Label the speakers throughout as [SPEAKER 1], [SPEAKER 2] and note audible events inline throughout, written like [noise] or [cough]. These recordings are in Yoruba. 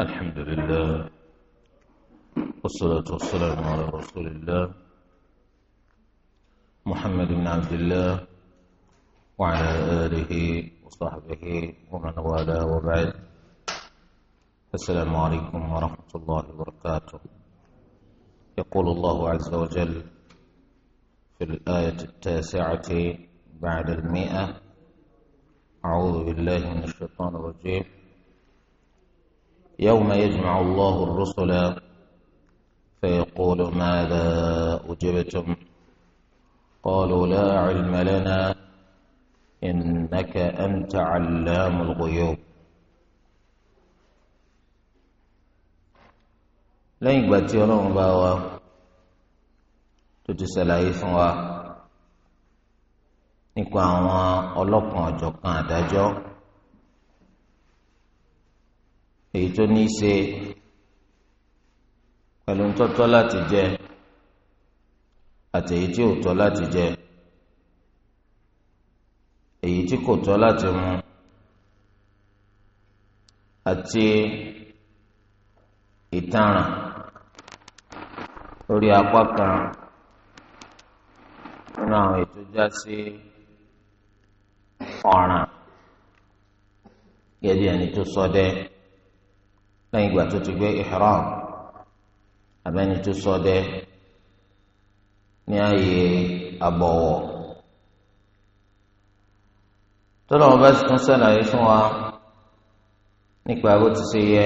[SPEAKER 1] الحمد لله والصلاة والسلام على رسول الله محمد بن عبد الله وعلى آله وصحبه ومن والاه وبعد السلام عليكم ورحمة الله وبركاته يقول الله عز وجل في الآية التاسعة بعد المئة أعوذ بالله من الشيطان الرجيم يوم يجمع الله الرسل فيقول ماذا أجبتم قالوا لا علم لنا إنك أنت علام الغيوب لن باتي الله tó ti ṣàlàyé fún wa nípa àwọn ọlọ́kan ọ̀jọ̀kan àdájọ́ èyí tó ní í ṣe pẹ̀lú ntọ́tọ́ láti jẹ àti èyí tí ò tọ́ láti jẹ èyí tí kò tọ́ láti mu àti ìtaràn lórí apá kan. nínú àwọn ètò já sí ọ̀ràn gẹ́gẹ́ bí ẹni tó lẹ́yìn ìgbà tó ti gbé ihram abẹ́ni tó ṣọdẹ ní ààyè àbọ̀wọ̀ tó lọ́wọ́ bá tún ṣàlàyé fún wa nípa bó ti ṣe yẹ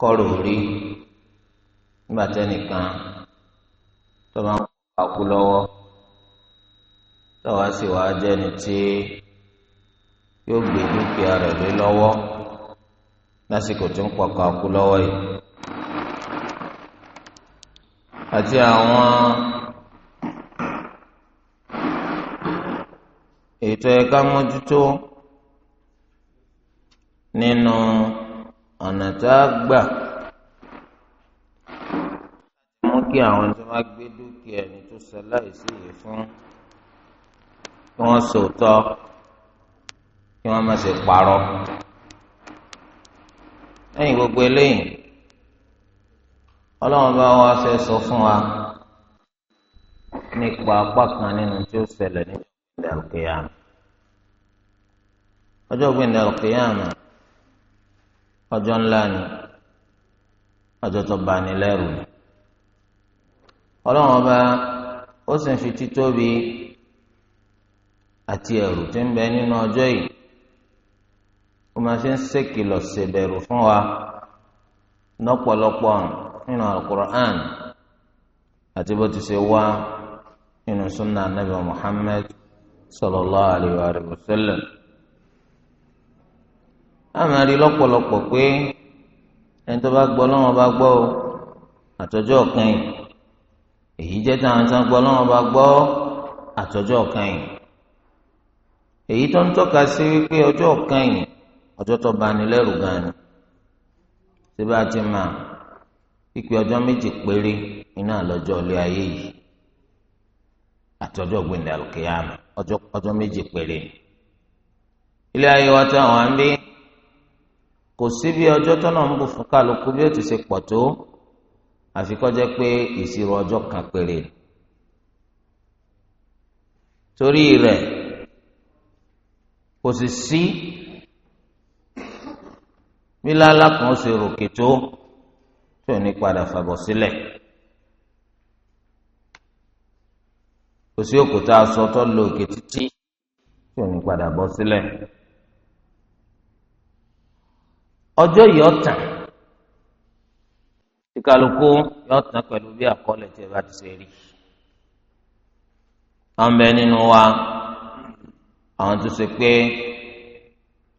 [SPEAKER 1] kọ́rò táwa sì wá jẹ́ni tí yóò gbé dúkìá rẹ̀ lé lọ́wọ́ lásìkò tó ń pọkà kú lọ́wọ́ yìí àti àwọn ètò ẹ̀ka mójútó nínú ọ̀nà tá a gbà
[SPEAKER 2] mú kí àwọn tó
[SPEAKER 1] bá gbé dúkìá ẹni tó ṣaláìsí yìí fún. kí wọ́n sòótọ́ kí wọ́n má ṣe gbogbo eléyìí ọlọ́run bá wa fẹ́ sọ fún wa nípa apá kan nínú tí ó ṣẹlẹ̀ ní ọjọ́ ńlá ni àti ẹ̀rù tí ń bẹ nínú ọjọ́ yìí ó máa fi ń ṣèkìlọ̀ ṣèbẹ̀rù fún wa lọ́pọ̀lọpọ̀ nínú alukur'an àti bó ti ṣe wá nínú sunna anabi muhammed sallallahu alayhi wa sallam a máa rí lọ́pọ̀lọpọ̀ pé ẹni tó bá lọ́wọ́ bá gbọ́ o yìí èyí jẹ́ gbọ́ lọ́wọ́ èyí tó ń tọ́ka sí wípé ọjọ́ kẹyìn ọjọ́ tó bani lẹ́rù gan ni síbá ti máa pípé ọjọ́ méjì péré iná lọ́jọ́ ilé ayé yìí àtọ́jọ́ gbẹ̀ndẹ̀ àlùkìyàmù ọjọ́ méjì péré ilé ayé wa táwọn á ń bí kò sí bí ọjọ́ tọ́nà ń bù fún kálukú bí ó ti ṣe pọ̀ tó jẹ́ pé ìṣirò ọjọ́ kò sì sí mílálá kan ṣe ròkè tó tí ò ní padà fàbọ̀ sílẹ̀ kò sí òkúta aṣọ tó lo òkè títí tí ò ní padà bọ́ sílẹ̀ ọjọ́ yìí ọ̀tàn tí kálukú yóò tán pẹ̀lú bí àkọọ́lẹ̀ tí ẹ bá ti ṣe rí. ọ̀nbẹ nínú wa àwọn tó ṣe pé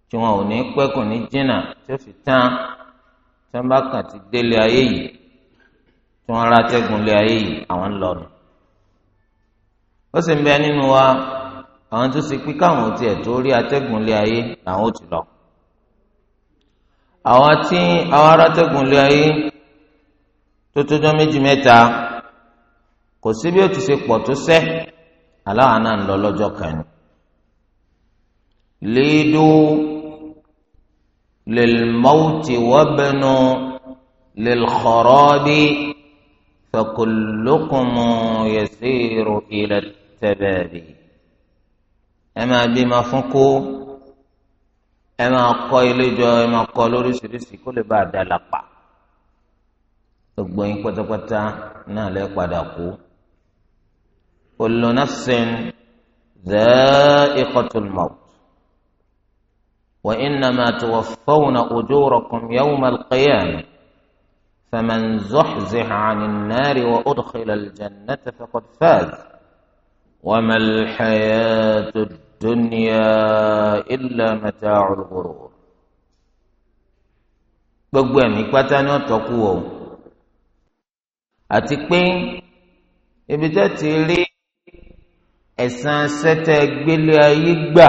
[SPEAKER 1] tí wọn ò ní pẹ́kùn ní jìnnà tí ó fi tán tí wọn bá kàn ti délé ayé yìí tí wọn ra tẹ́gùn lé ayé yìí àwọn ń lọ nù. ó sì ń bẹ nínú wa àwọn tó ṣe pé káwọn ò tiẹ̀ tó rí atẹ́gùn lé ayé làwọn ò ti lọ. àwọn tí àwọn ará tẹ́gùn lé ayé tó tójọ́ méjì mẹ́ta kò sí bí ó ti ṣe pọ̀ tó sẹ́ aláwa náà ń lọ lọ́jọ́ kan ni. ليدوا للموت وابنوا للخراب فكلكم يسير إلى التباب أما بما فكوا أما قيل جو أما قالوا رسلسي كل بعد لقع gbogbo yín pátápátá náà lè padà kú kullu nafsin dha'iqatul maut وإنما توفون أجوركم يوم القيامة فمن زحزح عن النار وأدخل الجنة فقد فاز وما الحياة الدنيا إلا متاع الغرور gbogbo ẹ̀mí pátá ni wọ́n tọ́kù o àti pé ibi tẹ ti rí ẹ̀san sẹ́tẹ̀ gbélé ayé gbà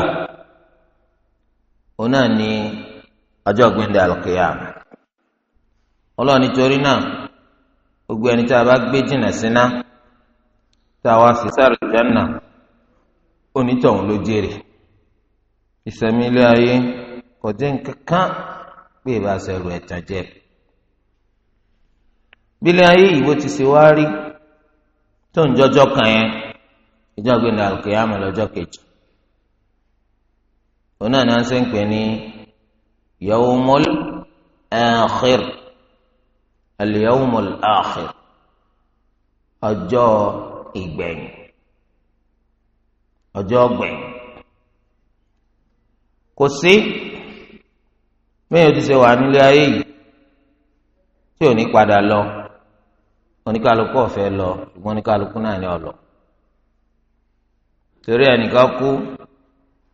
[SPEAKER 1] ona ni ní ọjọ́ gbẹ̀ndẹ̀ alùkìyàmù ọlọ́run nítorí gbogbo ẹni tá a bá gbé jìnnà síná tá a wá sí sáré jánà onítọ̀hún ló jèrè ìsẹ̀mí ilé ayé kò jẹ́ pé ìbá sẹ̀rù ẹ̀tàn ti ṣe wá rí tó ń jọjọ́ yẹn ìjọba kejì òun náà ni wọ́n ṣe ń pè ní yawmul akhir al-yawmul akhir ọjọ́ ìgbẹ̀yìn ọjọ́ ọgbẹ̀yìn kò sí mẹ́yìn ojúṣe wà nílé ayé yìí tí ò ní padà lọ oníkálukú ọ̀fẹ́ lọ ṣùgbọ́n oníkálukú náà ní ọ̀lọ́ torí ẹnìkan kú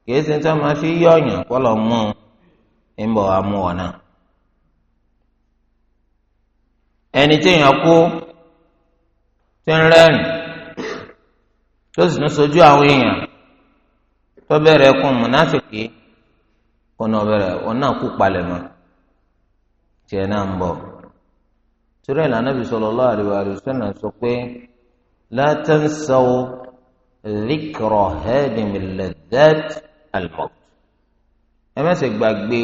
[SPEAKER 1] kìí ṣe tí wọn máa fi yí ọyàn kọlọ mú un ń wọn náà ẹni tí èèyàn kú tí ń rẹ́rìn tó sì ń sojú àwọn èèyàn tó bẹ̀rẹ̀ kún mùnáfìkì ọ̀nà bẹ̀rẹ̀ ọ̀nà kú palẹ̀ mọ́ tiẹ̀ al-maut ẹ má ṣe gbàgbé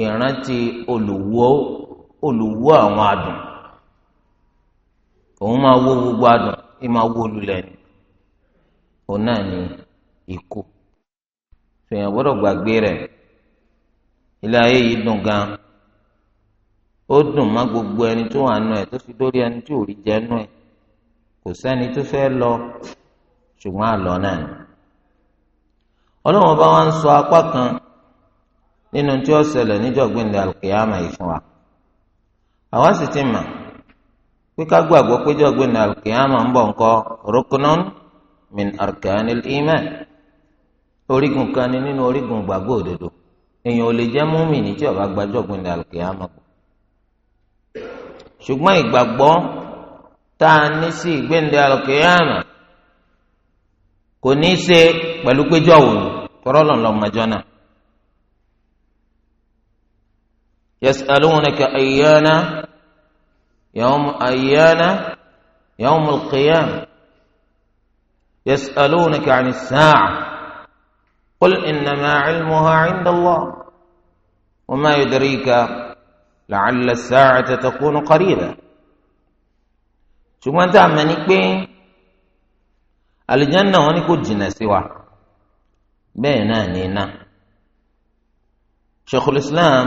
[SPEAKER 1] ìrántí olùwò olùwò àwọn adùn òun máa wó gbogbo adùn ẹ máa wó lulẹ̀ ni òun náà ni ikú fèèyàn gbọ́dọ̀ gbàgbé rẹ̀ ilé ayé yìí dùn gan ó dùn má gbogbo ẹni tó wà nù ẹ tó fi dórí ẹni tí ò rí jẹ nù ẹ kò sẹ́ni tó fẹ́ lọ ṣùgbọ́n àlọ náà ni. ọlọ́wọ́n bá wá ń sọ apá kan nínú tí ó ṣẹlẹ̀ níjọ̀gbìn alkiyama yìí fún wa àwa sì ti mà pé gbàgbọ́ ń bọ̀ rukunan min arkanil iman orígun kan ni nínú orígun gbàgbọ́ òdodo èèyàn ò lè jẹ́ múmìnì tí ní sí kò ní í ṣe pẹ̀lú péjọ òun kọ́rọ́ lọ́n mọlùkìyà náà. ye yas'alunaka ayyana yawm ayyana yawm al-qiyamah yas'alunaka 'ani as-sa'ah qul innama 'ilmuha 'inda Allah wa ma yudrika la'alla as-sa'ata takunu qariba. ṣùgbọ́n tá a mọ̀ ní pé. àlùjánnà wọn ni kò jìnnà sí wa bẹ́ẹ̀ náà ní iná sheikhul islam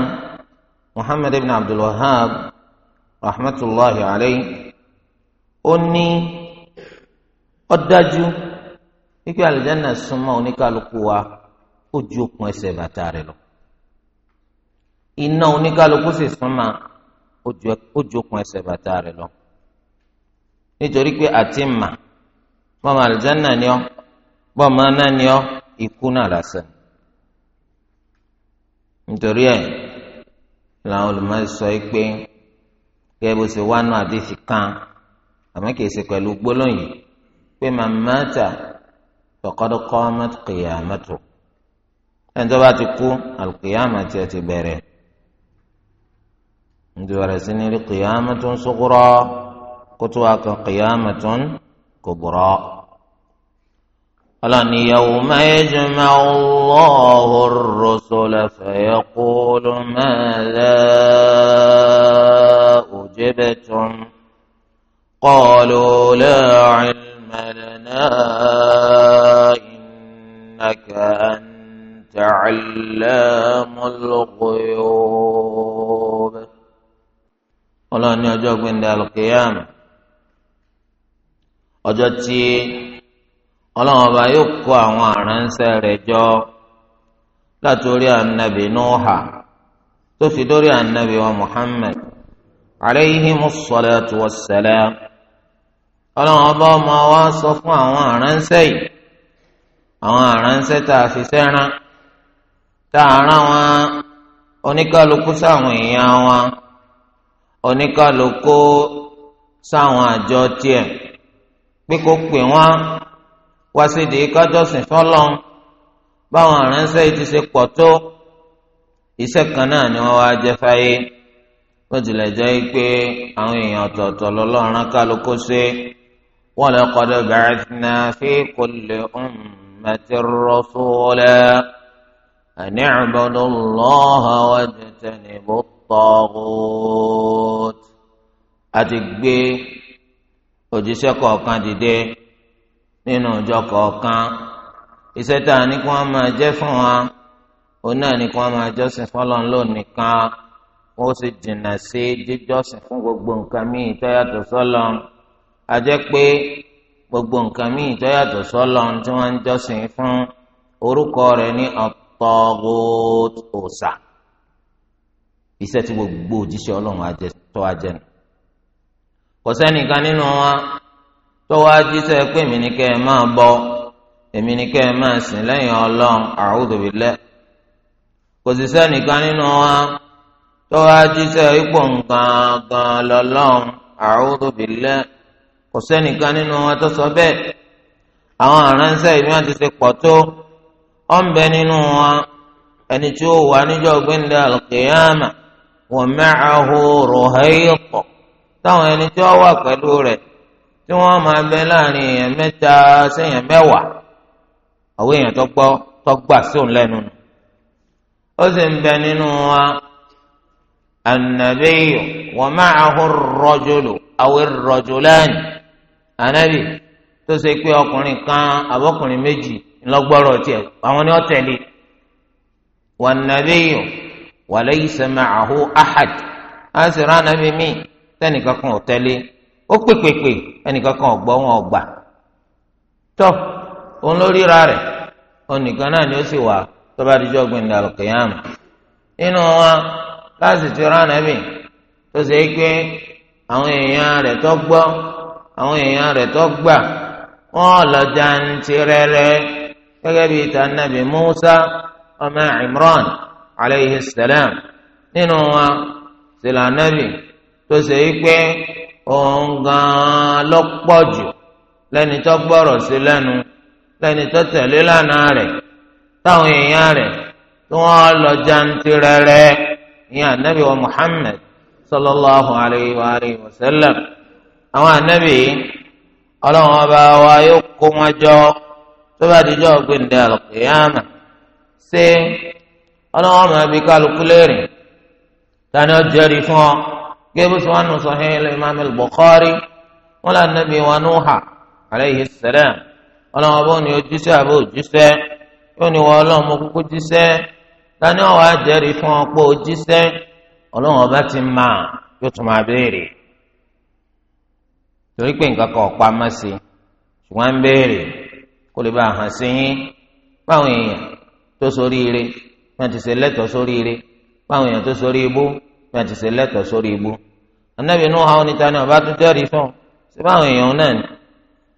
[SPEAKER 1] muhammad ibn abdul wahab rahmatulahi alayhi ó ní ó dájú wípé àlùjánnà súnmọ́ oníkálukú wa ó ju okùn ẹsẹ̀ bàtà rẹ̀ lọ iná oníkálukú sì súnmọ́ ó ju okùn bàtà rẹ̀ lọ nítorí pé àti mà. bọ́ọ̀mù àlùjánnà ni ọ́ bọ́ọ̀mù aná ni ọ́ ikú náà lásán nítorí ẹ̀ làwọn olùmọ̀ọ́ sọ pé bó ṣe wá náà kan àmọ́ kìí ṣe pẹ̀lú gbólóhùn yìí pé màmáta faqad qamat ẹni tó bá ti kú àlùkìyàmà tí ẹ ti bẹ̀rẹ̀ nítorí ẹ̀ sí kótó wa kan الكبرى قال يوم يجمع الله الرسل فيقول ماذا أجبتم قالوا لا علم لنا إنك أنت علام الغيوب ولن يجب عند القيامة ọjọ́ tí ọlọ́run ọba yóò kó àwọn àránṣẹ́ rẹ̀ jọ látòrí ànábì nùhà tó fi dórí ànábì wa muhammed aleyhimu salatu wa salam ọlọ́run ọba ọmọ wa sọ fún àwọn àránṣẹ́ yìí àwọn àránṣẹ́ tá a fi sẹ́ran tá a rán wọn oníkálukú sáwọn èèyàn wọn oníkálukú sáwọn àjọ tiẹ̀ pé kó pè wọ́n wá sídìí kájọ́sìn fọ́lọ́n báwọn aránṣẹ́ ti ṣe pọ̀ tó iṣẹ́ kan náà ni wọ́n wá jẹ́ fáyé bó tilẹ̀ jẹ́ pé àwọn èèyàn ọ̀tọ̀ọ̀tọ̀ lọ́lọ́run kálukú ṣe wa laqad ba'athna fi kulli ummatin rasula an i'budu Allaha wajtanibu at-taghut àti gbé òjíṣẹ́ kọ̀ọ̀kan dìde nínú ọjọ́ kọ̀ọ̀kan iṣẹ́ tá a ní kí wọ́n máa jẹ́ fún wa òun náà ní kí wọ́n máa jọ́sìn fọ́lọ́n lónìkan ó sì jìnnà sí jíjọ́sìn fún gbogbo nǹkan míì tó yàtọ̀ sọ́lọ́ a jẹ́ pé gbogbo nǹkan míì tó yàtọ̀ sọ́lọ́ tí wọ́n ń jọ́sìn fún orúkọ rẹ̀ ní ọ̀tọ̀gòtòsà iṣẹ́ tí gbogbo òjíṣẹ́ ọlọ́run tó ajẹ́ nù. kò sẹ́nìkan nínú wa tọ́wọ́ ajíṣẹ́ pé èmi ni kẹ́ ẹ máa bọ èmi ni sìn lẹ́yìn kò sì sẹ́nìkan nínú wa tọ́wọ́ sẹ ipò nǹkan lọ́lọ́run a'udhu billah kò sẹ́nìkan nínú wa tó sọ àwọn àti tó nínú wa ẹni tí ó wà al táwọn ẹni tí wọ́n wà tí wọn máa bẹ láàrin èèyàn mẹ́ta sẹ́yìn mẹ́wàá àwọn èèyàn tó gbọ́ tó gbà sóun lẹ́nu nù ó sì ń bẹ nínú wa ànàbíyù wa ma'ahu ar-rajulu aw ar-rajulani ànábì tó ṣe pé ọkùnrin kan àbọ̀kùnrin méjì ńlọgbọ́rọ̀ tiẹ̀ àwọn ni ó tẹ̀lé wan-nabiyyu wa laysa ma'ahu ahad á sì rán míì. tẹnìkan kan ò tẹ̀lé ó pèpèpè ẹnìkan kan ò gbọ́ wọn ò gbà tọ́ òun ló ríra náà ni ó sì wà tó bá dijọ́ gbẹ̀ndà nínú wọn láti ti rán ànábì tó ṣe é pé àwọn èèyàn tó àwọn èèyàn tó gbà bíi Musa ọmọ Imran aleyhi salam nínú wọn tó ṣe yí pé òun gan-an ló pọ̀ jù lẹ́ni tó gbọ́rọ̀ sí lẹ́nu lẹ́ni tó tẹ̀lé lánàá rẹ̀ táwọn èèyàn rẹ̀ tí wọ́n lọ jantirẹrẹ ìyẹn ànábì wa Muhammad sallallahu alayhi wa alayhi wa sallam àwọn ànábì ọlọ́run ọba wa yóò kó wọn jọ tó bá dijọ́ gbẹ̀ndẹ̀ àlùkìyàmà ṣé ọlọ́run ọmọ ẹbí kálukú lérè tani ó jẹ́rìí fún ọ gẹ́gẹ́ sọ wọn sọ hẹ́n lẹ́yìn imam al-bukhari wọn là nàbí wa nuha aleyhi salam ọlọ́wọ́ bó ni ojúṣe àbó ojúṣe yóò ní wọ́n ọlọ́wọ́ mo kúkú jíṣẹ́ tani ọ̀wọ́ àjẹrí fún ọ pé ojúṣe ọlọ́wọ́ bá ti mà yóò tún máa béèrè torí pé nǹkan kan ọ̀pá má sí ṣùgbọ́n ń béèrè kó lè bá a hàn sí yín báwọn èèyàn tó sóríire wọn ti ṣe lẹ́tọ̀ọ́ sóríire báwọn èèyàn tó sórí ibú bí wọn ti ṣe lẹ́tọ̀ọ́ sórí ibú anabi inú ha oníta ni ọba tún jẹ́rìí fún ṣé báwọn èèyàn náà ni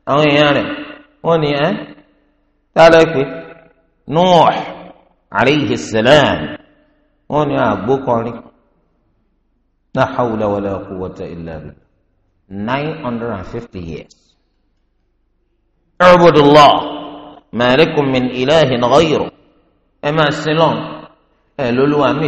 [SPEAKER 1] àwọn èèyàn rẹ̀ wọ́n ní ẹ́ tálẹ́ pé Nuh alayhi salam wọ́n ní àgbókọrin la hawla wala quwwata nine hundred and fifty years. اعبدوا الله ما لكم من إله غيره ẹ سلام sin lọ́n ẹ lóluwà mí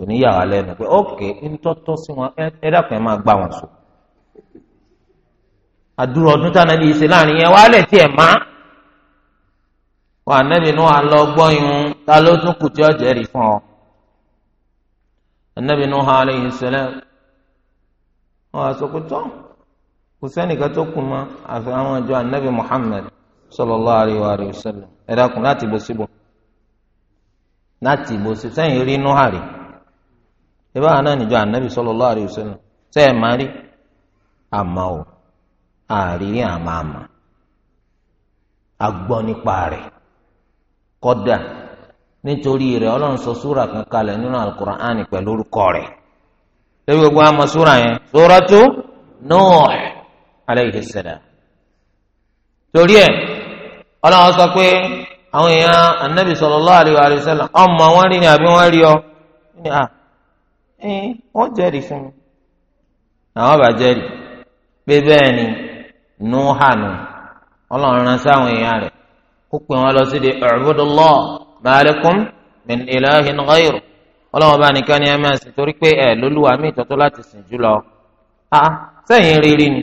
[SPEAKER 1] kò ní yà pé ókè ńtọ́tọ́ sí wọn ẹ dákun ẹ máa gbà wọn sùn. àdúrà ọdún tá ní ṣe láàrin yẹn wá lẹ̀ tí ẹ̀ má. wà nàbí nù hàn lọ gbọ́ irun ta ló tún kù tí ọ. Muhammad ẹ dákun láti bọ́ síbò láti bọ́ síbò rí ìbá wa náà níjọ sọlọ sallallahu alaihi wasallam ṣe é máa rí àmọ́ o àrírí àmọ́ àmọ́ agbọ́ nípa rẹ̀ kọ́dà nítorí sọ súrà kan kalẹ̀ nínú alukur'an pẹ̀lú orúkọ rẹ̀ lórí gbogbo àmọ́ súrà yẹn suratu Nuh alayhi salam torí ẹ̀ ọlọ́run sọ pé àwọn èèyàn ànábì ọmọ wọn rí ni àbí wọn rí ọ ẹ eh, wọ́n jẹ́rìí fún mi àwọn bá jẹ́rìí pé bẹ́ẹ̀ ni nuhanu ọlọ́run rán sáwọn èèyàn rẹ̀ ó pè wọ́n lọ sí di ọ̀rọ̀bùdùlọ́ màálẹ́kùn min ilahin ghayr ọlọ́run bá nìkan ni ẹ máa sìn torí pé ẹ lólúwa mi ìtọ́tọ́ láti sìn jù lọ ah, sẹ́yìn rírí ni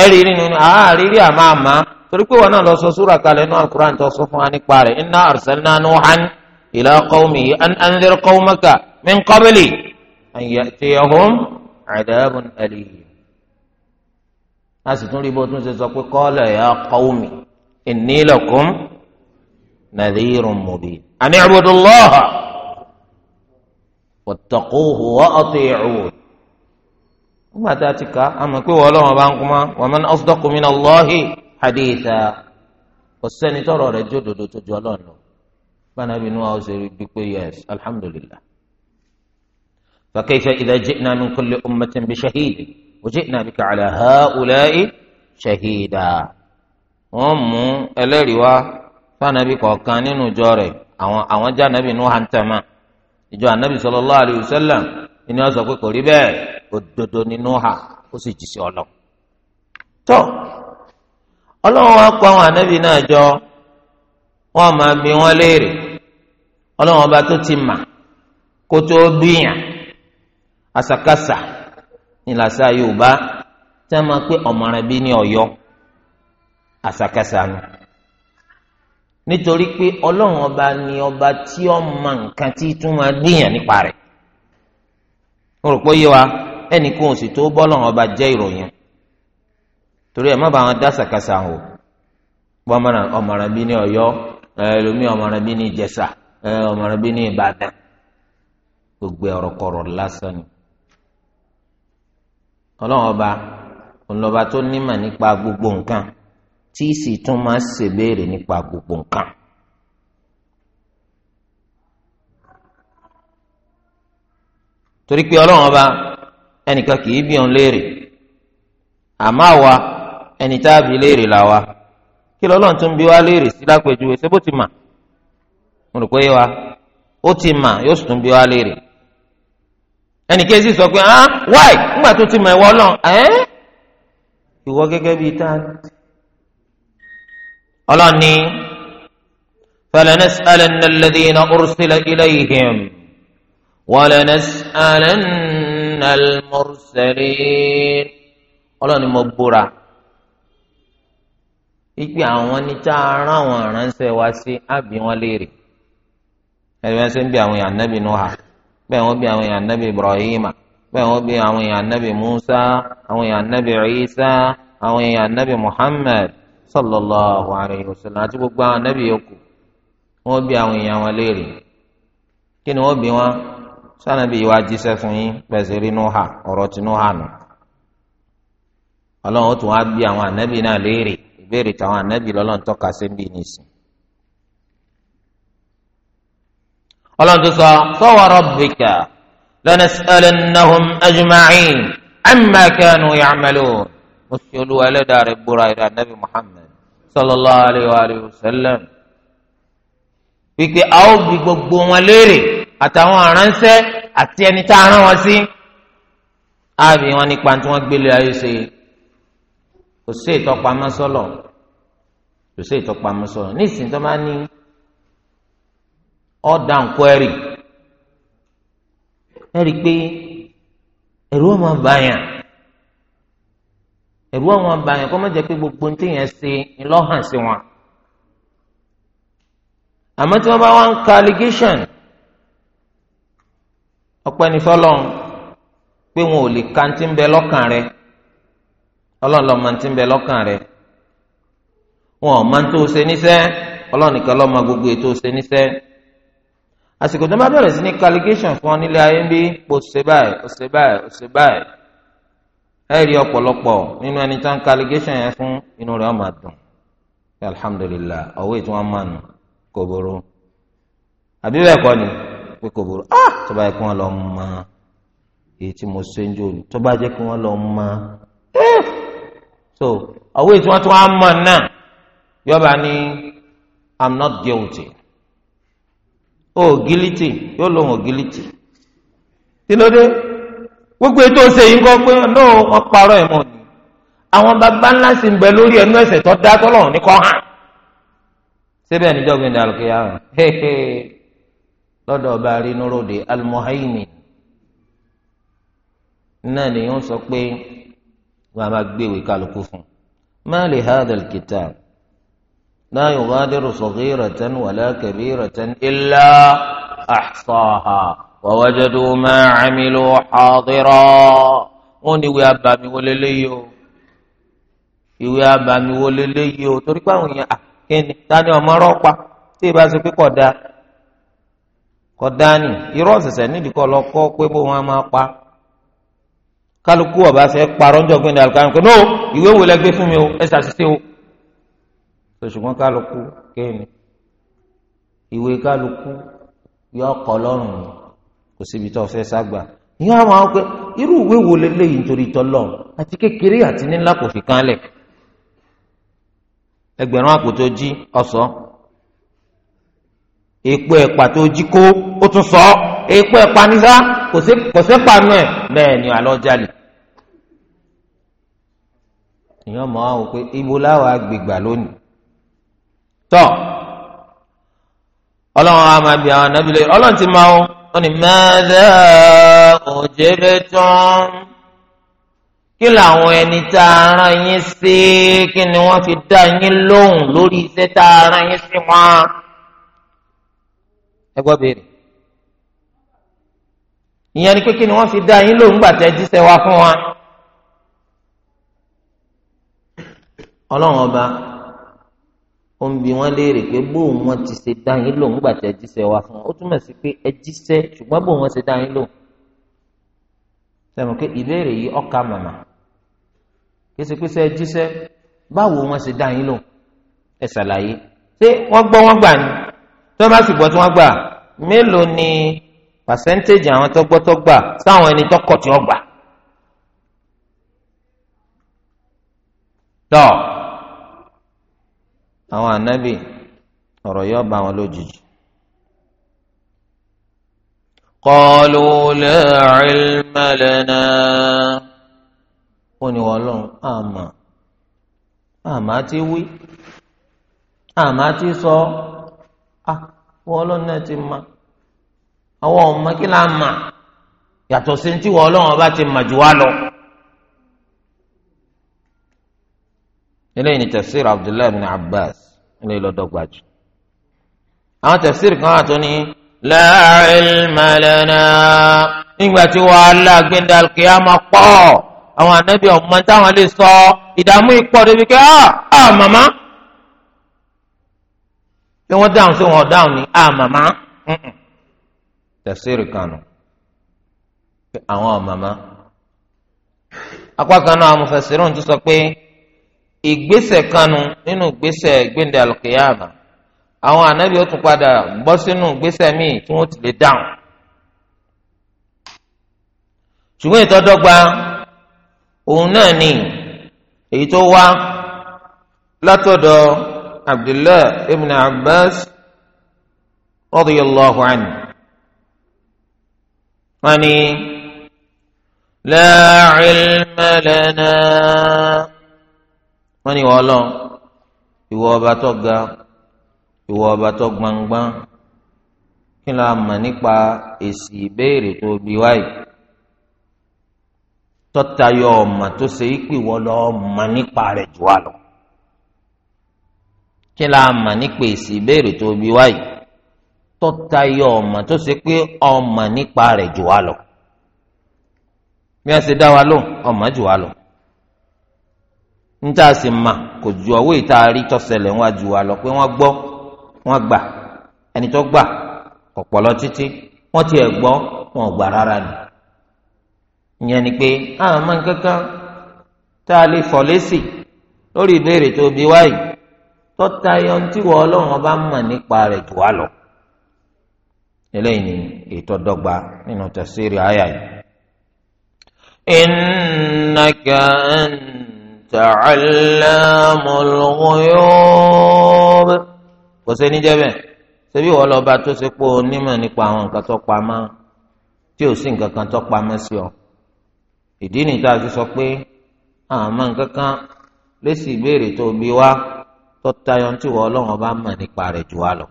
[SPEAKER 1] ẹ rírí ni àárírí ah, àmọ́ àmọ́ torí pé wọn náà lọ sọ súrà kalẹ̀ nínú alukur'an tó sọ fún wa nípa rẹ̀ inna arsalna nuhan ila qawmihi an anzir qawmaka. من قبل أن يأتيهم عذاب أليم أستون ريبوت نزيزك قال يا قومي إني لكم نذير مبين أن اعبدوا الله واتقوه وأطيعون وما ذاتك أما كي ولا بانكما ومن أصدق من الله حديثا والسنة ترى رجل دوتو تجوالون فنبي نواه سيري الحمد لله فكيف إذا جئنا من كل أمة بشهيد وجئنا بك على هؤلاء شهيدا ومو الروا فنبي كان نجاري àwọn àwọn jẹ́ anabi nuhu hantama ìjọ anabi sallallahu alayhi wa sallam ìní ọ̀sọ̀ pé kò rí bẹ́ẹ̀ òdodo ni nuha ó sì jì sí ọlọ́ tó ọlọ́run wa kó àwọn anabi náà jọ wọ́n máa bi wọ́n léèrè ọlọ́run ọba tó ti mà kó tó bíyàn Asakasa ìlàsà yorùbá tí a máa pé ọ̀mọ̀ràn bí ní ọ̀yọ́ asakasa nù nítorí pé ọlọ́run ọba ni ọba tí ó ma nǹkan tí tún máa nípa rẹ̀ mo rò pé wa ẹnì kan ò sì tó bọ́lọ́run ọba jẹ́ ìròyìn torí ẹ̀ má bàa wọn dá àṣàkáṣà hàn o bọ́mọ̀ràn ọ̀mọ̀ràn bí ní ọ̀yọ́ ẹlòmíì bí ní bí ni. ọlọ́run ọba ọlọ́ba tó nímọ̀ nípa gbogbo nǹkan tí sì tún máa ṣèbéèrè nípa gbogbo nǹkan. torí pé ọlọ́run ọba ẹnìkan kì í bí òun léèrè àmọ́ àwa ẹni tá a bí léèrè làwa kí lọ́lọ́run tún bí wá léèrè sí lápẹ̀jùwe ṣé bó ti mà mo rò pé wa ó ti mà yóò sì tún bí wá léèrè ẹnìkan sì sọ pé ah why nígbà tó ti mọ ìwọ náà ẹ eh? ìwọ gẹ́gẹ́ bíi tán ọlọ́ni فلنسألن الذين أرسل إليهم ولنسألن المرسلين ọlọ́ni mo búra ìpè àwọn ní tá a rán àwọn aránṣẹ́ wá sí àbí wọn léèrè ẹ̀rọ ẹ̀ṣẹ̀ ń bí àwọn yàn nábì nù hà. bẹ́ẹ̀ wọ́n bí àwọn èèyàn Ibrahim bẹ́ẹ̀ wọ́n bí àwọn èèyàn Musa àwọn èèyàn Isa àwọn èèyàn nábì Muhammad sallallahu alayhi wa sallam àti gbogbo àwọn nábì yòókù wọ́n bí àwọn èèyàn wọn léèrè kí ni wọ́n bí wọn sanabi wa jíṣẹ́ fún yín pẹ̀sẹ̀ rí nuha ọ̀rọ̀ tí nuha nù ọlọ́run ó tún wá bí àwọn ànábì náà léèrè ìbéèrè ọlọ́run tó sọ fọwọ́ rọ́bìkà lọ́nà sẹ́lẹ̀nàhùn ẹ̀jùmáyìn ẹ̀mẹ́kẹ́nu yàmẹ́lò mo fi olúwa ẹlẹ́dàá rẹ̀ búra ìrẹ́ anábì muhammed sallallahu alayhi wa sallam wípé a ó bi gbogbo wọn léèrè àtàwọn aránṣẹ́ àti ẹni tá a rán wọn sí á wọn nípa tí wọ́n gbélé ayé ṣe kò sí ìtọ́pamọ́ sọ́lọ̀ kò sí ìtọ́pamọ́ sọ́lọ̀ ní ìsìn tó bá ní. ọ̀dà nkwẹ́rì ẹ̀rí pé ẹ̀rú ọmọ bàyàn ẹ̀rú ọmọ bàyàn kọ́ mọ́jà pé gbogbo ní tẹ̀yẹ̀ ṣe ńlọ́hàn sí wọn. àmọ́ tí wọ́n bá wá ń ka allegation ọpẹ́ ní fọlọ́n pé wọn ò lè ka ti ń rẹ ọlọ́run lọ́ọ́ máa ti ń bẹ rẹ wọn ò máa tó ṣe níṣẹ́ ọlọ́run lọ́ọ́ máa gbogbo ètò ṣe níṣẹ́. àsìkò tó bá bẹ̀rẹ̀ sí ní calculation fún ọ nílé ayé ń bí kò ṣe báyìí kò ṣe báyìí kò ṣe báyìí ẹ rí ọ̀pọ̀lọpọ̀ nínú ẹni tó ń calculation yẹn fún inú rẹ̀ ọmọ àdùn alhamdulilah ọ̀wé tí wọ́n mọ̀ kò burú àbí bẹ́ẹ̀ kọ́ ni pé kò burú ah tó bá yẹ kí wọ́n lọ mọ èyí tí mo ṣe ń jò tó bá jẹ́ kí wọ́n lọ mọ eh! so ọ̀wé tí wọ́n tún wá mọ̀ náà yọba ni i'm not guilty o ò gílítì yóò lóun ò gílítì kí ló dé gbogbo ètò ọ̀sẹ̀ yìí ń kọ́ pé ọ̀nà wọn parọ́ ẹ̀ mọ́ ni àwọn bàbá ńlá sì ń bẹ lórí ẹnu ẹ̀sẹ̀ tó dá tọ́lọ̀ ní kọ́ hàn síbẹ̀ níjọ́ gbé ní àlùkìyà lọ́dọ̀ ọba rínú ròde almuhaimi náà ni wọ́n sọ pé wọ́n á máa gbé ìwé kálukú fún un má lè hadha alkitab la yughadiru saghiratan wala kabiratan illa ahsaha wa wajadu ma amilu hadira wọ́n ní ìwé abàmì wo leléyìí o ìwé abàmì wo leléyìí o torí pé àwọn èèyàn àkíní tani ọmọ rọpa tí ì bá ṣe pé kódà kódà ni irọ́ ọ̀sẹ̀sẹ̀ nídìí kọ́ lọ kọ́ pé bó wọn máa pa kálukú ọba fẹ́ parọ́ ńjọ́ gbẹ́ndé alùpàá ní ìwé wo lẹ gbé fún mi o ẹ ṣàṣìṣe o ṣùgbọ́n kálukú kéènì ìwé kálukú yọ ọkọ lọ́rùn ni kò síbi tó fẹ́ ságbà ìyá àwọn àwọn pé irú ìwé wo lélẹ́yìí nítorí tọ́lọ́ àti kékeré àti nílá kò fi kánlẹ̀ ẹgbẹ̀rún àpò tó jí ọ̀sán èpo ẹ̀pà tó jí kó ó tún sọ èpo ẹ̀pà nígbà kò sí panu ẹ̀ bẹ́ẹ̀ ni àlọ́jálè ìyá ọmọ àwọn pé ibo láwọn agbègbà lónìí tọ́ ọlọ́run á máa bí àwọn ànábì lè ọlọ́run ti máa ó wọ́n ní mẹ́ẹ́dẹ́ òjèlè tán kí làwọn ẹni tá a rán yín sí kí ni wọ́n fi dá yín lóhùn lórí iṣẹ́ tá a rán yín sí wọn. ẹ gbọ́ béèrè ìyẹn ni pé kí ni wọ́n fi dá yín lóhùn gbà tẹ́ jíṣẹ́ wa fún wa. ọlọ́run ọba ó ń bi wọ́n léèrè pé bóun wọ́n ti ṣe dá yín lò ńgbà tí ẹ jíṣẹ́ wá fún wọn ó túmọ̀ sí pé ẹ jíṣẹ́ ṣùgbọ́n bóun wọ́n ṣe dá yín lò sẹ́mu pé ìbéèrè yìí ọ̀ka màmá kí ṣe pé ṣe ẹ jíṣẹ́ báwo wọ́n ṣe dá yín lò ẹ ṣàlàyé ṣé wọ́n gbọ́ wọ́n gbà ni tí wọ́n bá sì gbọ́ tí wọ́n gbà mélòó ni pàṣẹ́ntéèjì àwọn tó gbọ́ tó gbà sáwọn ẹni tó kọ̀ tí wọ́n gbà. tọ́ọ̀ àwọn ànábì ọ̀rọ̀ yóò bá wọn lójijì. قالوا لا علم لنا wọ́n ní wọ́n lọ́run àmà àmà ti wí àmà ti sọ wọ́n lọ́run náà ti ma àwọn ọmọ kí la mà yàtọ̀ sí ti wọ́n lọ́run ọba ti mà jù wá lọ. eléyìí ni tafsir abdullahi bin abbas eléyìí lọ́dọ̀ gbajù àwọn tafsir kan àtọ́ ni la ilma lana nígbà tí wàhálà gbẹ̀ndà kìámà pọ̀ àwọn anábì ọ̀mọ táwọn lè sọ ìdààmú ìpọ̀ débi kẹ́ ah ah màmá tí wọ́n dáhùn sí wọn dáhùn ní ah màmá tafsir kanu àwọn màmá apá kan náà àwọn mufassirun sọ pé. ìgbésẹ̀ kanu nínú ìgbésẹ̀ gbẹ̀ndẹ̀ alùkìyàmà àwọn anabi ó tún padà bọ́ sínú ìgbésẹ̀ míì tí wọ́n ti lè dáhùn. ṣùgbọ́n ìtọ́dọ́gba òun náà ni èyí tó wá látọ̀dọ̀ abdullahi ibn abbas radiyallahu anhu wọ́n la lana. wọ́n ní wọ́n lọ ìwọ ọba tó ga ìwọ ọba tó gbangban kí ló mọ̀ nípa èsì ìbéèrè tó gbi wáyé tọ́tayọ ọ̀mà tó ṣe é pè wọ́n lọ mọ̀ nípa rẹ̀ jù wá lọ kí ló mọ̀ nípa èsì ìbéèrè tó gbi wáyé tọ́tayọ ọ̀mà tó ṣe pé ọmọ nípa rẹ̀ jù wá lọ bí wọ́n ṣe dá wa lóhùn ọmọ jù wá lọ níta sì mà kò ju ọwọ́ ìta rí tọ́sẹ̀lẹ̀ wọn ju wa lọ pé wọ́n gbọ́ wọ́n gbà ẹni tó gbà ọ̀pọ̀lọ títí wọ́n tiẹ̀ gbọ́ wọn ò gbà rárá ni ìyẹn ni pé àwọn máa ń kankan tá a lè fọ̀ lésì lórí ìbéèrè tó bí wáyìí tọ́ta ẹyọ tí wọ́n ọlọ́run ọba mọ̀ nípa rẹ̀ jù wá lọ. eléyìí ni ètò ọdọ́gba nínú tẹ̀síìrì àyà yìí. ìnnàkà ń. ta'allamul ghuyub kò sẹ́ni jẹ́ bẹ́ẹ̀ ṣebí wọ́n lọ́ba tó ṣe pé onímọ̀ nípa àwọn nǹkan tó pamọ́ tí ò sí nǹkan kan tó pamọ́ sí ọ ìdí nìyí tá a sọ pé àmọ́ nǹkan kan lẹ́sì ìbéèrè tó bí wá tó tayọ tí wọ́n mọ̀ nípa rẹ̀ jù wá lọ.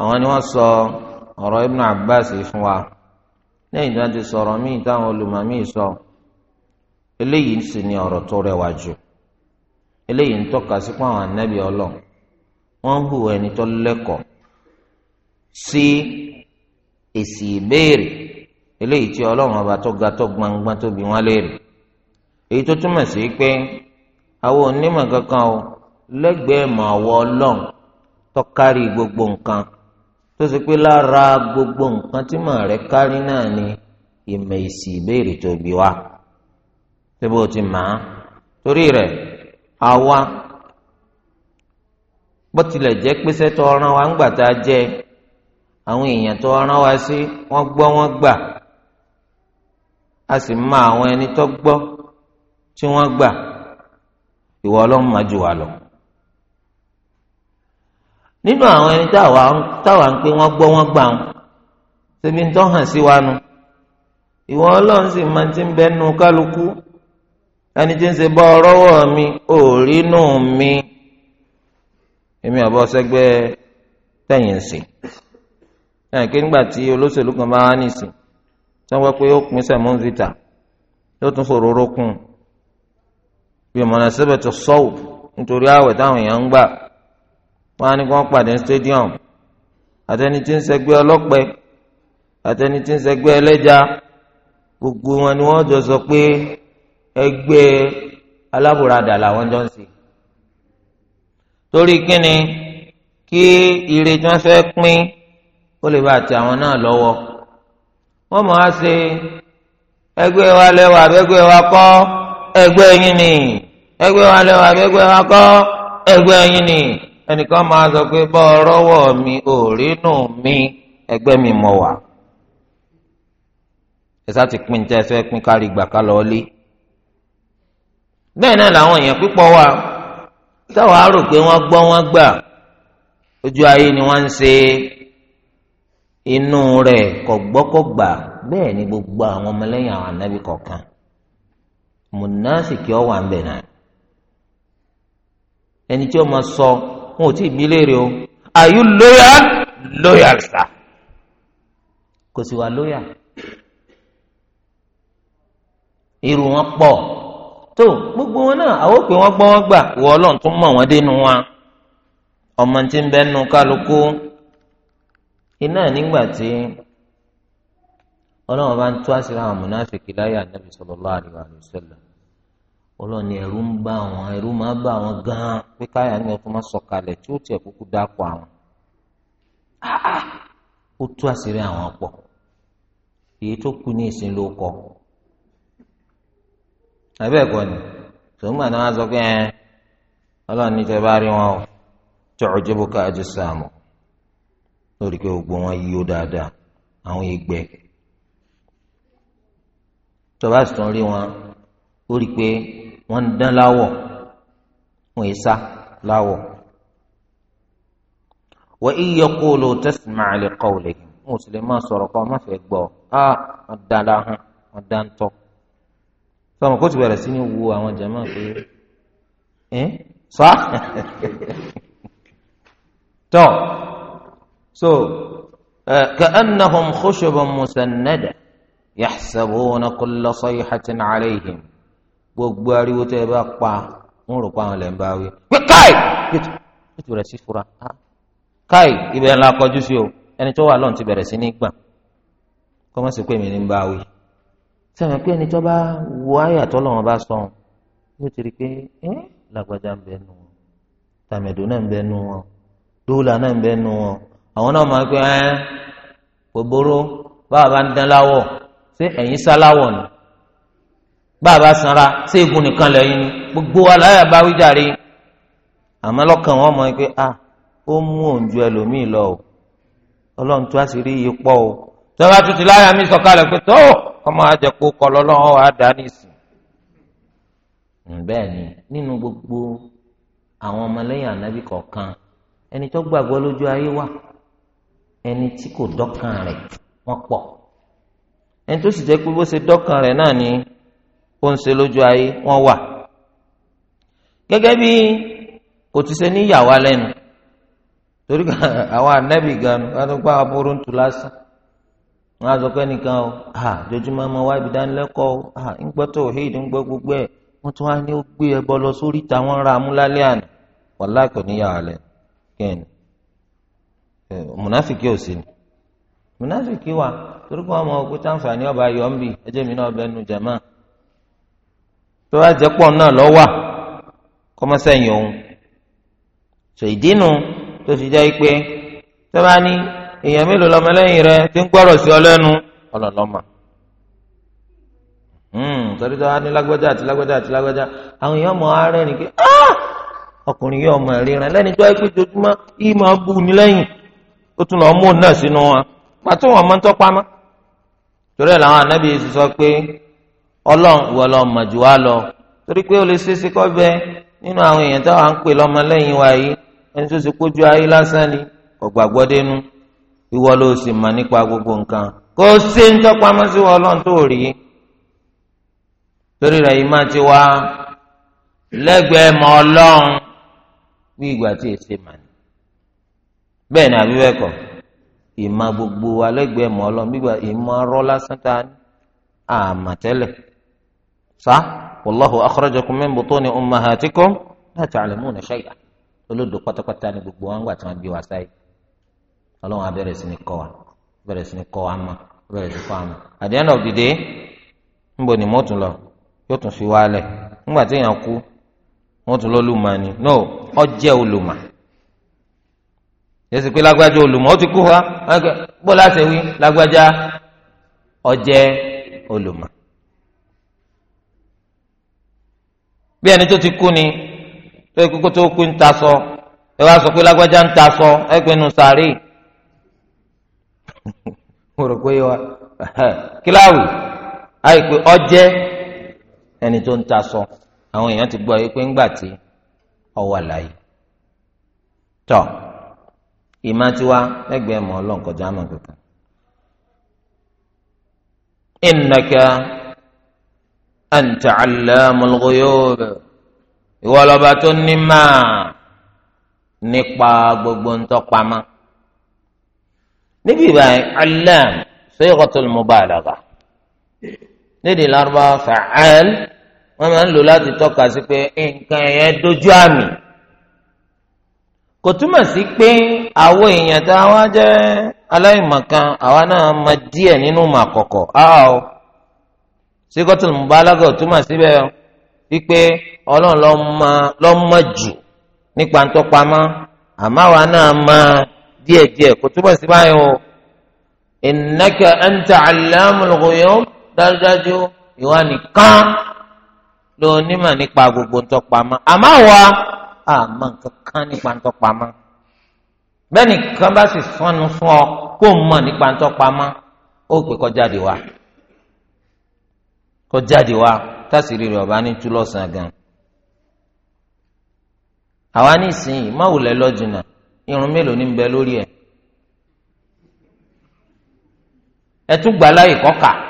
[SPEAKER 1] al-Imam sọ ọ̀rọ̀ lẹ́yìn tí wọ́n ti sọ̀rọ̀ míì táwọn olùmọ̀ sọ eléyìí sì ni ọ̀rọ̀ tó rẹwà jù eléyìí ń tọ́ka sí pé àwọn anábì ọlọ́run ẹni tó lẹ́kọ̀ọ́ sí èsì ìbéèrè eléyìí tí ọlọ́run ọba tó ga tó gbangba tó bi wọn léèrè èyí tó túmọ̀ sí pé àwọn kankan o lẹ́gbẹ̀ẹ́ mọ̀ ọlọ́run tó kárí gbogbo nǹkan tó ṣe pé lára gbogbo nǹkan tí màá rẹ kárí náà ni ìmọ̀ èsì ìbéèrè tó gbé wá ṣé bó ti máa torí rẹ̀ àwa bó tilẹ̀ jẹ́ pèsè tó ọ̀ràn wa ń gbà tá a jẹ́ àwọn èèyàn tó ọ̀ràn wa sí wọ́n gbọ́ wọ́n gbà a sì mọ àwọn ẹni tó gbọ́ tí wọ́n gbà ìwọ ọlọ́run máa jù wá lọ nínú àwọn ẹni táwa táwa ń pé wọ́n gbọ́ wọ́n gbà ń ṣebí ń tọ́hàn sí wa nu ìwọ ọlọ́run sì máa ti ń bẹnu kálukú ẹni tí ń ṣe bọ́ ọrọ́wọ́ mi ò rí nù mi èmi àbọ̀ sẹ́gbẹ́ tẹ̀yìn sí ẹ̀ kí nígbà tí olóṣèlú kan bá wà nísìn tí wọ́n pé ó pín sẹ̀mú vita yóò tún fòróró kùn bí mọ̀nà síbẹ̀ tó sọ́wù nítorí àwẹ̀ táwọn èèyàn ń gbà wọn á ní kí wọ́n pàdé ní stadium àtẹni tí ń ṣẹgbẹ́ ọlọ́pẹ àtẹni tí ń ṣẹgbẹ́ ẹlẹ́ja gbogbo wọn ni wọ́n jọ sọ pé ẹgbẹ́ alábùradà làwọn jọ ń ṣe torí kíni kí ire tí wọ́n fẹ́ pín ó lè bá àti àwọn náà lọ́wọ́ wọ́n mọ̀ á ṣe ẹgbẹ́ wa lẹ́wà abẹ́gbẹ́ wa kọ́ ẹgbẹ́ yín ni ẹgbẹ́ wa lẹ́wà abẹ́gbẹ́ wa kọ́ ẹgbẹ́ yín ni ẹnìkan máa sọ pé bọ́ ọrọ́wọ́ mi ò rínú mi ẹgbẹ́ mi mọ̀ wá ẹ̀sà ti pín tẹ́ fẹ́ pín kárí gbà ká lọ lé bẹ́ẹ̀ náà làwọn èèyàn pípọ̀ wà táwọn á rò pé wọ́n gbọ́ wọ́n gbà ojú ayé ni wọ́n ń ṣe inú rẹ̀ kọ̀gbọ́kọ̀gbà bẹ́ẹ̀ ni gbogbo àwọn ọmọlẹ́yìn àwọn ànábì kọ̀ọ̀kan mùnásìkì ọ̀wà ń bẹ̀ náà ẹni tí ó máa sọ. So, wọn ò tí ì bí léèrè o are you loyal loyal sir kò sì wà loyal irú wọn pọ̀ tó gbogbo wọn náà àwọn òpè wọn gbọ́ wọn gbà wọ Ọlọ́run tó mọ̀ wọn dénú wa ọmọ tí ń bẹ nu kálukú iná nígbà tí Ọlọ́run bá ń tú àṣírí àwọn mùnáfíkì láyé Ànábì sallallahu alaihi wasallam ọlọ́ni ẹ̀rú ń bá wọn ẹ̀rú máa bá wọn gan-an pé káyà ni ọtún máa sọ̀kalẹ̀ tí ó tiẹ̀ kúkú dákọ̀ àwọn. Ah, ah. ó tú àṣírí àwọn pọ̀ èyí tó kú ní ìsìn ló kọ. abẹ́ ẹ̀kọ́ ni tòun àti wọn sọ pé ẹ ọlọ́ni tẹ bá rí wọn o tu'jibuka ajsamu lórí pé gbogbo wọn yíyó dáadáa àwọn ìgbẹ́ tọ́ba sì tún rí wọn ó rí pé. wọ́n dán láwọ̀ wọ́n yìí sá láwọ̀. wa tẹ̀sí qulu tasma' kọ́ ọ̀lẹ́ wọ́n ò sì lè máa sọ̀rọ̀ kọ́ má fẹ́ gbọ́ á wọ́n dá láhùn wọ́n dán tọ́. sọmọ kó ti bẹ̀rẹ̀ sí ní wo àwọn jẹ̀mọ́ pé ẹ́ sọ́ tọ́ so ka ka'annahum khushubun musannada yahsabuna kulla sayhatin alayhim. gbogbo ariwo tó ẹ bá pa wọn rò pa àwọn lẹ́ ń bá wí. pé káì ètò rẹ̀ sì fura ah, káì ibẹ̀ ńlá kọjú sí o ẹni tó wà lọ́n ti bẹ̀rẹ̀ sí ní gbà kọ́ mọ́ sí pé mi ní ń bá wí. sẹ́wọ̀n pé ẹni tó bá wo àyà tó lọ́wọ́ bá sọ yóò ti rí i pé ẹ́ làgbàjá ń bẹ nù wọn tàmẹ̀dò náà ń bẹ nù wọn dóòlà náà ń bẹ nù wọn àwọn náà máa ń pẹ́ ẹ́ gbogbooro báwa bá ń dán láwọ̀ ṣé ẹ̀yin sá láwọ̀ ni bàbá sanra séègùn nìkan lẹ́yìn ni gbogbo aláya bá wí jàre àmọ́ lọ́kàn wọn mọ̀ pé a ah, ó mú òǹjọ ẹlòmíì lọ o ọlọ́run tó àṣírí yìí pọ̀ o tọ́ba tuntun láyà mi sọ̀kalẹ̀ pé tó ọmọ àjẹkù kọ́ lọ́lọ́run wàá dá nìsín. Hmm, bẹ́ẹ̀ ni nínú gbogbo àwọn ọmọlẹ́yìn ànábì kọ̀ọ̀kan ẹni tó gbàgbọ́ lójú ayé wà ẹni tí kò dọ́kàn rẹ̀ wọ́n pọ̀ ẹni tó sì jẹ́ pé bó ṣe dọ́kàn rẹ̀ náà ni. ó ń ṣe lójú ayé wọn wà gẹ́gẹ́ bí kò ti se ní ìyàwó torí àwọn anábì gan wọn tún aburú ń tu lásán wọn nìkan o ọmọ wa ibi dánilẹ́kọ̀ọ́ ń gbọ́ tó ń gbogbo wọ́n tún wá ní ó gbé lọ sórí ìta wọn ra àná ní ò sí ni wà torí ọba yọmbi mi tó bá jẹ́ náà lọ wà kọ́mọ́sẹ́yìn òun tó ìdínú tó fi jẹ pé tó bá ní èèyàn mélòó rẹ ti ń gbọrọ sí ọ lẹ́nu ọlọ́lọ́mà hmm, torí tó wá ní lágbájá àti lágbájá àti lágbájá àwọn èèyàn mọ̀ ààrẹ nìké ah! ọkùnrin yóò tó yìí máa bù ní ó tún mú náà sínú pàtó wọn sọ pé. ọlọ́run ìwọ lọ mọ̀ jù lọ torí pé o lè ṣeéṣe bẹ nínú àwọn èèyàn táwa ń pè lọ́mọ lẹ́yìn wa yìí ẹni tó ṣe kójú ayé lásán ni kò gbàgbọ́ ìwọ ló sì mọ̀ nípa gbogbo nǹkan kó o ṣe ń sí wọn tó rí torí yìí máa gbogbo alẹ́gbẹ̀ẹ́ bí ìgbà lásán ta ni صح والله أخرجكم من بطون أمهاتكم لا تعلمون شيئا olódò pátápátá ni gbogbo wọn gbà tí wọn bí wa sáyé Ọlọ́run á sí wa sí wa sí wa ni lọ yóò tún fi wá tí èèyàn kú lọ lùmọ ni no pé lágbájá ó bí ẹni tó ti kú ni tó yẹ kókó tó kú ń ta sọ ẹ wá sọ pé lágbájá ń ta sọ ẹ pé nu [laughs] mo ọjẹ [laughs] ẹni tó ń ta sọ àwọn èèyàn ti gbọ́ ẹ pé ńgbà tí tọ ìmá anta allamul ghuyub ìwọ lọba tó ní máa nípa gbogbo ntọ́pamọ́ níbi ìbáyìí allam sighatul mubalagha nídìí lárúbá fa'al wọn máa ń lò láti tọ́ka sí pé nǹkan yẹn dojú àmì kò túmọ̀ sí pé àwọn èèyàn tá a wá jẹ́ aláìmọ̀kan àwa náà mọ díẹ̀ nínú màkọ̀kọ̀ áà o síkọ́tùl mùbálágà ò túmọ̀ síbẹ̀ wípé ọlọ́run ló mọ̀ jù nípa ntọ́pamọ́ àmọ́ àwa náà mọ̀ díẹ̀díẹ̀ kò túmọ̀ sí báyìí o innaka anta allamul ghuyub dájúdájú ìwà nìkan ló nímọ̀ nípa gbogbo ntọ́pamọ́ àmọ́ àwa àmọ́ nǹkan nípa ntọ́pamọ́ bẹ́ẹ̀ nìkan bá sì sọnù fún ọ kó mọ̀ nípa ntọ́pamọ́ ó pè kọjá di wa. kó jáde wá tásìrì ọba ní tú lọ́sàn gan. àwa ní má wulẹ̀ lọ́jìnà irun mélòó ní bẹ lórí ẹ̀. ẹ tún gbà láyè kọ́kà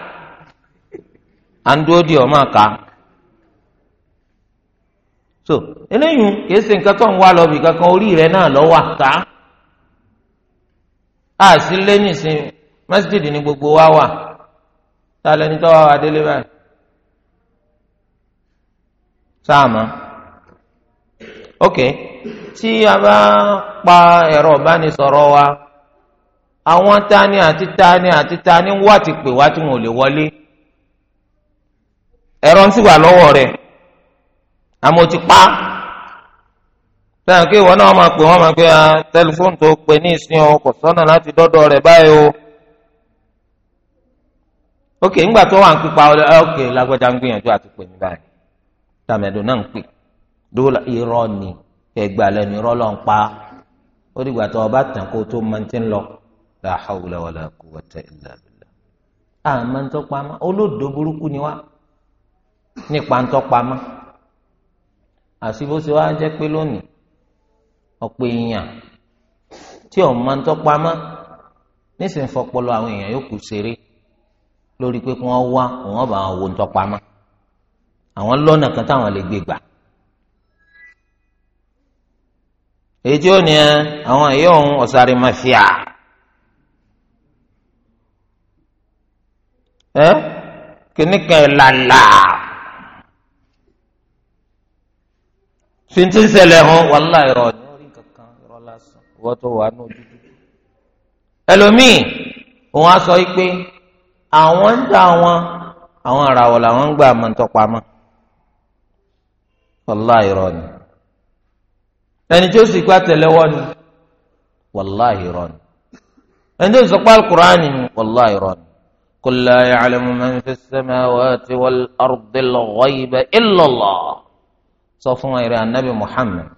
[SPEAKER 1] so eléyìí kìí ṣe nǹkan tó ń wá lọ bí kankan orí rẹ náà a sì lé nìsín ni gbogbo wa wà lẹni tó wà ma ok tí a bá pa ẹ̀rọ ìbánisọ̀rọ̀ wa àwọn tani àti tani àti tani wá ti pè wá tí wọn ò lè wọlé ẹ̀rọ ń sì wà lọ́wọ́ rẹ̀ àmọ́ ti pa sẹ́yìn ìwọ náà máa pè wọ́n máa pè á tẹlifóònù tó pè ní ìsìn o láti báyìí o
[SPEAKER 2] ok ńgbà
[SPEAKER 1] tàmẹ̀dùn náà ń pè dóòlà irọ́ ni ẹgbà lẹ́nu irọ́ lọ́n pa ó dìgbà tó ọba tàn kó tó máa ti ń lọ la hawla wala quwwata illa billah àmọ́ ntọ́pamọ́ olódò burúkú ni wá nípa ntọ́pamọ́ àṣìbóṣe wa jẹ́ pé lónìí ọ̀pọ̀ èèyàn tí ò máa ntọ́pamọ́ nísìnyí fọpọlọ àwọn èèyàn yòókù ṣeré lórí pé kí wọ́n wá òun ọba àwọn owó ntọ́pamọ́ àwọn lọ́nà kan táwọn lè gbé gbà èyí àwọn èyí òun ọ̀sàrè máa fi à ẹ kìnnìkan làlà fintí ṣẹlẹ̀ hàn wàhálà orí kankan ìrọ̀ lásán ìwọ́ tó wà ní ojú dúdú ẹlòmíì sọ pé àwọn ń àwọn àwọn àràwọ̀ làwọn ń gbà máa wàláhì irọ́ ni ẹni tí ó sì gbá tẹ̀lẹ́wọ́ ni wàláhì irọ́ ni ẹni tí ó sì sọ pé ni wàláhì irọ́ ni. قل لا يعلم من في السماوات والأرض الغيب إلا الله صفوا إلى النبي محمد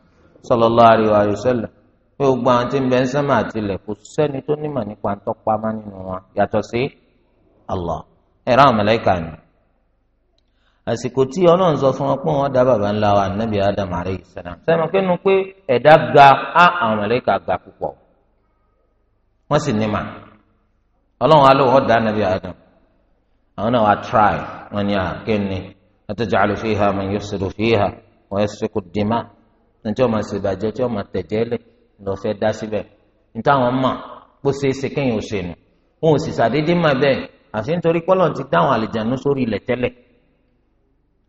[SPEAKER 1] صلى الله عليه وآله وسلم gbogbo àwọn tí ń bẹ ń sẹ́mà àti ilẹ̀ kò sẹ́ni tó nímọ̀ nípa tó nínú wọn yàtọ̀ sí Allah ẹ̀rọ àwọn ni àsìkò tí ọlọ́run sọ fún wọn pé wọ́n dá bàbá ńlá wa nàbì adam alayhi salam sẹ́mi kínú pé ẹ̀dá ga á àwọn màláíkà ga púpọ̀ wọ́n sì ní mà ọlọ́run alẹ́ wọ́n dá nàbì adam àwọn náà wà try wọ́n ní àkínní ataj'alu fiha man yufsidu fiha wa yasfiku dima nítorí wọ́n ma ṣe ìbàjẹ́ tí wọ́n máa tẹ̀jẹ́ lẹ̀ lọ́ fẹ́ dá síbẹ̀ nítorí mọ̀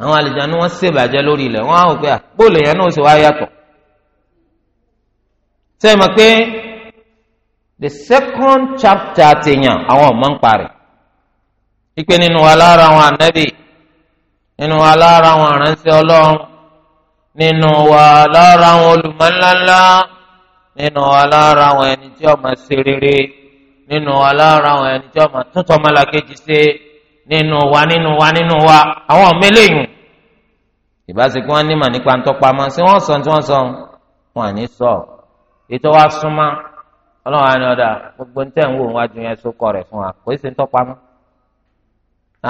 [SPEAKER 1] àwọn àlìjánu wọn ṣèbàjẹ́ lórí ilẹ̀ wọn á wò pé à bóòlù yẹn náà ṣe wá yàtọ̀ sẹ́yìn mọ̀ pé the second chapter tèèyàn àwọn ọ̀mọ́ ń parí ipe nínú wa lára àwọn ànábì nínú wa lára àwọn àránṣẹ́ ọlọ́run nínú wa lára àwọn olùmọ̀ ńláńlá nínú wa lára àwọn ẹni tí ó ṣe rere nínú wa lára àwọn ẹni tí ó tuntun ọmọlàkejì ṣe nínú wa nínú wa nínú wa àwọn ọmọ eléyìí ìbáṣekú wọn nímọ̀ nípa ntọ́pamọ́ sí wọ́n sọ tí wọ́n sọ wọn àní sọ ètò wa súnmọ́ ọlọ́run àni ọ̀dà gbogbo ntẹ̀ ń wò wájú yẹn sókọ rẹ̀ fún wa kò sí ntọ́pamọ́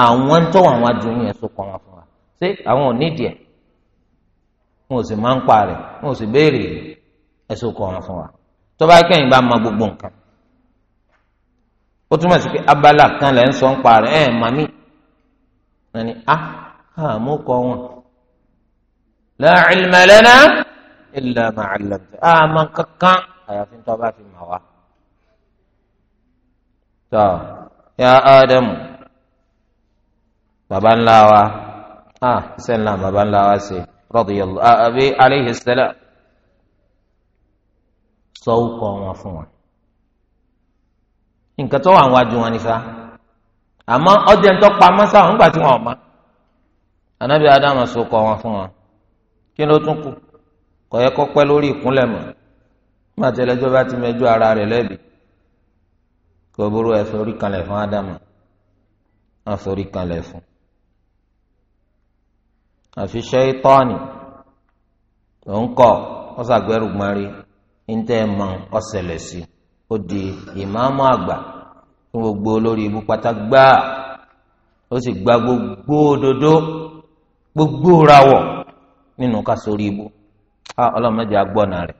[SPEAKER 1] àwọn ń tọ́ àwọn wájú yẹn sókọ wọn fún wa ṣé àwọn ò nídìí ẹ̀ wọn ò sì máa ń pa rẹ̀ wọn ò sì béèrè ẹ̀ sókọ wọn fún wa tó bá kẹ́yìn bá mọ gbogbo nǹkan ó túmọ̀ sí pé abala kan lẹ́ ń sọ ń pa rẹ̀ ẹ̀ màmí ẹ̀ a àmúkọ wọn la ilma lana illa ma 'allamtana àmọ́ kankan àyàfi tó bá fi mọ̀ wá. tọ́ ya ádámù baba ńlá wa ah iṣẹ́ ńlá baba ńlá wa ṣe radiyallahu àbí ah, alayhi salam sọ ọkọ wọn fún wa nǹkan tó wà wájú wọn nífa àmọ́ ọdẹ ń tọ́ pamọ́ sáwọn nígbà tí wọn ò mọ̀ anábì ádámù sọ ọkọ wọn fún wọn kí ló tún kù kò yẹ kó pẹ́ lórí ìkúnlẹ̀ mọ́ nígbà tí ẹlẹ́jọ́ bá ti mẹjọ́ ara rẹ̀ lẹ́bi kò burú ẹ forí kanlẹ̀ fún ádámù ẹ forí kanlẹ̀ fún àfi ṣẹ́tánì ló ń kọ́ ọ sàgbẹ́rù gbọ́nrí ń tẹ́ ẹ mọ ọ̀sẹ̀lẹ̀ sí ó di ìmáàmù àgbà fún gbogbo olórí ibú pátá gbáà ó sì gba gbogbo òdodo gbogbo rawọ̀. nínú ká sórí ibu ah, ọlọ́mọdé agbọ́nà rẹ̀.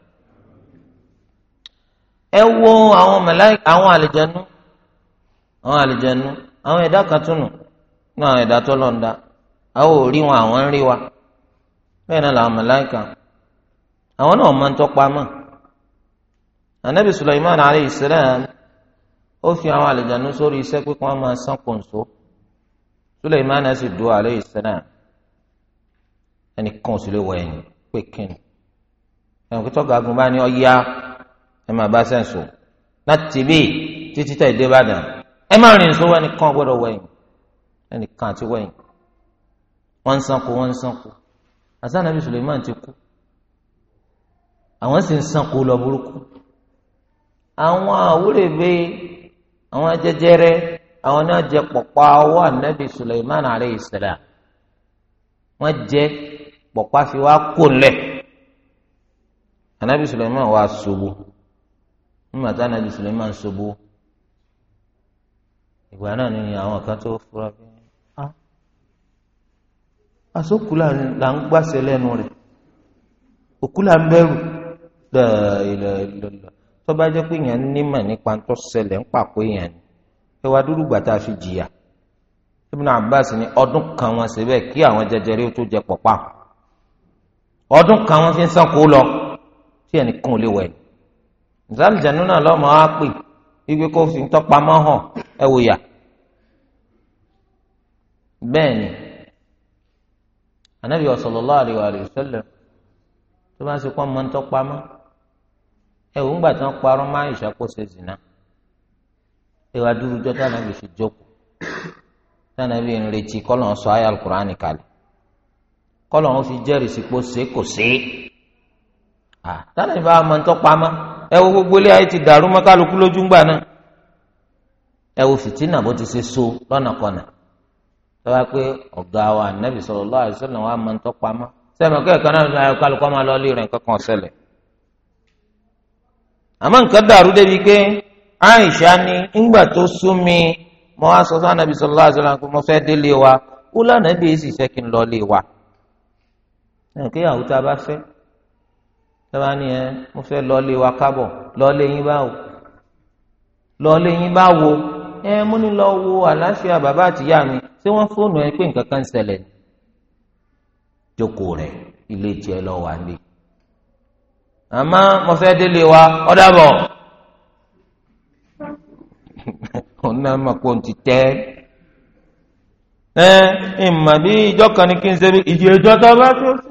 [SPEAKER 1] ẹ wo àwọn màláíkà àwọn àlìjẹnu àwọn àlìjẹnu àwọn ẹ̀dá kan túnù ní àwọn ẹ̀dá tó lọ́nda àwọn ò rí wọn àwọn ń rí wa bẹ́ẹ̀ náà anabi Sulaiman alayhi salam ó fi àwọn àlìjẹnu sórí iṣẹ́ pé máa sán kòǹso Sulaiman sì ẹnì kan sì lè wọ ẹ̀yìn pé kíni ẹnì kí tọ́ka agun bá ní ọ̀yá ẹ máa bá sẹ́ǹsì láti bí títí tẹ̀ dé Ìbàdàn ẹ má rìn sówó ẹnì kan gbọ́dọ̀ wọ ẹ̀yìn ẹnì kan àti wọ ẹ̀yìn wọ́n ń sanko wọ́n ń sanko àsànàbí Suleiman ti kú àwọn sì ń sanko lọ burúkú àwọn àwúrẹ̀bẹ àwọn jẹjẹrẹ àwọn náà jẹ pọ̀pọ̀ ọwọ́ ànábì Suleiman alayhi salam wọ́n jẹ pọ̀pá fi wá kó lẹ̀ anabi suleiman wá ṣubú nígbà tí anabi suleiman ṣubú ìgbà náà ni àwọn kan tó fura bí asókù ah, là ń gbàsẹ lẹ́nu rẹ̀ òkú là ń bẹ̀rù lọ́ọ̀lọ́ọ̀lọ́ tó bá jẹ́ pé èèyàn nímọ̀ nípa tó ṣẹlẹ̀ ń pàpọ̀ èèyàn ni ẹ wá dúró gbà tá a fi jìyà Ibn Abbas ní ọdún kan wọn ṣe bẹ́ẹ̀ kí àwọn jẹjẹrẹ tó jẹ pọ̀pá. ọdún kan wọn fi ń sàn kó lọ tí ẹnìkan ò lè wẹ̀ ǹsàlù jẹ̀nu náà lọ́mọ á pè wípé kó fi tọ́pamọ́ hàn ẹ wò yà bẹ́ẹ̀ ni anabi sallallahu alaihi wasallam tó bá ń sekọ́ mọ́ ń ẹ wò ń gbà tí wọ́n parọ́ máa ń ìṣàkóso ẹ dúró fi kọ́lọ̀ wọn fi jẹ́rìsì pò ṣe kò ṣe à tánà ìbá ọmọ ń mọ́ ẹ wo gbogbo ilé ayé ti dàrú mọ́ kálukú lójú ńgbà náà ẹ wo fìtínà bó ti se so lọ́nà kọ̀nà tọ́wá pé ọ̀gá wa nẹ́bí sallallahu alaihi wasallam wa máa ń tọ́pa mọ́ sẹ́mi ọ̀kẹ́ náà kálukú lọ́ọ́ kan àmọ́ nǹkan dàrú débi pé ni ńgbà tó wá sọ nẹ́bí kéyàwó tá a bá fẹ́ lọ́wọ́ ni ẹ mo fẹ́ lọ́ọ́lé wa kábọ̀ lọ́ọ́lé yín bá wò lọ́ọ́lé yín bá wò ẹ mo ní lọ́ọ́ wo àlàáfíà bàbá àtìyá mi ṣé wọ́n fóònù ẹ pé nǹkan kan ń ṣẹlẹ̀ jókòó rẹ̀ ilé tiẹ̀ lọ́ọ́ wà níbi àmọ́ mo fẹ́ délé wa ọ̀dàbọ̀ òun [laughs] náà mọ̀ pé òun ti tẹ́ ẹ ìmọ̀ bí ìjọ kan ni kí n ṣe bí ìdí ìjọ tó bá tó sí.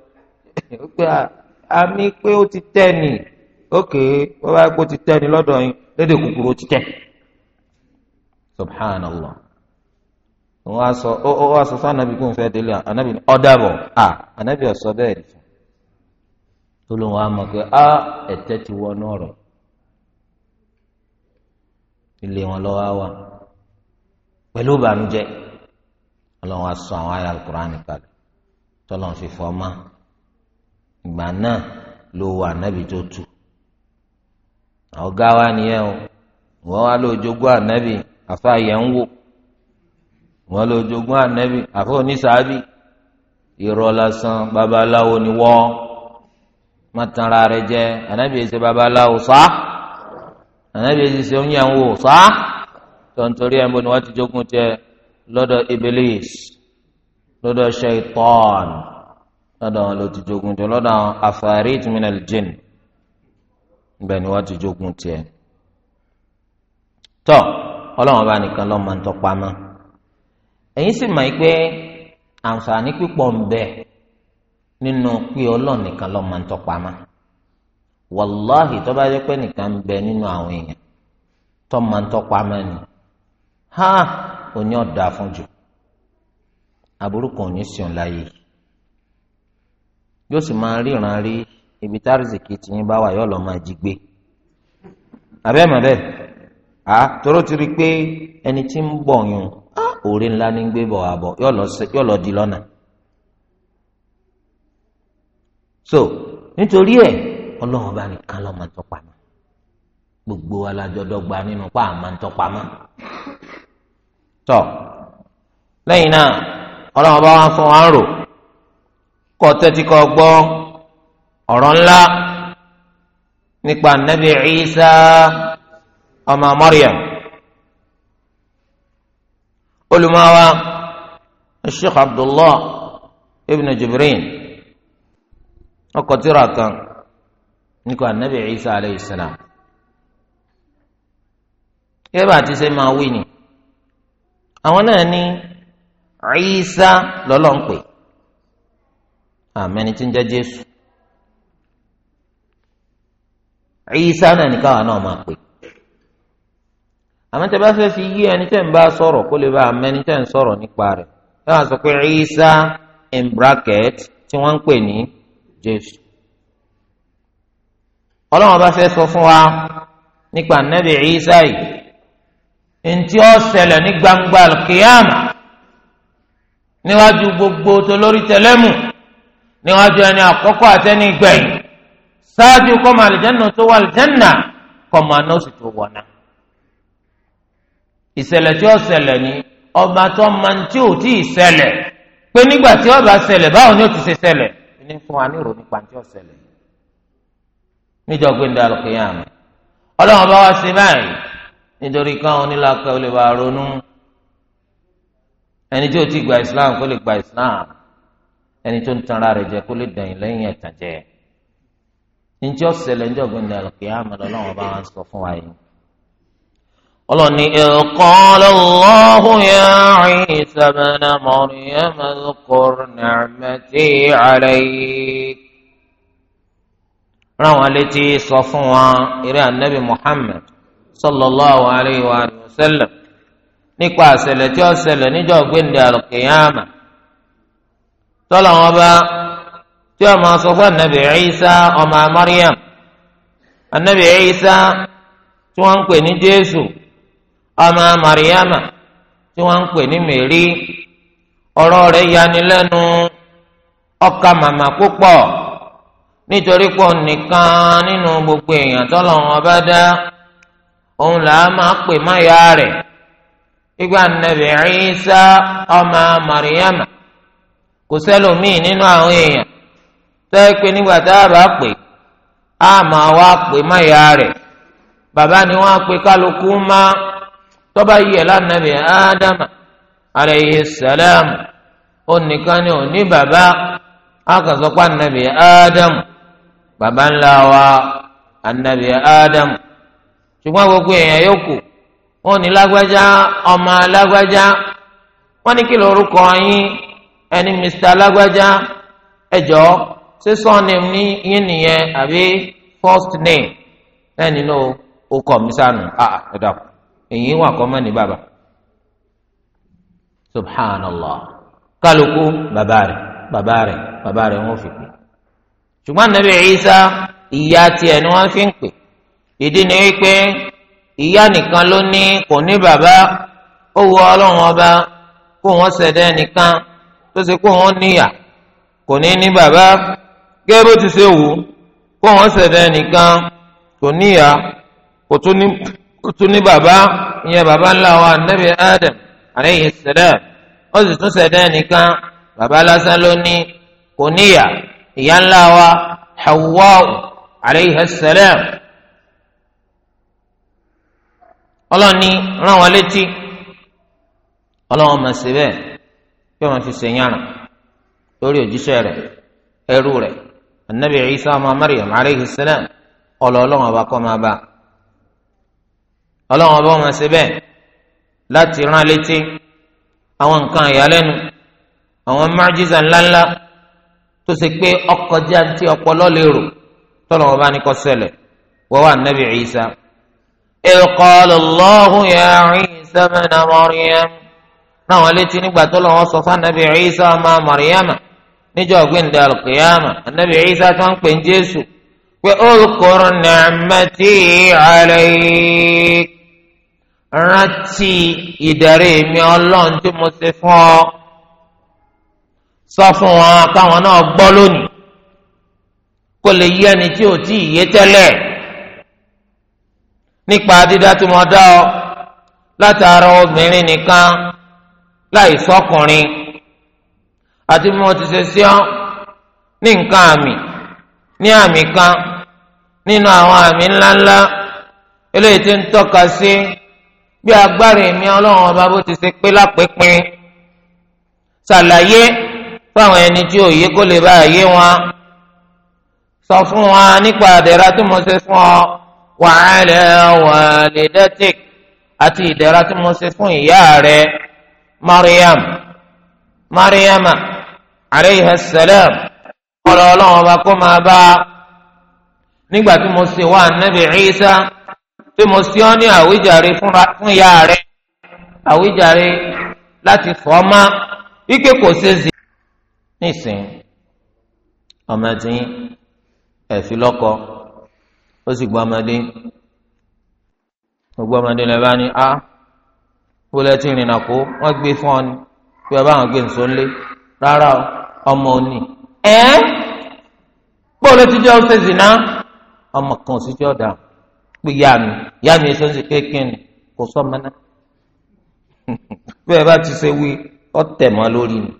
[SPEAKER 1] ẹ̀sìn ó pé àmì pé ó ti tẹ́ ni ókè wọ́n bá gbó ti tẹ́ ni lọ́dọ̀ yín lédè kúkúrú ó ti tẹ́ subhanallah wọ́n á sọ ó wá sọ fún anabi kó n fẹ́ délé anabi ọ̀dàbọ̀ a anabi ọ̀sọ́ bẹ́ẹ̀ ni tó ló wọn á mọ̀ pé á ẹ̀tẹ́ ti wọnú ọ̀rọ̀ ilé wọn lọ́wọ́ wà pẹ̀lú ìbànújẹ́ ọlọ́run á sọ àwọn ayé alukóra nìkan tọ́lọ́run fi fọ́ máa ìgbà náà ló wà ànábì tó tu ọ̀gá wa nìyẹn o wọ́n wá lójogún ànábì àfa yẹn ń wò wọ́n lójogún ànábì àfa oníṣàábì irọ́ lásán babaláwo ni wọ́n má tanra rẹ jẹ ànábì èsì babaláwo sá ànábì èsì ṣe oúnjẹ ń wò sá tontori ẹ̀ ń bọ̀ ni wọ́n ti jogún tiẹ̀ lọ́dọ̀ ibilis lọ́dọ̀ ṣaitan. lọ́dọ̀ wọn ló ti jogun tó lọ́dọ̀ àwọn afarit minal jinn bẹ́ẹ̀ ni wọ́n ti jogun tiẹ̀ tọ́ ọlọ́wọ́n bá nìkan lọ́ọ́ máa ń tọpa mọ́ èyí sì máa ń pé àǹfààní pípọ̀ ń bẹ nínú pé ọlọ́ọ̀ nìkan lọ́ọ́ máa ń tọpa mọ́ wàláhì tó bá jẹ́ pé nìkan ń bẹ nínú àwọn èèyàn tó máa ń tọpa mọ́ ni ha òní ọ̀dà fún jù aburú kan ò ní sùn láyé yìí. yóò sì máa ríran rí ibi tárísìkì tìyín bá wà yóò lọ máa jí gbé abẹ́ mọ̀ bẹ́ẹ̀ à tóró pé ẹni tí ń bọ̀ yun ńlá ní gbé bọ̀ àbọ̀ yóò lọ di lọ́nà so nítorí ẹ ọlọ́run bá nìkan lọ́ọ́ máa gbogbo alájọdọ́gba nínú pa àmà ń tọ́pa tọ́ lẹ́yìn náà ọlọ́run bá kọ́ tẹ́tí kọ́ gbọ́ ọ̀rọ̀ ńlá nípa nabi Isa ọmọ Maryam olùmọ̀wá sheikh abdullah ibn jibrin ọkọ̀ tíra kan nípa nabi Isa aleyhi salam yẹ́n bá ti ṣe máa wí ni àwọn náà ní Isa lọ́lọ́ àmẹni tí ń jẹ́ jésù ìsá náà ní káwa náà máa pè àmọ́ tẹ́ bá fẹ́ fi yí ẹni tẹ́ ń bá sọ̀rọ̀ kó lè bá àmẹni tẹ́ ń sọ̀rọ̀ nípa rẹ̀ ẹ wàá sọ pé ìsá in bracket tí wọ́n ń pè ní jésù bá fẹ́ sọ fún wa nípa nẹ́bí ìsá yìí ntí ó ṣẹlẹ̀ ní gbangba kìíyàmù níwájú gbogbo tó lórí tẹlẹ́mù. níwájú ẹni àkọ́kọ́ àtẹni gbẹ̀yìn ṣáájú kọ́mọ àlìjẹ́nà tó wà àlìjẹ́nà kọ́mọ àná tó ìṣẹ̀lẹ̀ tí ó ṣẹlẹ̀ ni ọba tó máa ń tí ò tí ì ṣẹlẹ̀ pé nígbà tí ọba ṣẹlẹ̀ báwo ni ó ti ṣe ṣẹlẹ̀ ní fún wa ní ìròyìn nípa tí ó ṣẹlẹ̀ níjọ gbẹ̀ndà ọlọ́run báyìí nítorí lè Islam kó lè Islam ẹni tó ń tanra rẹ̀ jẹ kó lè dẹ̀yìn lẹ́yìn ẹ̀tàn jẹ njẹ́ ọ̀sẹ̀lẹ̀ njẹ́ ọ̀gbìnrin al-qiyamah lọ́wọ́ bá wọn sọ fún wa yìí. قلني إذ قال الله يا عيسى ابن مريم اذكر نعمتي عليك rán wọn létí sọ fún wọn eré anabi muhammed sallallahu alayhi wa sallam nípa àṣẹlẹ̀ tí ó ṣẹlẹ̀ níjọ́ gbẹ̀ndẹ̀ alùkìyàmà tọ́lọ̀ wọn bá tí ọmọ sọ fún anabi ọmọ Mariam anabi Isa tí wọ́n ń pè ní Jésù ọmọ Mariama tí wọ́n ń pè ní Mary ọ̀rọ̀ rẹ̀ yanilẹ́nu ọkà màmá púpọ̀ nítorí pọ̀ nìkan nínú gbogbo èèyàn tọ́lọ̀ wọn bá dá kò sẹ́lòmíì nínú àwọn èèyàn tẹ́ pé nígbà tá a bá pè á máa wá pè má ìyá rẹ̀ bàbá ni wọ́n á pè kálukú má tọ́ba yìí lánàbì ádámà alayhi salam ó ni ò bàbá á kàn ádámù bàbá ńlá wa ànàbì ádámù ṣùgbọ́n gbogbo èèyàn wọ́n ní lágbájá ọmọ lágbájá wọ́n ní kí yín. ẹni mr alágbájá ẹjọ ṣé surname ní yín nìyẹn àbí first name ẹni náà ó kọ mí sànù àà ẹdá èyí wà kọ́ bàbá subhanallah kálukú bàbá rẹ̀ bàbá bàbá fi pè ṣùgbọ́n nàbí Ìsá ìyá tiẹ̀ ni wọ́n fi ń pè ìdí ni wípé ìyá nìkan ló ní kò ní bàbá ó ọba kó wọ́n ṣẹ̀dá ẹnìkan. tó ṣe kó wọn níyà kò ní ní bàbá ti ṣe wù ú kó wọn ṣẹ̀dá kò níyà kò tún ní bàbá ìyẹn bàbá wa Adam alayhi salam ó sì tún ṣẹ̀dá baba bàbá lásán ló ní kò níyà ìyá ńlá wa Hawwa alayhi salam ọlọ́ni rán létí ọlọ́wọ́n kí wọn fi ṣèyànà lórí òjíṣẹ́ rẹ̀ ẹrú rẹ̀ anabi isa ọmọ mariam aleyhi salam ọlọlọrun ọba kọ máa bá Ọlọ́run ọba wọn ṣe bẹ́ẹ̀ láti rán létí àwọn nǹkan ìyàlẹ́nu àwọn májísà ńláńlá tó ṣe pé ọkọjá tí ọpọlọ lè rò ọba ní kó ṣẹlẹ̀ wà anabi isa. إذ قال الله يا عيسى ابن مريم na wọn létí nígbà tó lọ́wọ́ sọ fún anabi Isa ọmọ Maryama níjọ́ ọ̀gbìn dàlù kìyàmà anabi Isa tó ń pè ń Jésù pé olùkọ́rọ̀ nàmẹ́tì rántí ìdarí mi ọlọ́run tí mo ọ sọ fún wọn káwọn náà gbọ́ lónìí kó lè yí ẹni tí ò tí ì yé tẹ́lẹ̀ nípa dídá ọ látara obìnrin láì sọkùnrin àti bí wọ́n ti ṣe sí ọ ní nǹkan àmì ní àmì kan nínú àwọn àmì ńláńlá eléyìí ti ń tọ́ka sí bí agbára ẹ̀mí ọlọ́run ọba bó ti ṣe pé lápépin ṣàlàyé fáwọn ẹni tí òye kó lè bá àyè wọn sọ fún wa nípa àdẹ̀ra tí mo ṣe fún ọ wàhálẹ̀ wàlẹ̀ dẹ́tìk àti ìdẹ̀ra tí mo ṣe fún ìyá rẹ̀. mariam mariama aleyha salam ọlọ ọlọ́run ọba kó máa bá a nígbà tí mo ṣe wá ànábì Ìsá tí mo ṣe ọ́ ní àwíjàre fún ya rẹ̀ àwíjàre láti fọ́ ọ́ má wípé kò ṣe zì nísìnyí ọmọ tí ẹ̀fí ó sì gbọ́ ọmọdé gbogbo ọmọdé ní a. Ah, wọlé tí ìrìnà kó wọn gbé fún ọ ni pé ọba àwọn gbé nso ńlé rárá ọmọ òní ẹ bóòlù tí jọ ṣe zìnà ọmọ kan sì jọ dà pé yá mi yá mi ṣe ń ṣe kéékèèní kò sọ mọ náà [laughs] bí ẹ bá ti ṣe wí ọ tẹ̀ lórí ni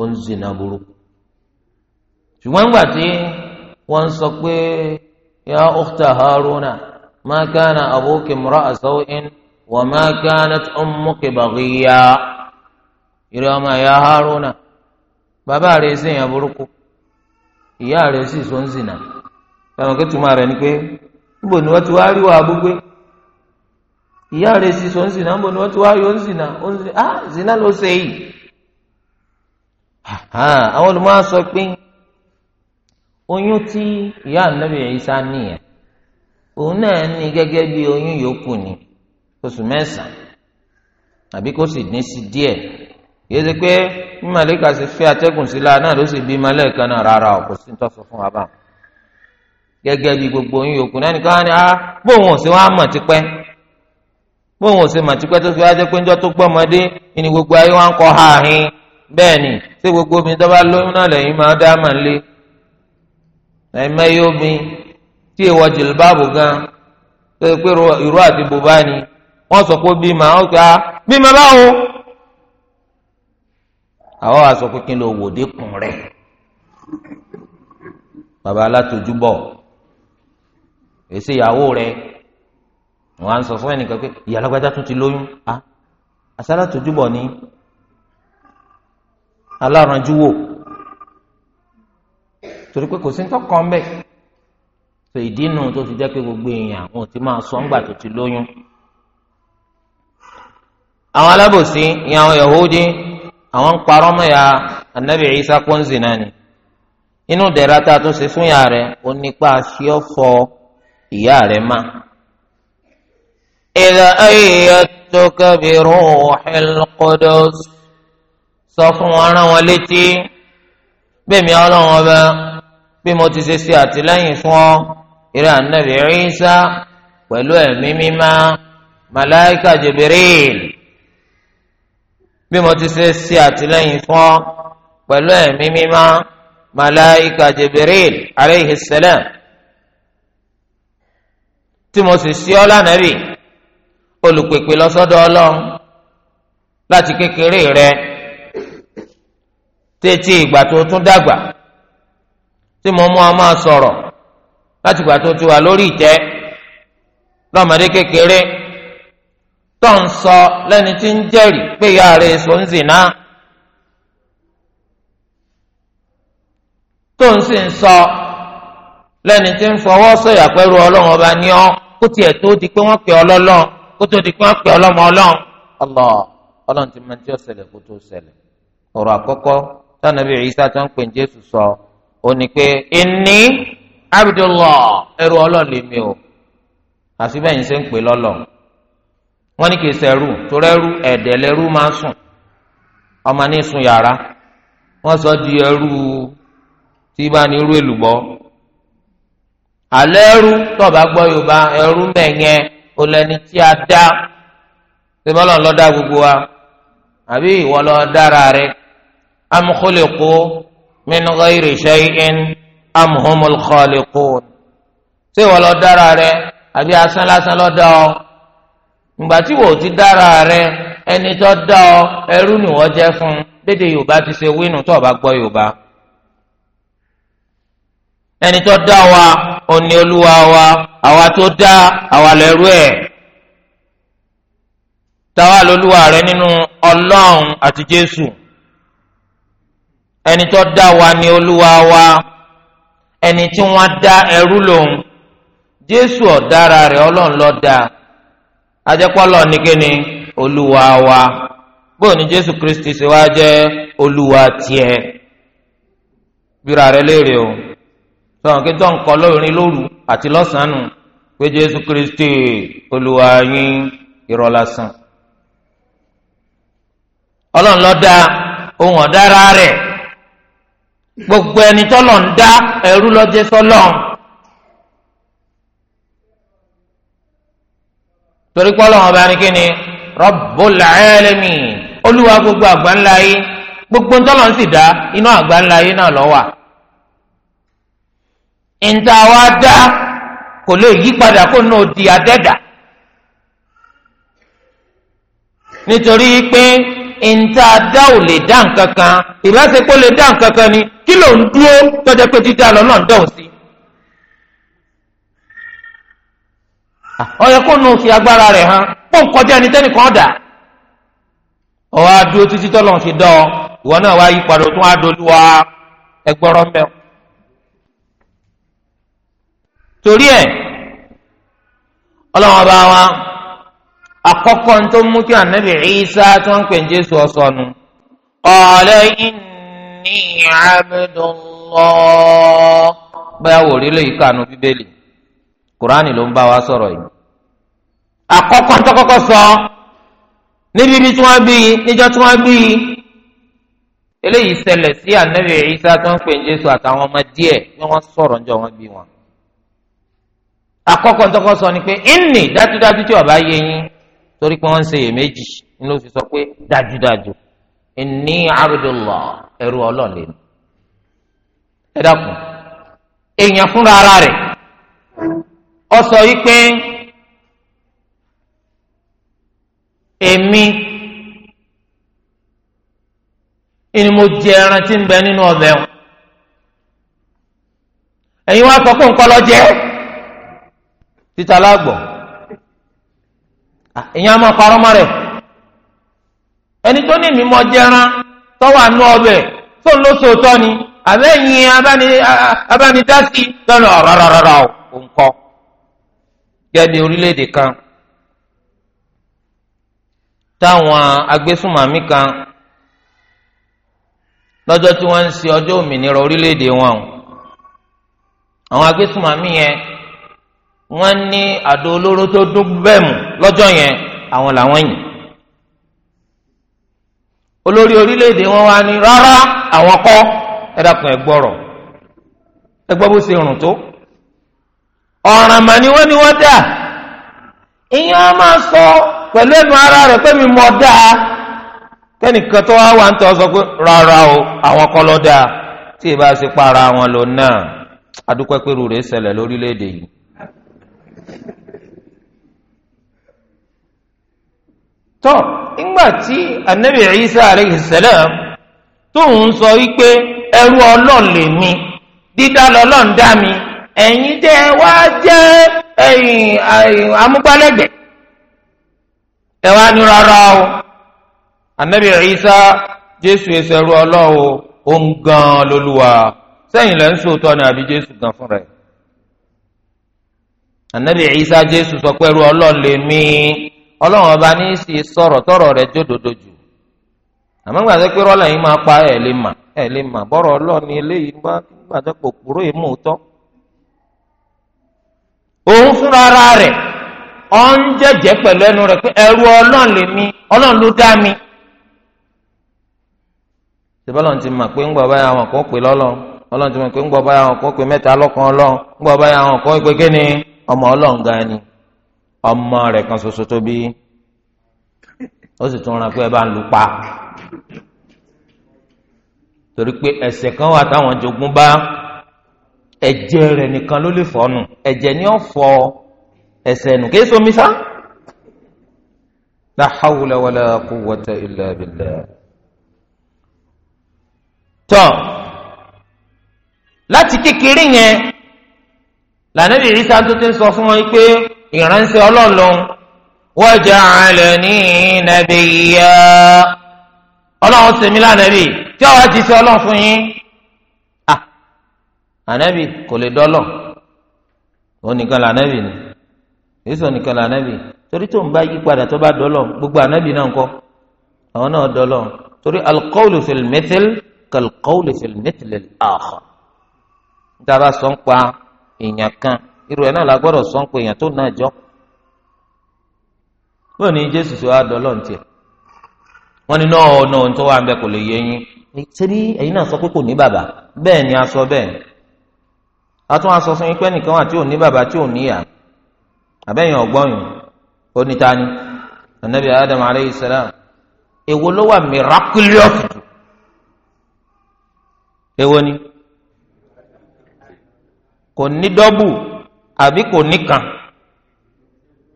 [SPEAKER 1] ó ń zìnà burúkú ṣùgbọ́n nígbà tí wọ́n sọ pé ya ukhta Haruna ma kana abuki imra'a sawin. wa ma kanat ummuki baghiya ìrẹ ọmọ ẹ̀yà haruna ya ha ṣe èèyàn burúkú ìyá rẹ̀ sì sọ ń zìnà fẹ́ràn kí tuma rẹ̀ ni pé níbo ni wọ́n ti wá gbogbo ìyá rẹ̀ sì sọ oyún tí ìyá sá oṣù mẹ́sàn-án àbí kó sì dín sí díẹ̀ yéé ṣe pé bí màlíkà la náà ló sì bí malẹ́ẹ̀kan náà rárá o kò sí tọ́sọ gbogbo yín yòókù náà nìkan á ní ah, bóun ò sí wọn á mọ̀ tipẹ́ bóun ò sí mọ̀ tipẹ́ tó gbogbo ayé wa kọ́ ha hin bẹ́ẹ̀ ni ṣé gbogbo obìnrin lóyún náà lẹ́yìn máa dá lé tí wọ́n sọ pé bímọ àwọn pé a ah, bímọ báwo àwọn wa sọ pé kí n lọ wò dékun rẹ̀ bàbá alátojúbọ̀ èsì ìyàwó rẹ̀ wọ́n á ń sọ fún ẹnìkan pé ìyá alágbádá tún ti lóyún a ah, asálátojúbọ̀ ni aláranjú wò torí pé kò sí nǹkan kan bẹ́ẹ̀ tó ìdí nù tó fi jẹ́ pé gbogbo èèyàn wọn ò ti máa sọ ńgbà tó ti lóyún àwọn alábòsí ìyẹn àwọn yahudi àwọn ń parọ́ mọ́ ya anabi isa kóńzì náà ni inú dẹ̀ra tá a tún ṣe fún ìyá rẹ̀ ó nípa aṣọ fọ ìyá rẹ̀ má. ìlà ayé tó kẹ́bìrún ọ̀hìnlọ́kọ́dọ́s sọ fún wọn rán wọn létí bẹ́ẹ̀mi ọlọ́run ọba bí mo ti ṣe ṣe àtìlẹ́yìn fún ọ ìrẹ́ anabi isa pẹ̀lú ẹ̀mí mímá màláìka jibril bí mo ti ṣe ṣe àtìlẹ́yìn fún ọ pẹ̀lú ẹ̀mí mímọ́ màláìka jibril aleyhi salam tí mo sì ṣe ọ lánàbì olùpèpè lọ́sọ́dọ̀ ọlọ́run láti kékeré rẹ tètè ìgbà tó tún dàgbà tí mo mú ọ máa sọ̀rọ̀ láti ìgbà tó ti wà lórí ìtẹ́ lọ́mọdé kékeré. tó ń sọ lẹ́ni tí ń jẹ́rìí pé ìyá rẹ̀ èso ń zìnà tó ń sì ń sọ lẹ́ni tí ń fọwọ́ sọ̀yà pẹ̀lú ọlọ́run ọba ní ọ́ kó tiẹ̀ tó di pé wọ́n pè ọ́ kó tó di pé wọ́n pè ọ́ ọlọ́run ọlọ́run ti máa ń tí ó ṣẹlẹ̀ kó tó ṣẹlẹ̀ ọ̀rọ̀ àkọ́kọ́ tó ń pè Jésù sọ ó ní pé inni Abdullah ẹrú o àfi bẹ́ẹ̀ ń ṣe ń pè wọ́n ní kì í sẹ́rù torí ẹrú ẹ̀dẹ̀ lẹ́rú máa ń sùn ọmọ ní sùn yàrá wọ́n sọ di ẹrú tí bá ní irú èlùbọ́ alẹ́ ẹrú tọ́ba gbọ́ yorùbá ẹrú mẹ́yẹn ó lẹni tí a dá sèbọ́lọ́ lọ́dá gbogbo wa àbí ìwọ lọ dára rẹ am khuliqu min ghayri shay'in am humul lọ dára rẹ àbí asán lásán lọ́dá ọ ìgbà tí wò ti dára rẹ ẹni tó dá ọ ẹrú ni wọ́n fún dédé yorùbá ti ṣe wínú tó o bá gbọ́ yorùbá ẹni tó dá wa òní olúwa wa àwa tó dá àwa lẹ́rú ẹ̀ táwa lolúwa rẹ nínú ọlọ́run àti jésù ẹni tó dá wa ni olúwa wa ẹni tí wọ́n dá ẹrú lòun jésù ọ̀dára rẹ̀ ọlọ́run ló dá ajẹ́pọ́lọ̀ ni olúwa wa bóun ni jésù kristi ṣe wá jẹ́ olúwa tiẹ̀ bíra rẹ léèrè o sọ̀rọ̀ kí tó kọ́ lórin lóru àti lọ́sàn pé jésù kristi olúwa yín irọ́ ọlọ́run lọ́dá ohun ọ̀dára rẹ̀ gbogbo ẹni tọ́lọ̀ ń dá ẹrú sọ́lọ́run. torí pé ọlọ́run ọba ni kí ni Rabbul Alamin olúwa gbogbo àgbáńlá yìí gbogbo ntọ́lọ̀ ń sì dá inú àgbáńlá yìí náà ló wà. ìntà wa dá kò lè yí padà kó náà di adẹ́dà nítorí pé ìntà dá ò lè dá nǹkan kan ìbáṣepọ̀ lè dá nǹkan kan ni kí ló ń dúró tọ́jà pé dídá lọ́nà ń dọ̀hùn sí. ó yẹ kó nù fi agbára rẹ̀ hàn kó ẹni kan dà ọwọ́ adúró títí tọ́lọ́ fi dán ọ ìwọ náà wá yí padà tún wa ẹgbọ́rọ́ mẹ́ o. torí ẹ̀ ọlọ́wọ́n bá wa àkọ́kọ́ tó mú kí ànábì Ìsá tó ń pè Jésù ọ̀sọ́nu qala inni abdullah báyà wò rí lóyún kànú bíbélì kùránì ló ń bá wa sọ̀rọ̀ yìí akọkọ tọkọ́kọ́ sọ níbi ibi tí wọ́n bí i níjọ́ tí wọ́n bí i eléyìí ṣẹlẹ̀ sí ànábì tó ń pè Jésù àtàwọn ọmọ díẹ̀ wọ́n sọ̀rọ̀ níjọ́ wọ́n bí wọn. dájúdájú tí ọba yẹ yín torí pé ń ni fi sọ pé dájúdájú ìní fúnra ara ọ sọ yìí èmi ni mo jẹ ẹran tí ń bẹ nínú ọbẹ̀ o ẹ̀yin wá sọ pé nǹkan lọ jẹ títa lágbọ̀ ah, ìyẹn a máa parọ́ mọ́ rẹ̀ ẹni tó ní mi mọ jẹ ẹran tó wà nú ọbẹ̀ tó ń sòótọ́ ni àbẹ́yìn abánidásí lọ́nà ọ̀rọ̀ rárá o nǹkan gẹ́gẹ́ bí orílẹ̀-èdè kan. táwọn agbésùnmàmí kan lọ́jọ́ tí wọ́n ń ṣe ọjọ́ òmìnira orílẹ̀-èdè wọn àwọn agbésùnmàmí yẹn wọ́n ní àdó olóró tó dún bẹ́ẹ̀ mú lọ́jọ́ yẹn àwọn làwọn yìn olórí orílẹ̀-èdè wọn wá ní rárá àwọn kọ́ ẹ dákun ẹ gbọ́rọ̀ ẹ gbọ́ bó ṣe rùn tó ọ̀ràn mà wọ́n dà ìyẹn a máa sọ. So, pẹ̀lú ẹ̀dùn ara rẹ̀ pé mi mọ̀ dáa kẹ́nìkan tó wá wà ń tọ́ sọ pé rárá o àwọn kọ́ lọ dáa tí ì bá ṣe para wọn lò náà adúpẹ́ pẹ̀lú rẹ̀ ṣẹlẹ̀ lórílẹ̀‐èdè yìí. nígbà tí anabi Isa aleyhi salam sọ wípé ẹrú lè mi dídá dá mi ẹ̀yin tẹ́ wá jẹ́ ẹ ni ní rárá o Isa jésù ẹsẹrú ọlọ́wọ́ ó ń gan lólúwa sẹ́yìn lẹ́ sòótọ́ ni àbí jésù gan fúnra ẹ̀ anabi Isa jésù sọ pé ẹrú ọlọ́run lè mí ọba ní í sọ̀rọ̀ tọ̀rọ̀ rẹ̀ jódodo jù àmọ́ pé rọ́lá yìí máa pa ẹ̀ lè mà ẹ̀ lè mà bọ́rọ̀ ni eléyìí ọ ń jẹ́jẹ́ pẹ̀lú ẹnu rẹ̀ pé ẹrú ọlọ́run lè mi ọlọ́run ló dá mi. ti mọ̀ pé ńgbọ̀ báyà àwọn pè ti mọ̀ pé báyà kan pè mẹ́ta ọlọ́run báyà pè kí ni ọmọ kan ṣoṣo tó bí ó sì tún pé ẹ bá ń kan wà táwọn jogún bá nìkan ló lè ẹsẹ̀ nù kéésù omi sá la hawla wala quwwata illa billah. tọ́ láti kékeré yẹn lànàbì ìrísà tó ti ń sọ fún wọn pé ìránṣẹ́ ọlọ́run wa ja'alani nabiyya ọlọ́run sèmi lànàbì tí ọ̀rọ̀ ti sọ ọlọ́run fún yín ah, ànàbì kò lè dọ́lọ̀ òun nìkan lànàbì ni èso nìkan là ànábì torí tó ń bá yí padà tó bá dọ́lọ̀ gbogbo ànábì náà ńkọ́ àwọn náà dọ́lọ̀ torí alqawlu fil mithil kalqawlu fil mithil al-akhar dára èèyàn kan irú ẹ̀ náà la gbọ́dọ̀ sọ́npa èèyàn tó náà jọ wọ́n ní jésù sọ àdọ́lọ̀ ntì wọ́n ní náà ọ̀nà ohun tó wà ń bẹ kò lè yé yín torí ẹ̀yin náà sọ pé kò ní bàbá bẹ́ẹ̀ ni a sọ bẹ́ẹ̀ a tún a sọ fún yín pé ẹnìkan wà tí ò ní bàbá tí ò ní àbẹ́yìn ọgbọ́yìn onítàní anabi adam aleyhi salam èwo ló wà miraculous jù èwo ni kò ní dọ́bù àbí kò ní kan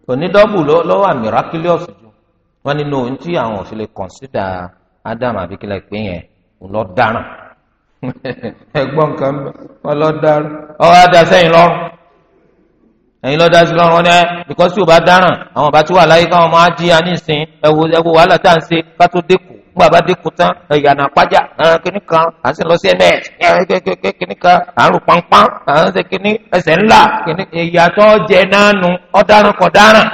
[SPEAKER 1] kò ní dọ́bù ló wà miraculous jù wọ́n ní no ntí àwọn òfin lè consider adam àbí kílẹ̀ pé yẹn ló dáràn [laughs] ẹ̀gbọ́n kan wọn ló dáràn ọ̀ adà sẹ́yìn lọ́rùn ẹ̀yin lọ́dá sí lọ́rùn ní ẹ́ bíkọ́ sí ò bá dáràn àwọn bá tí wà láyé káwọn máa jí ya nísìn ẹ̀wò ẹ̀wò wàhálà tá à ń ṣe bá tó dẹ́kù nígbà bá dẹ́kù tán ẹ̀yànà pàjá ẹ̀rọ kìíní kan à ń sì lọ sí ms kìíní kan à ń rò pánpán à ń ṣe kìíní ẹsẹ̀ ńlá kìíní ìyàtọ̀ jẹ nánu ọ̀daràn kọ̀ dáràn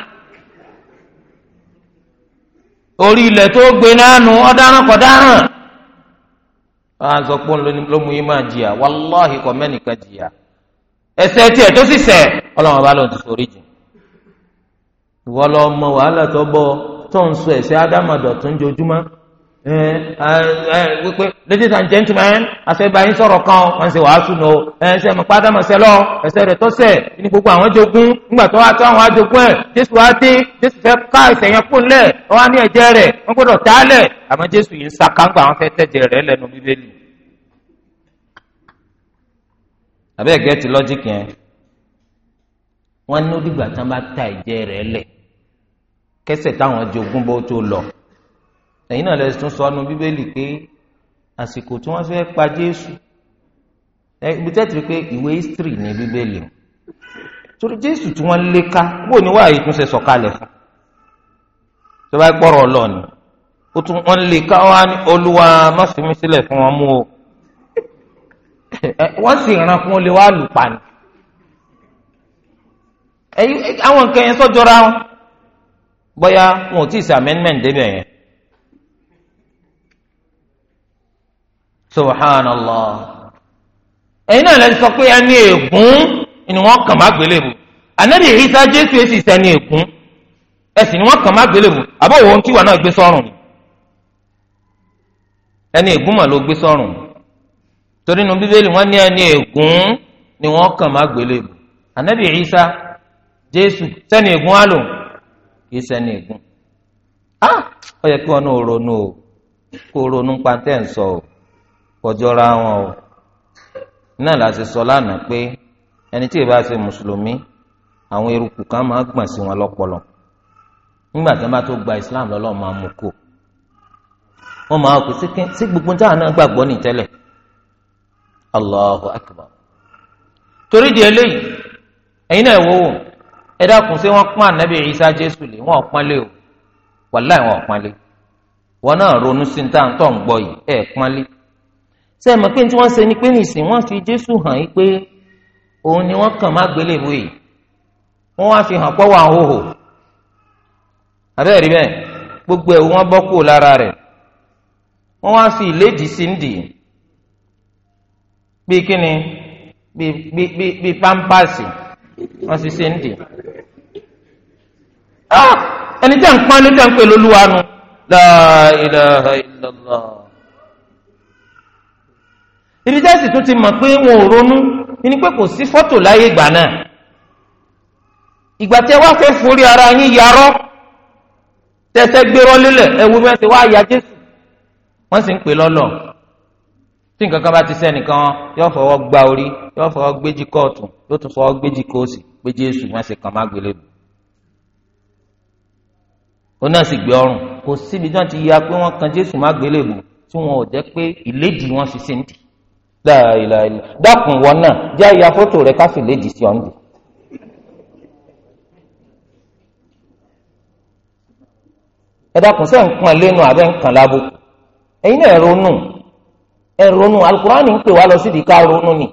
[SPEAKER 1] orí ilẹ̀ tó gbé nánu ọ̀daràn kọ̀ dáràn. wọ́n ese tiẹ̀ tó sì ṣẹ̀ Ọlọ́run ọba ti sori jù ìwọ lọ mọ wàhálà tó bọ tó ń sọ ẹ̀ṣẹ̀ ádámàdọ tó ń jojúmọ́ ẹ ẹ wípé ladies and gentlemen àṣẹbàáyín sọ̀rọ̀ kan wọn ṣe wàásù nù ẹ ṣe mọ pátá sẹlọ ẹ̀ṣẹ̀ rẹ̀ tó ṣẹ̀ ní gbogbo àwọn jogun nígbà tó wá tó àwọn ajogún ẹ jésù wá dé jésù ká yẹn lẹ ní ẹ̀jẹ̀ gbọ́dọ̀ àmọ́ jésù yìí ń sa káńgbà wọn fẹ́ tẹ̀jẹ̀ àbẹ́ gẹ́tì lọ́jíkì yẹn wọ́n ní onígbà tí wọ́n bá ta ìjẹ́ rẹ̀ lẹ̀ kẹsẹ̀ táwọn jogún bó tó lọ ẹ̀yin náà lẹ́sìn tún sọ ọ́nu bíbélì pé àsìkò tí wọ́n fẹ́ pa Jésù ibi tẹ́tì pé ìwé history ní bíbélì o torí Jésù tí wọ́n lé ká bó ni wàá yìí sọ̀kalẹ̀ fún tó bá gbọ́rọ̀ ọlọ́ọ̀ni ó tún wọ́n lé ká wá ní Olúwa má fi mí sílẹ̀ fún wọn mú o. Eh, wọ́n sì ràn fún olè wa lù pa ni eh, eh, àwọn nǹkan yẹn sọ́jọ́ra wọn bóyá wọn ò tí ì débẹ̀ yẹn. subhanallah náà lè sọ pé ègún ni kàn má ànábì ni wọn kàn má tí wà náà gbé ẹni ègún mà ló gbé torí nu bíbélì wọn ní ẹni ègún ni wọn kàn má gbélé bò ànábì Ìsá Jésù sẹni ègún á lò kì í sẹni ègún á ó yẹ kí wọn náà ronú o kó ronú pa ń sọ o kọjọra wọn o náà la ṣe sọ lánàá pé ẹni tí ìbá ṣe mùsùlùmí àwọn eruku kan máa gbọ̀n sí wọn lọ́pọlọ nígbà tí wọn bá tó gba Islam lọ́lọ́ máa mú kó wọn máa kó sí gbogbo táwọn náà gbàgbọ́ ní Allahu akbar torí di eléyìí ẹ̀yin náà wò wò ẹ dákun wọ́n pọ́n ànábì Ìsá Jésù lè wọ́n pọ́n lé o wàláì wọ́n pọ́n lé wọn náà ronú sí ta tó ń gbọ́ yìí ẹ̀ pọ́n lé ṣé pé tí wọ́n ṣe ni pé nìsín wọ́n fi Jésù hàn pé ni wọ́n kàn má gbélé yìí wọ́n wá hàn pọ́wọ́ àhóhò gbogbo ẹ̀ wọ́n bọ́ kúrò lára rẹ̀ wọ́n wá fi ìlédìí bí kíni bí bí bí pampasi wọ́n sì ṣe ń dì. Ah! ẹni tí a ń pọ́n ní tí a ń pè lólúwa nu la ilaha illallah. ibi tí a sì tún ti mọ̀ pé wọn ò ronú ni pé kò sí fọ́tò láyé ìgbà náà ìgbà tí ẹ wá fẹ́ forí ara yín yarọ́ tẹsẹ̀ gbérọ́ lélẹ̀ ẹ wo bí wọ́n ti wá ya Jésù wọ́n sì ń pè lọ́lọ́ọ̀ tí nǹkan kan bá ti sẹ́nìkan yóò fọwọ́ gba orí yóò fọwọ́ gbéjì kóòtù yóò tún fọwọ́ gbéjì kóòsì pé jésù wọn sì kàn má gbélé bù ó náà sì gbé ọrùn kò síbi tí wọn ti ya pé wọn kan jésù má gbélé bù tí wọn ò jẹ́ pé ìlédìí wọn fi sí ndì láìláìlá dákun wọn náà já ya fótó rẹ ká fi lédìí sí ọ̀ndì. ẹ dákun sẹ́ǹkan lẹ́nu àbẹ́ ńkan lábùkù ẹ̀yin náà ronú. ẹ alukurani ń pè wá lọ ká ronú ni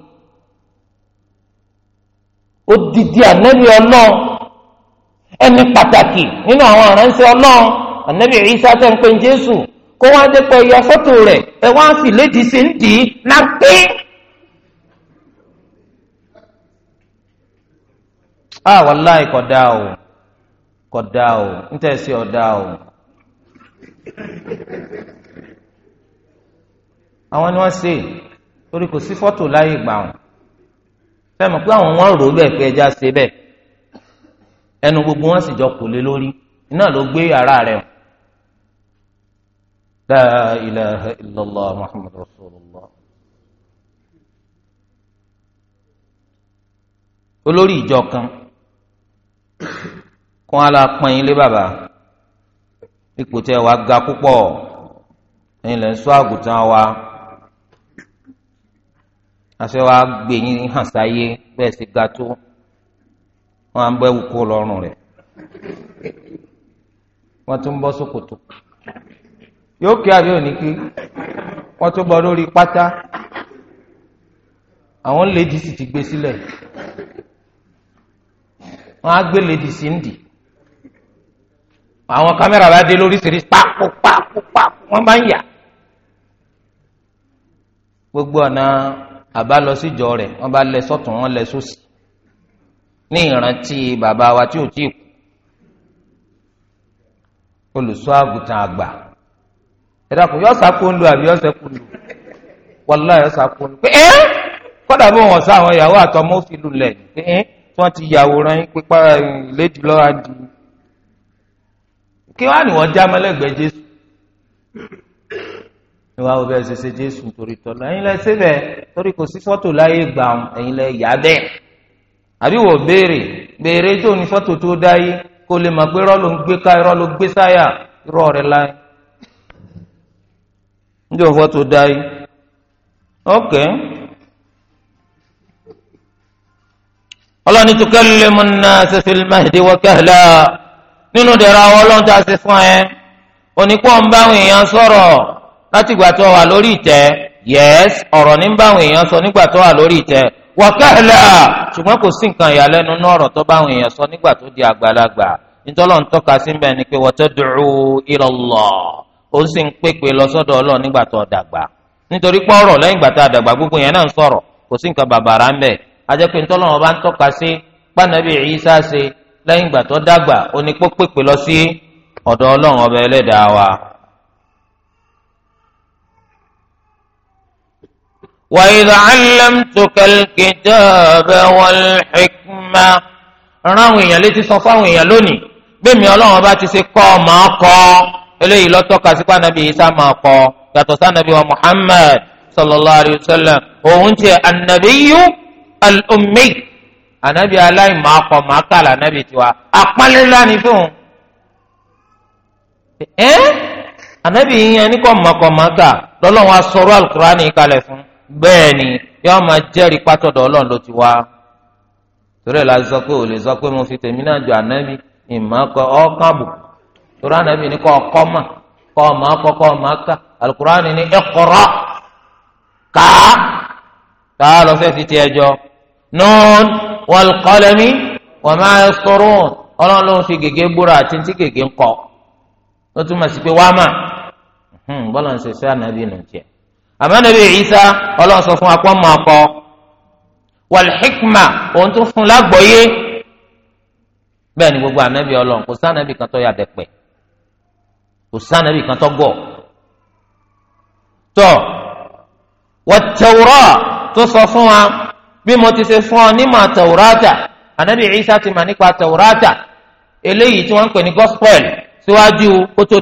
[SPEAKER 1] odidi anabi Ọlọ́run ẹni pàtàkì nínú àwọn aránṣẹ́ Ọlọ́run anabi Isa tẹ ń pè Jésù kó wá dé pé ẹyọ fọ́tò rẹ̀ ẹ wá fi lédi sí a ah, o o ń tẹ̀sí o. àwọn ni wọ́n ṣe torí kò sí fọ́tò láyé gbà wọn fẹ́mi pé àwọn wọn rò ó bẹ́ẹ̀ pé ẹja ṣe bẹ́ẹ̀ ẹnu gbogbo wọn sì jọ kò lé lórí iná ló gbé ara rẹ̀ hàn. la ilaha illallah muhammadu rasulullah. olórí ìjọ kan kún ala pọ́n yín lé bàbá ipò tẹ wàá ga púpọ̀ ẹ̀yin lẹ́ ń sọ àgùntàn wa. afẹ́ wa gbé yín hàn sáyé bẹ́ẹ̀ sì ga tó wọ́n á ń bẹ́ẹ̀ wù lọ́rùn rẹ̀ wọ́n tún bọ́ sókòtò yóò kí àbí òní kí wọ́n tún bọ́ lórí pátá àwọn lèdì sì ti gbé sílẹ̀ wọ́n á gbé lèdì sí ń dì àwọn kámẹ́rà bá dé lóríṣiríṣi pápó pápó pápó wọ́n bá ń yà gbogbo ọ̀nà. àbá lọ síjọ rẹ̀ wọ́n bá lẹ sọ́tún wọ́n lẹ sósì ní ìrántí bàbá wa tí ò tí ì kú olùṣọ́ àgùntàn àgbà ẹ̀dá kò yọ sàkó ń lu àbí yọ sẹ́kù ń lu wàlúwà yọ sàkó ń lu pé ẹ́ kọ́dà bó wọn sá àwọn ìyàwó àtọmọ́ fi lulẹ̀ pé ẹ́ tí wọ́n ti yàwòrán yín pípa ìlédìí lọ́wọ́ àdì kí wọ́n á ní já mọ́lẹ́gbẹ̀ẹ́ Jésù ìwà òbí ẹ̀ ṣẹṣẹ jésù torí tọ́lá ẹ̀yin lẹ síbẹ̀ torí kò sí fọ́tò láyé gbà ẹ̀yin lẹ yà bẹ́ẹ̀ àbí wò béèrè béèrè tó ní fọ́tò tó dáyé kó lè mọ̀ pé irọ́ ló ń gbé ká irọ́ ló gbé sáyà irọ́ rẹ̀ láyé níjọ fọ́tò dáyé ok ọlọ́ni tó kẹ́lẹ́ mu ná sẹ́fìlì mahdi wọ́n kẹ́lẹ́ nínú dẹ̀ra ọlọ́run tá a ṣe fún ẹ onípọ̀ ń bá àwọn èèyàn sọ̀rọ̀. láti ìgbà tó wà lórí yes ọrọ ọ̀rọ̀ ní báwọn èèyàn sọ nígbà tó wà lórí ìtẹ́ wọ́kẹ́lá ṣùgbọ́n kò sí nǹkan tó báwọn èèyàn sọ nígbà tó di àgbàlagbà nítorí ọ̀n tọ́ka sí bẹ́ẹ̀ ni pé wọ́tẹ́ dùrú ilallah ó sì ń pèpè lọ nígbà tó dàgbà nítorí pé ìgbà a dàgbà gbogbo yẹn náà ń sọ̀rọ̀ kò sí nǹkan bàbàrà ń bẹ̀ ajẹ́ pé nítorí وإذ علمتك الكتاب والحكمة ráwọn èèyàn létí sọ fáwọn èèyàn lónìí gbẹmí Ọlọ́run bá ti ṣe kọ máa kọ eléyìí lọtọka sípà nàbí isa máa kọ yàtọ̀ sànàbí wa Muhammad sallallahu alayhi wa sallam òun ti anabiyu al-ummi anabi aláìmọ̀ọ́kọ̀ màákàlà anabi tiwa apálẹ́lá ni fún un. ẹ́ anabi yìnyín ẹni kọ́ mọ̀ọ́kọ̀ màákà lọ́lọ́run aṣọ́rọ́ alukurani kalẹ̀ fún un bẹ́ẹ̀ ni yóò máa jẹ́rìí pátọ́dọ̀ ọlọ́run ló ti wá torí ẹ̀ la sọ pé ò lè sọ pé mo fi tèmi náà jọ ànábì ìmọ̀ kọ ọ̀ọ́kàn bù torí ànábì ní kọ́ ọkọ́ mà kọ́ ọmọ akọ́ kọ́ ọmọ aká alukur'ani ní ẹ̀kọ́rọ́ kàá kàá lọ fẹ́ fi tiẹ̀ jọ nọ́ọ̀n wàlùkọ́lẹ́mí wọ́n máa sọ̀rọ̀ ọlọ́run ló ń fi gègé búra àti ti gègé ń ó túmọ̀ sí pé wá mà hmm, bọ́lá ń ṣe sí ànábì nù àmọ́nàbí Ìsá ọlọ́run sọ fún apọ́ mọ́ ọkọ wàlhíkmà òun tó fún lágbọ́yé bẹ́ẹ̀ ni gbogbo ànábì ọlọ́run kò sànábì kan tó yà dẹ̀pẹ̀ kò sànábì kan tó gọ̀ tọ́ wàtẹ̀wúrọ̀ tó sọ fún wa bí mo ti ṣe fún ọ nímọ̀ àtẹ̀wúrọ̀tà ànábì Ìsá ti mà nípa àtẹ̀wúrọ̀tà eléyìí tí wọ́n ń pè ní gospel síwájú kó tó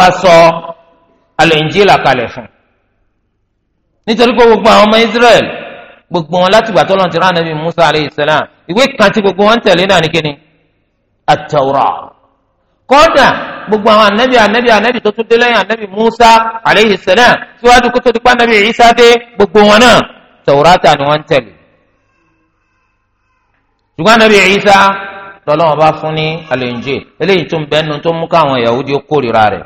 [SPEAKER 1] bá sọ àlẹ́ ìnjílà kalẹ̀ fún nítorí pé gbogbo àwọn ọmọ Israẹli gbogbo wọn láti gbàtọ́ lọ́n ti rán anabi Musa alayhi salam ìwé kan tí gbogbo wọn tẹ̀lé náà ní kíni at-Tawrah kódà gbogbo àwọn anabi anabi anabi tó tún dé lẹ́yìn anabi Musa alayhi salam síwájú kótó dípá anabi Isa dé gbogbo wọn náà Tawrata ni wọ́n tẹ̀lé ṣùgbọ́n anabi Isa lọ́lọ́wọ́n bá fún ní al eléyìí tó ń bẹ́ẹ̀ nu tó mú káwọn Yahudi kórìíra rẹ̀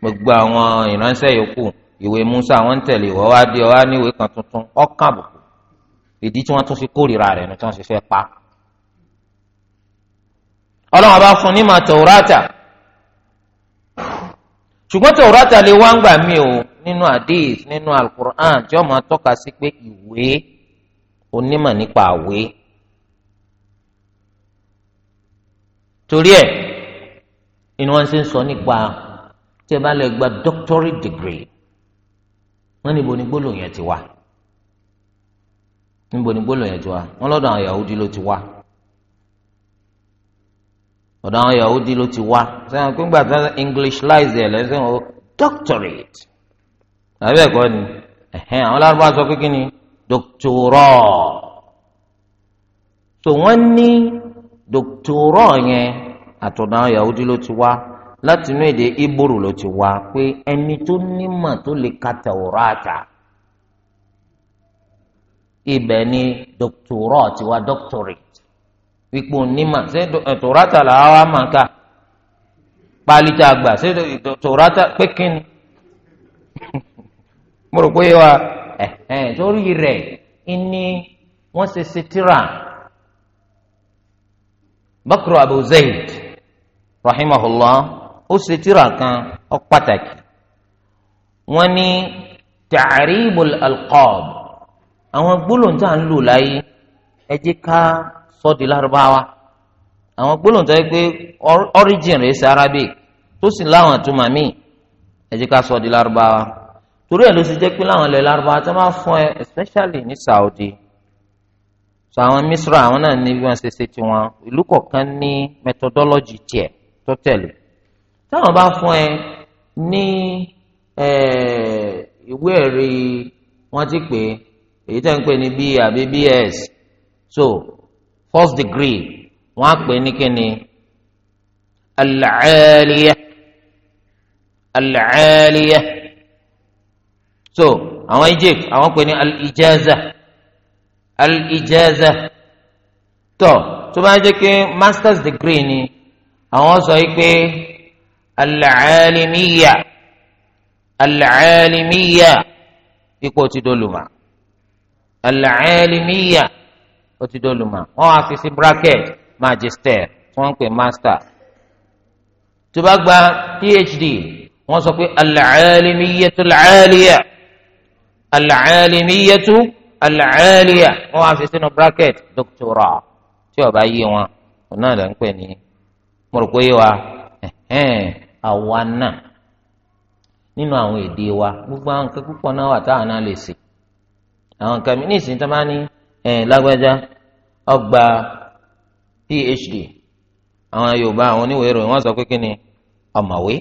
[SPEAKER 1] gbogbo àwọn ìránṣẹ́ yòókù ìwé Musa wọ́n ń tẹ̀lé ìwọ wá di ọwá ní ìwé kan tuntun ọkàn àbùkù ìdí tí wọ́n tún fi kórìíra rẹ̀ ní tí wọ́n sì fẹ́ pa. Ọlọ́run bá fún ní ma Tawrata ṣùgbọ́n Tawrata lè wá ń gbà mí o nínú hadith nínú alukur'an jọ́ máa tọ́ka sí pé ìwé onímọ̀ nípa àwé. torí ẹ̀ ni wọ́n ṣe ń sọ nípa tí ẹ bá lè gba doctorate degree wọn níbo ni gbólóhùn yẹn ti wá níbo ni gbólóhùn yẹn ti wá wọn lọ́dọ̀ àwọn Yahudi ló ti wá ọ̀dọ̀ àwọn Yahudi ló ti wá sẹ́yìn pé ńgbà tán Englishlize ẹ̀ lẹ́sìn o doctorate àbí ẹ̀kọ́ ni ẹ̀hẹ́n àwọn lárúbá sọ pé kí ni doctorọ̀ so wọ́n ní doctorọ̀ yẹn àtọ̀dọ̀ àwọn Yahudi ló ti wá. láti inú èdè ìbòrò ló ti wá pé ẹni tó nímọ̀ tó lè ka tẹ̀wúrátà ibẹ̀ ni dọ́kítọ̀rọ̀ eh, ti wá dọ́kítọ̀rẹ̀tì wípé onímọ̀ ṣé tòrátà làwa máa ka pálítà àgbà ṣé tòrátà pé kíni [laughs] mo rò pé wa torí rẹ̀ ni wọ́n ṣe ṣe tíra Bakr Abu zayid rahimahullah. ó ṣe tíra kan ó pàtàkì wọ́n ní ta'ribul alqab àwọn gbólóhùn tá à ń lò láyé ẹ jẹ́ ká sọ di lárúbáwá àwọn gbólóhùn tó yẹ pé origin rẹ̀ ṣe arabic tó sì láwọn àtúmọ̀ míì ẹ jẹ́ ká sọ di lárúbáwá torí ẹ̀ ló ṣe jẹ́ pé láwọn ilẹ̀ lárúbáwá tó máa fún ẹ especially ní saudi so àwọn misra àwọn náà ní bí wọ́n ṣe ṣe tiwọn ìlú kọ̀ọ̀kan ní methodology tiẹ̀ tó tẹ̀lé táwọn bá fún ẹ ní ìwé ẹ̀rí wọ́n ti pè èyí tẹ́ ń pè ní b àbí bs so first degree wọ́n á pè ní kíni al-aliya al-aliya so àwọn Egypt àwọn pè ní al-ijaza tó tó bá jẹ́ pé masters degree ni àwọn sọ yìí pé alàálímíyà alàálímíyà ipò ti dolùmọ̀ alàálímíyà ó ti dolùmọ̀ wọ́n á fi sí bracket magister tí wọ́n ń pè master tó bá gba phd wọ́n sọ pé alàálímíyà tó làálíyà alàálímíyà tó alàálíyà wọ́n á fi sínú bracket doctoral tí ó bá wọn òun náà lè ń pè ní mọ̀rọ̀kọ́ yé wa àwa náà nínú àwọn èdè wa gbogbo àwọn nǹkan púpọ̀ náà wà táwọn náà lè ṣe àwọn nǹkan mìíràn sì ń tán bá ní lágbájá ọgbà phd àwọn yorùbá àwọn oníwèé ròyìn wọ́n sọ pé kí ni ọ̀mọ̀wé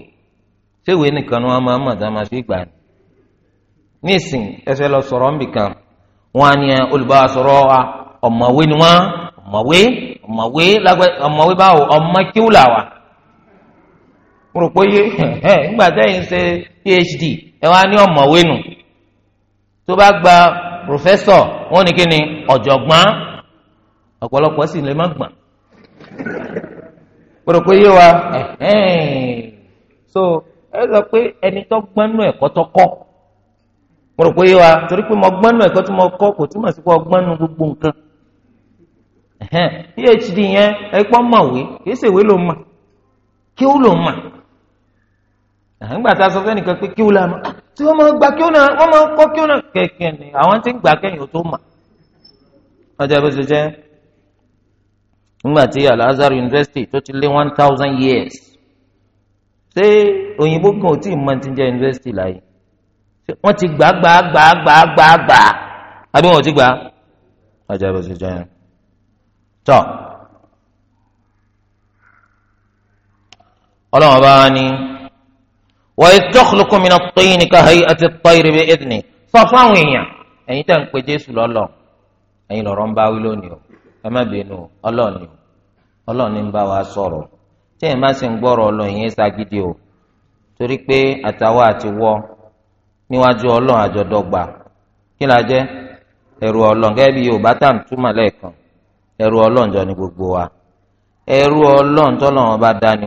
[SPEAKER 1] ṣéwèé nìkan ni wọ́n máa ń mọ̀ tá a máa fi gbà ní. nísìn ẹsẹ̀ lọ sọ̀rọ̀ nbìkan wọ́n á ní olùbáwa sọ̀rọ̀ wa ọ̀mọ̀wé ni wọ́n ọ̀mọ̀wé ọ̀mọ̀wé lágbájá ọ̀mọ̀wé báwo ọmọ kíwù làwà. mo rò pé yé ṣe phd ẹ wá ní ọ̀mọ̀wé nù tó bá gba professor wọn kí ni ọ̀jọ̀gbọ́n ọ̀pọ̀lọpọ̀ sì lè má rò pé yé wa so ẹ sọ pé ẹni tó ẹ̀kọ́ tó kọ́ rò pé yé wa torí pé mo ẹ̀kọ́ tó kọ́ kò sí gbogbo nǹkan phd yẹn ẹ pọ́ mọ̀wé kì í ṣèwé ló mọ̀ kí ó àgbà tá a sọ fẹ́ẹ́ nìkan pé kí ó la mọ̀ ah, tí wọ́n máa gba kí ó náà wọ́n máa kọ́ kí ó náà kẹ̀kẹ́ ni àwọn tí ń gbà kẹ́yìn ó tó mà. ọjà bó ṣe jẹ́ nígbà tí al University tó ti lé one thousand years ṣé òyìnbó kan ò tí ì mọ ti jẹ́ university láyé wọ́n ti gbà gbà gbà gbà gbà gbà àbí wọn ò ti gbà ọjà bó ṣe jẹ́ tọ́ ọlọ́wọ́n bá wá ní. وإذ تخلق من الطين كهيئة الطير بإذنه صفاوي ẹ̀yin tẹ́ ń pe jésù lọ́lọ́ ẹ̀yin lọ́rọ̀ ń bá wí lónìí o ẹ má bínú ọlọ́ọ̀ni o ọlọ́ọ̀ni ń bá wa sọ̀rọ̀ tí ẹ̀ má sì ń gbọ́rọ̀ ọlọ́ọ̀yìn ẹ̀ o torí pé àti níwájú ọlọ́ọ̀ kí jẹ́ ẹ̀rù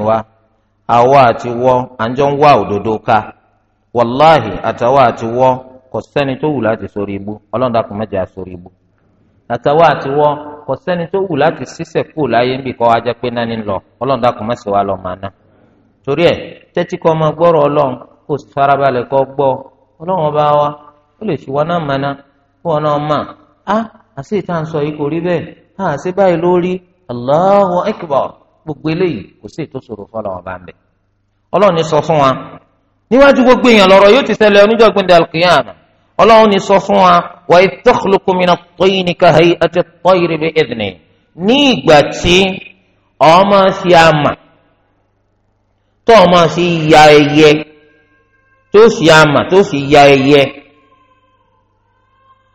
[SPEAKER 1] wa àwa àti wọ àjọ ń wá òdodo ká wàláhì àtàwa àti wọ kò tó wù láti sórí ibu ọlọ́run dàkún mẹ́jẹ àsórí ibú àtàwa àti wọ kò tó wù láti sísẹ̀ kú láyé ń bì kọ́ ajá pé náà lọ ọlọ́run dàkún mẹ́sẹ̀ lọ ọba wa ó lè náà náà mà á ń sọ yìí kò rí bẹ́ẹ̀ gbogbo eléyìí kò sí ètò ṣòro fọlọ ọba ń bẹ Ọlọ́run ní sọ fún wa níwájú gbogbo èèyàn lọ́rọ̀ yóò ti ṣẹlẹ̀ oníjọ́ gbẹndẹ alkiyama Ọlọ́run ní sọ fún wa wà á takhluqu mina at-tayni ka hay'ati at-tayri bi idhni ní ìgbà tí ọmọ sí àmà tó ọmọ sí ya ẹyẹ tó sì àmà tó sì ya ẹyẹ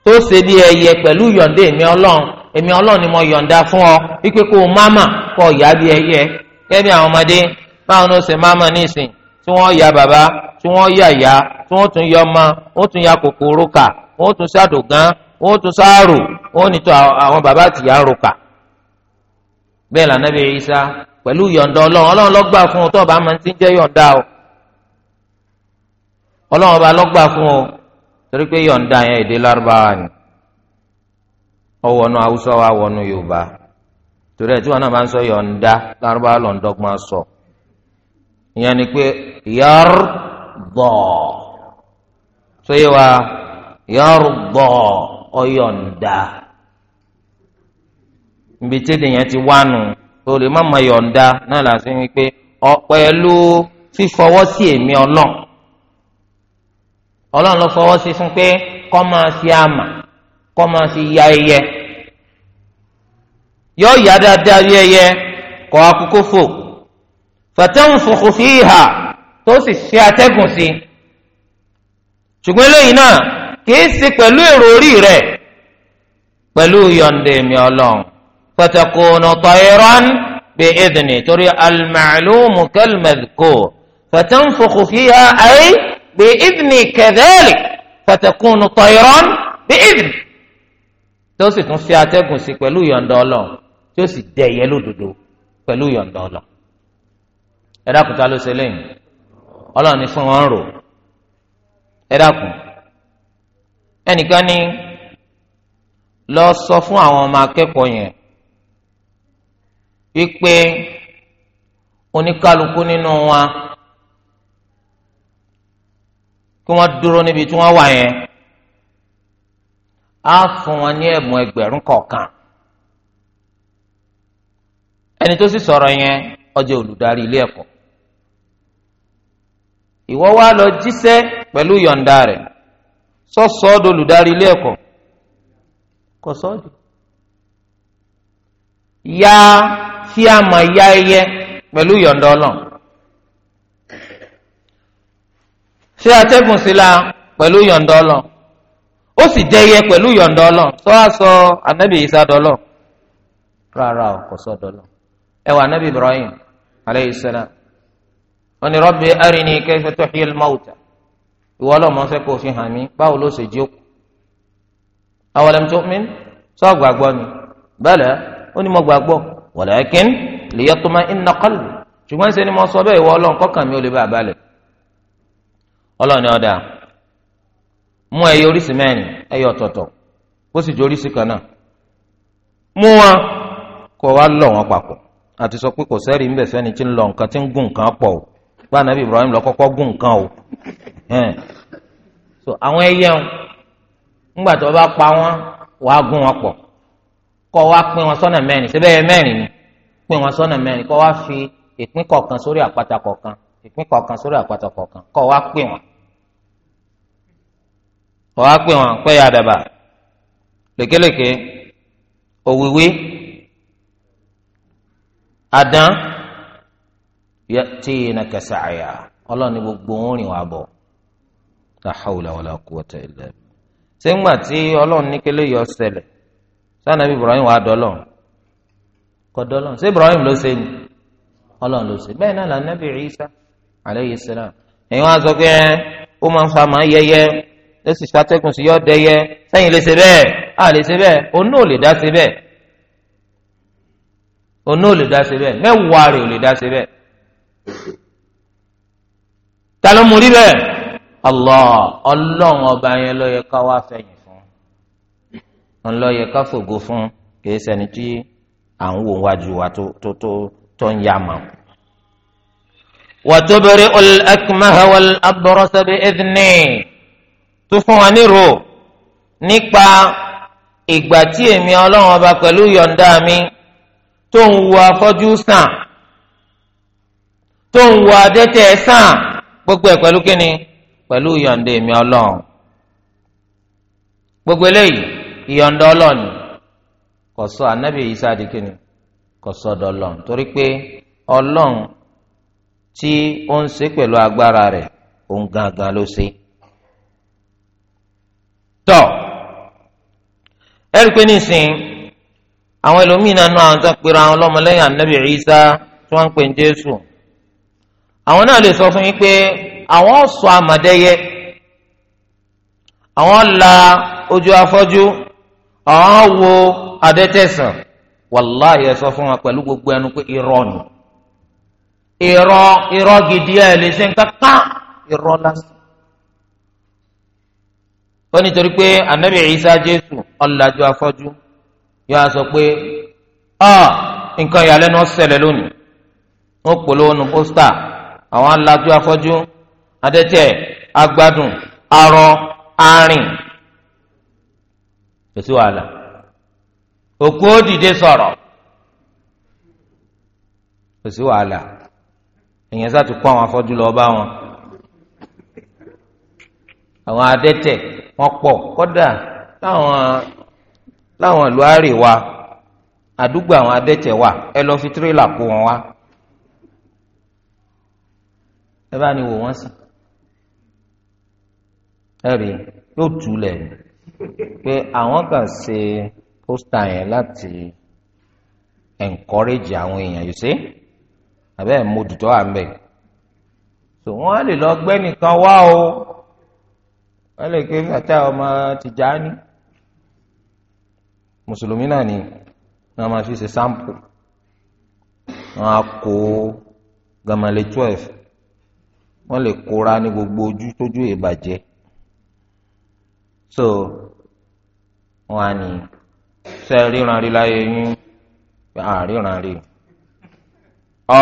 [SPEAKER 1] tó ṣe bí ẹyẹ pẹ̀lú yọ̀ǹde èmi Ọlọ́run èmi Ọlọ́run ni mo yọ̀ǹda fún ọ wípé kó o má mà kọ ìyá bí ẹyẹ kẹbi àwọn ọmọdé báwọn ló ṣe máa mọ nísìn tí wọ́n ya bàbá tí wọ́n ya ìyá tí wọ́n tún ya ọmọ wọ́n tún ya kòkòrò kà wọ́n tún ṣàdògán wọ́n tún sáàrò wọ́n ní tó àwọn bàbá àti ìyá ń ro kà bẹ́ẹ̀ lànà bí Ìsá pẹ̀lú yọ̀ǹda Ọlọ́run Ọlọ́run lọgbà fún ọ tó ọba máa ti jẹ́ yọ̀ǹda o Ọlọ́run ọba lọgbà fún o torí pé yọ̀ǹda yẹn èdè Lárúbáwá ni ọwọnu Haúsá wa wọnú Yorùbá. torí ẹ̀ wọn náà máa ń sọ yọ̀ǹda lárúbá lọ́ndọ́gbọ́n sọ ìyẹn ni pé yọ̀rọ̀dọ̀ tó yẹ wa yọ̀rọ̀dọ̀ ọ̀yọ̀ǹda ibi tí ti wá nù tó má ma yọ̀ǹda náà láti ń pé pẹ̀lú fífọwọ́ sí èmi ọlọ́ọ̀ ọlọ́run ló fọwọ́ sí fún pé kọ́ máa ṣe àmà kọ́ máa ṣe ya ẹyẹ. yóò yá dáadáa bí ẹyẹ kọ́ akókó fò fatanfukhu fiha tó sì ṣe atẹ́gùn sí ṣùgbọ́n eléyìí náà kìí ṣe pẹ̀lú èrò orí rẹ̀ pẹ̀lú yọ̀ǹde mi ọlọ́run fatakunu tayran bi idni torí al-ma'lumu kal-madhkur fatanfukhu fiha ay bi idni kadhalik fatakunu tayran bi idni tó sì tún ṣe atẹ́gùn sí pẹ̀lú yọ̀ǹde ọlọ́run tí ó sì dẹ ẹyẹ lódodo pẹ̀lú yọ̀ǹda ọlọ ẹ dákun ta ló ṣe lẹ́yìn Ọlọ́run ni fún wọn rò ẹ dákun ẹnìkan ní lọ sọ fún àwọn ọmọ akẹ́kọ̀ọ́ yẹn wípé oníkálukú nínú wa kí wọ́n dúró níbi tí wọ́n wà yẹn á fún wọn ní ẹ̀bùn ẹgbẹ̀rún kọ̀ọ̀kan ẹni tó sì sọ̀rọ̀ yẹn ó olùdarí ilé ẹ̀kọ́ lọ jíṣẹ́ pẹ̀lú yọ̀ǹda rẹ̀ sọ́sọ́ ọ́dọ̀ olùdarí ilé ẹ̀kọ́ sọ́ọ́dọ̀ ya kí a mọ̀ ya ẹyẹ pẹ̀lú yọ̀ǹda ọlọ́run ṣé atẹ́gùn sí la pẹ̀lú yọ̀ǹda ọlọ́run ó sì dẹyẹ pẹ̀lú yọ̀ǹda ọlọ́run sọ́ àṣọ anábìyí sádọ́lọ́ rárá o kò ẹ wà nabi ibrahim aleyhi salam wọn ni rabbi arini kayfa tuhyil mawta ìwọ ọlọmọ fẹ́ kó fi hàn mí báwo ló ṣe jókòó awalam tu'min sọ gbàgbọ́ ni bala ó ní mo gbàgbọ́ walakin liyatma'inna qalbi ṣùgbọ́n ṣe ni mo sọ bẹ́ẹ̀ ìwọ kọkàn mi ò lè bá a balẹ̀ Ọlọ́run ọdà mú ẹyẹ oríṣi mẹ́rin ẹyẹ ọ̀tọ̀ọ̀tọ̀ kó sì jọ oríṣi kan náà mú wọn kó wa lọ wọn papọ̀ àti sọ pé kò sẹ́rìí ń bẹ̀ fẹ́ni tí ń lọ nǹkan tí ń gùn nǹkan pọ̀ o bá anabi ibrahim lọ kọ́kọ́ gùn nǹkan o so àwọn ẹyẹ ń ńgbà tó bá pa wọn wàá gún wọn pọ̀ kọ́ wa pín wọn sọ́nà mẹ́rin síbẹ̀ yẹ mẹ́rin ni pín wọn sọ́nà mẹ́rin kọ́ wa fi ìpín kọ̀ọ̀kan sórí àpáta kọ̀ọ̀kan ìpín kọ̀ọ̀kan sórí àpáta kọ̀ọ̀kan kọ́ wa pín wọn kọ́ wa pín wọn pẹ́yà àdàbà lékelèké òwìwí. àdán yatinaka sa'ya ọlọ́run gbogbo wọn rìn wá bọ̀ la hawla wala quwwata illa sẹ́ńgbà tí ọlọ́run ní yọ ṣẹlẹ̀ sanabi ibrahim wà dọ́lọ̀ kọ́dọ́lọ̀ ṣé ibrahim ló ṣe ni ọlọ́run ló ṣe bẹ́ẹ̀ náà Isa ẹ̀yin wá sọ pé ó máa ń màá yẹyẹ ló sì sí sẹ́yìn lè ṣe bẹ́ẹ̀ à lè ṣe oná ò lè dá sí bẹ́ẹ̀ mẹ́wàá rẹ̀ ò lè dá sí bẹ́ẹ̀ ta ló mú rí bẹ́ẹ̀ Allah ọlọ́run ọba yẹn ló yẹ ká wá fẹ̀yìn fún un ló yẹ ká fògo fún kìí ṣẹni tí à wájú wa tó tó tó ń yá màá. وتبرئ الأكمه والأبرص بإذني tó fún wa nírò nípa ìgbà tí èmi ọlọ́run ọba pẹ̀lú yọ̀ǹda mi tó ń wo afọ́jú sàn tó ń wo adẹ́tẹ̀ sàn gbogbo ẹ̀ pẹ̀lú kíni pẹ̀lú ìyọ̀ǹda èmi ọlọ́run gbogbo eléyìí ìyọ̀ǹda ọlọ́run kò sọ ànábì Ìsá di kíni kò sọ torí pé ọlọ́run tí ó ń ṣe pẹ̀lú agbára rẹ̀ òun gangan ló ṣe tọ́ àwọn ẹlòmíín náà nú àwọn tó ń pera àwọn ọlọ́mọlẹ́yìn ànábì Ìsá tí wọ́n ń pè ní Jésù sọ fún yín pé àwọn sọ àmọ̀dẹ́yẹ àwọn la ojú afọ́jú àwọn wo adẹ́tẹ̀sán wàláyé sọ fún wa gbogbo ẹnu pé irọ ni irọ gidi ẹ̀ lè ṣe kankan irọ́ lásán nítorí pé Ìsá Jésù yóò á sọ pé ọ ah, nǹkan ìyàlẹ́nu ọ̀sẹ̀lẹ̀ lónìí wọ́n polówó nu pósítà àwọn alájú afọ́jú adẹ́tẹ̀ agbádùn arọ arìn kò sí wàhálà òkú ó dìde sọ̀rọ̀ kò sí wàhálà èèyàn sá ti kó àwọn afọ́jú lọ bá wọn àwọn adẹ́tẹ̀ wọ́n pọ̀ kódà táwọn láwọn ìlú àárẹ̀ wa àdúgbò àwọn adẹ́tẹ̀ wa ẹ lọ fi tírélà kó wọn wá ẹ bá ní wò wọ́n sàn ẹ rí yóò túlẹ̀ pé àwọn kan ṣe pósítà yẹn láti encourage àwọn èèyàn yìí ṣe àbẹ́ mojútó à ń bẹ̀ so wọ́n á lè lọ gbẹ́ nìkan wá o wọ́n lè ké fàtà ọmọ tìjà ni. So, mùsùlùmí náà ni wọ́n máa fi ṣe sáǹpù wọ́n á kó gamale twelve wọ́n lè kóra ní gbogbo ojú tójú ìbàjẹ́ so wọ́n á ní ṣe ríran rí láyé yín àríran rí ọ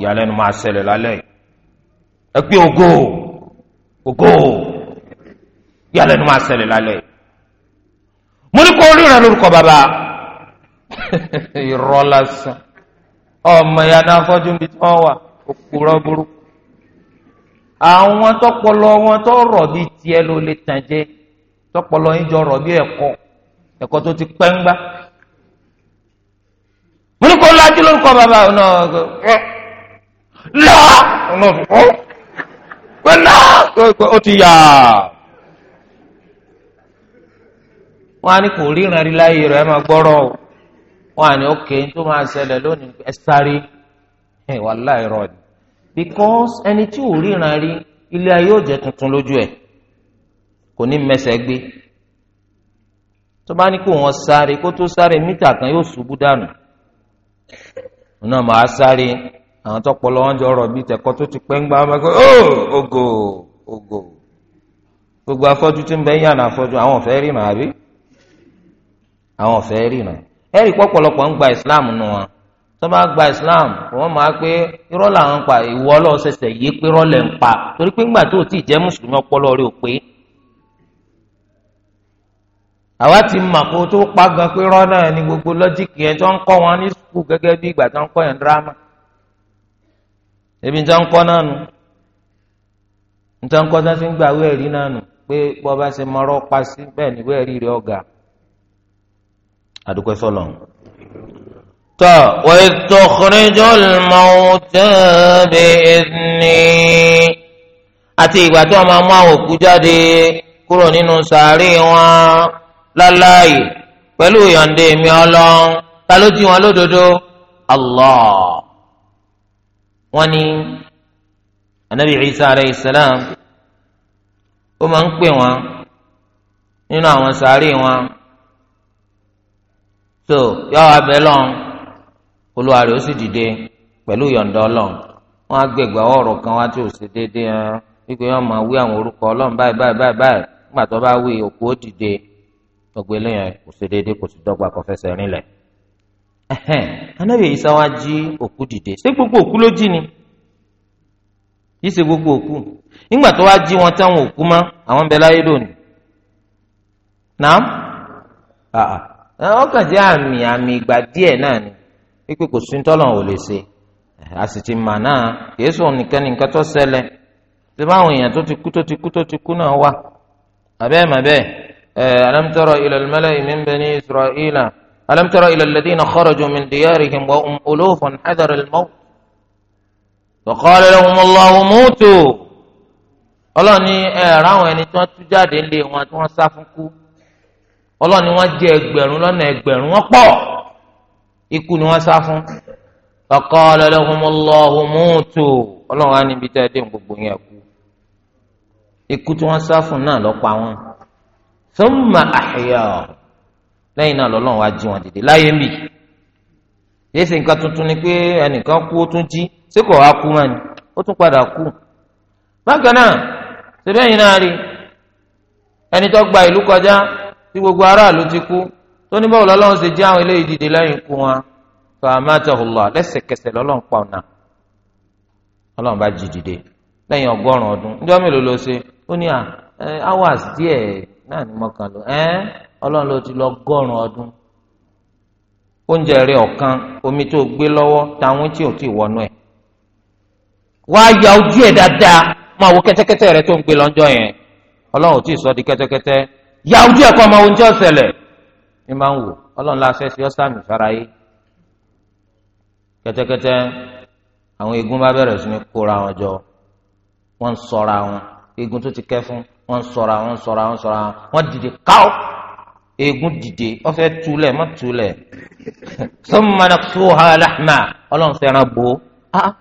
[SPEAKER 1] ìyàlẹ́nu máa ṣẹlẹ̀ lálẹ́ ẹ pé ògo ògo ìyàlẹ́nu máa ṣẹlẹ̀ lálẹ́ yìí mo ní kó ríran lórúkọ bàbá [laughs] irọ́ lásán ọmọ ìyá náà fọ́jú mi tí wọ́n wà òpùrọ́ burúkú àwọn tọpọlọ wọn tó rọ̀ bí tiẹ̀ ló lè tàn jẹ tọpọlọ yín jọ rọ̀ bí ẹ̀kọ́ ẹ̀kọ́ tó ti pẹ́ ń gbá mo ní kó lájú lórúkọ bàbá ọ̀nà lọ́ọ̀ ọ̀nà ọ̀nà ọ̀nà ó ti yà á. wọn á ní kò ríran rí láyé rẹ ẹ máa gbọ́rọ̀ o wọn á ní òkè tó máa ṣẹlẹ̀ lónìí ẹ sáré ẹ wà láìrọ ni because ẹni tí ò ríran rí ilé ayé ò jẹ tuntun lójú ẹ kò ní mẹsẹ̀ gbé tó bá ní kó wọn sáré kó tó sáré mítà kan yóò ṣubú dànù wọn náà máa sáré àwọn tó pọ̀ lọ́wọ́ jọ ọ̀rọ̀ bíi tẹ̀kọ́ tó ti pẹ́ ń gbá ọmọ ẹgbẹ́ ó ògo ògo gbogbo afọ́jú tí ń bẹ yàn àfọ́jú àwọn ò fẹ́ ríran àbí. àwọn ọ̀fẹ́ ríran ẹ̀rí pọ̀pọ̀lọpọ̀ ń gba islam nù wọn tó bá gba islam wọ́n máa pé irọ́ làwọn ń pa ìwọ ọlọ́ọ̀sẹsẹ yé pé irọ́ lẹ̀ ń pa torí pé ńgbà tó ti jẹ́ mùsùlùmí ọpọlọ rẹ ò pé àwa ti mà kó tó pa gan pé irọ́ náà gbogbo lọ́jíkì yẹn tó ń kọ́ wọn ní sùkúl gẹ́gẹ́ bí ìgbà tó ń yẹn dírámà ebi nta ń kọ́ náà nù adúpẹ́ fọlọ́n. tọ́ wẹ́ẹ́ tó kúrẹ́jọ́ lọ́wọ́ tẹ́ẹ̀bẹ̀ ẹ̀dínì àti ìgbà tó máa mú àwọn òkú jáde kúrò nínú sàárè wọn láláàyè pẹ̀lú ìyọ̀ǹde mi ọlọ́run ta ló jí wọn lódodo Allah wọn ni anabi Isa alayhi salam ó máa ń pè wọn nínú àwọn sàárè wọn so yọ abẹ lọ́n olúwa rẹ̀ ó sì dìde pẹ̀lú yọ̀ǹda ọlọ́n wọn á gbẹ̀gbà ọ̀rọ̀ kan wá tí ò ṣe déédéé hàn wípé wọn máa wí àwọn orúkọ ọlọ́n báyìí báyìí báyìí báyìí nígbà tó bá wí òkú ó dìde gbogbo eléyàn kò ṣe déédéé kò sì dọ́gba kò fẹsẹ̀ rinlẹ̀ anábìyẹ isa wa jí òkú dìde ṣé gbogbo òkú ló jí ni yìí ṣe gbogbo òkú nígbà tó wá jí wọn táwọn òkú mọ àwọn bẹ láyé lónìí nàá Ah, àwọn kan jẹ́ àmì àmì ìgbà díẹ̀ náà ni pípé kò sí tọ́lọ̀ ò lè ṣe a sì ti mà náà kìí sùn nìkan nìkan tó ṣẹlẹ̀ tí báwọn èèyàn tó ti kú tó ti kú tó ti kú náà wà àbẹ́ẹ̀ màbẹ́ẹ̀ eh, alam tara ila al-mala'i min bani isra'ila alam tara ila alladhina kharaju min diyarihim wa hum ọlọ́ni wọ́n jẹ́ ẹgbẹ̀rún lọ́nà ẹgbẹ̀rún wọ́n pọ̀ ikú ni wọ́n sá fún ọkọ ọlọ́lọ́hùnmọ́lọ́hù múùtù ọlọ́run á níbi tẹ́ ẹ dé gbogbo yẹn kú ikú tí wọ́n sá fún náà ló pa wọ́n thumma ahya lẹ́yìn náà lọ́lọ́run wá jí wọn dìde láyé mi yìí sì nǹkan tuntun ni pé ẹnìkan kú ó tún jí sí kò wá kú mọ́ni ó tún padà kú bákan náà ṣe bẹ́yìn náà rí ẹni tó gba ìlú kọjá tí gbogbo aráàlú ti kú tó ní báwo lọ́lọ́run ṣe jẹ́ àwọn eléyìí dìde lẹ́yìn ikú wọn fa amátahùlá lẹ́sẹ̀kẹsẹ̀ lọ́lọ́run pa ọ̀nà ọlọ́run bá jí dìde lẹ́yìn ọgọ́rùn-ún ọdún níjọ́ mélòó ló ṣe ó ní à hours díẹ̀ náà ni mo kàn lọ ẹ́ ọlọ́run ló ti lọ ọgọ́rùn ọdún oúnjẹ rẹ ọ̀kan omi tó gbé lọ́wọ́ táwọn tí ò tí wọnú ẹ̀ wáá ya ojú ẹ̀ dáadáa máa wo kẹ́tẹ́kẹ́tẹ́ rẹ tó ń gbé lọ́jọ́ yẹn ọlọ́run ò tí sọ di kẹ́tẹ́kẹ́tẹ́ ya ojú ẹ̀kọ́ ọmọ ohun tí ó ṣẹlẹ̀ ní máa ń wò ọlọ́run láṣẹ sí ọ́sàmì fáráyé kẹ́tẹ́kẹ́tẹ́ àwọn eegun bá bẹ̀rẹ̀ sí ní kóra wọn jọ wọ́n ń sọra wọn eegun tó ti kẹ́ fún wọ́n ń sọra wọ́n ń sọra wọ́n ń sọra wọ́n dìde káwọ́ eegun dìde wọ́n fẹ́ túlẹ̀ mọ́ túlẹ̀ sọ́mọ́nà fúhà láhmà ọlọ́run fẹ́ràn bò ó ah, ah,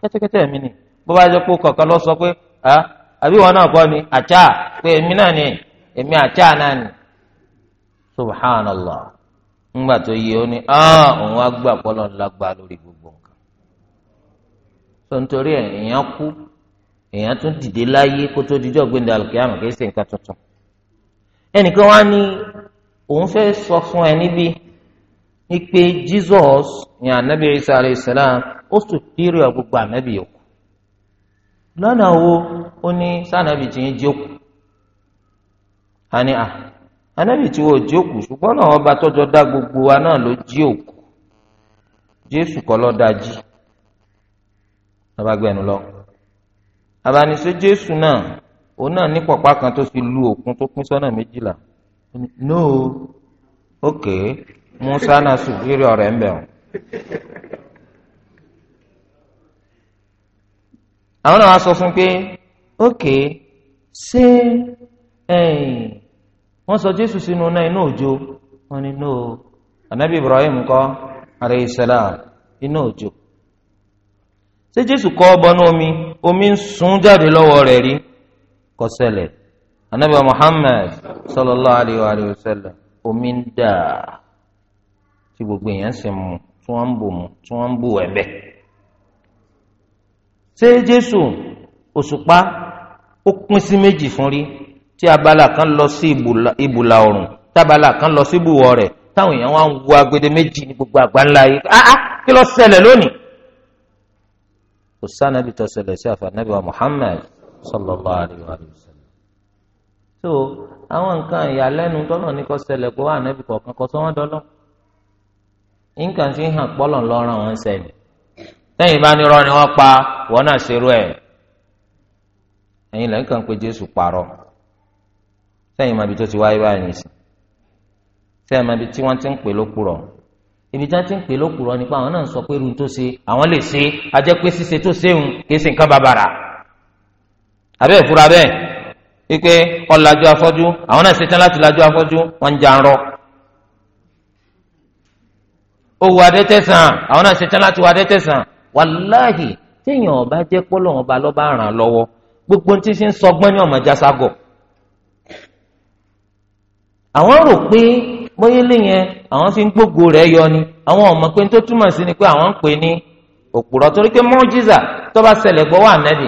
[SPEAKER 1] kẹ́tẹ́kẹ́tẹ́ mi ni bó bá jẹ́ pé kọ̀ọ̀kan lọ sọ pé ah, àbí wọn náà kọ́ ni àjà pé èmi náà ni. èmi àtsá náà ni subhanallah ńgbà tó yẹ ó ní ah òun á gbà pọlọ ńlágbá lórí gbogbo nǹkan tó ń torí ẹ èèyàn kú èèyàn tún dìde láyé kó tó tuntun ẹnìkan wá ní òun sọ fún ẹ níbí ni pé Jesus anabi isa alayhi àní a anábì ah, tí wọ́n jí òkú ṣùgbọ́n náà ọba tọ́jọ́ dá gbogbo wa náà ló jí òkú jésù kọ́ ló dá jí abagbẹnu lọ abanisẹ jésù náà òun náà ní pọ̀pá kan tó fi lu òkun tó pín sọ́nà méjìlá no ok musa náà sùgbìrì ọ̀rẹ́ ń bẹ̀ ọ́. àwọn náà wá sọ fún pé ok ṣé ẹ̀yìn. wọ́n sọ jésù sínú náà iná òjò wọ́n ní no anabi ibrahim kọ́ alayhi salam iná òjò ṣé jésù kọ́ ọ bọnú omi omi ń sun jáde lọ́wọ́ rẹ̀ rí kò ṣẹlẹ̀ anabi muhammad sallallahu alayhi wa sallam omi ń dà tí gbogbo èèyàn sì mu tí wọ́n ń bò mu tí wọ́n ń bò ẹ̀bẹ̀ ṣé jésù òṣùpá ó pín sí méjì fún rí. tí abala kan lọ sí ìbùlà ọ̀rùn tábàlà kan lọ sí ìbùwọ̀ rẹ̀ táwọn èèyàn wá ń wo agbede méjì ní gbogbo àgbáńlá yìí áá ah, ah, kí ló ṣẹlẹ̀ lónìí. kò sànàbì tó ṣẹlẹ̀ sí àfànàbì wa tó àwọn nǹkan ìyàlẹ́nu tọ́lọ̀ ní kò ṣẹlẹ̀ kó wà nàbì kọ̀ọ̀kan kọ́ sọ́wọ́n dọ́lọ́. nǹkan fi hàn pọ́lọ̀ lọ́ràn wọn sẹ́yìn. bá pa wọ́n sẹ́yìn máa bi tó ti wáyé báyìí nìsín sẹ́yìn máa bi tí wọ́n ti ń pè lókùrọ̀ ibi tí wọ́n ti ń pè lókùrọ̀ nípa àwọn náà sọ pé irun tó ṣe àwọn lè ṣe ajẹ́ pé ṣíṣe tó ṣéun kì í ṣe nǹkan bàbàrà àbẹ́ ìfura bẹ́ẹ̀ wípé ọ̀làjú afọ́jú àwọn náà ṣetán láti làjú afọ́jú wọ́n ń janrọ́ owó adẹ́tẹ̀sán àwọn náà ṣetán láti wọ adẹ́tẹ̀sán wàláhì téèyàn ọba jẹ́ pọ́lọ́ ọba lọ́ba ràn lọ́wọ́ gbogbo tí ń sọgbọ́n ní ọmọ jáságọ̀ àwọn rò pé bóyélé yẹn àwọn fi ń gbógo rẹ̀ yọ ni àwọn ọmọ pé tó túmọ̀ sí ni pé àwọn ń pè ní òpùrọ̀ torí pé mọ́jísà tó bá ṣẹlẹ̀ gbọ́ wà nẹ́bì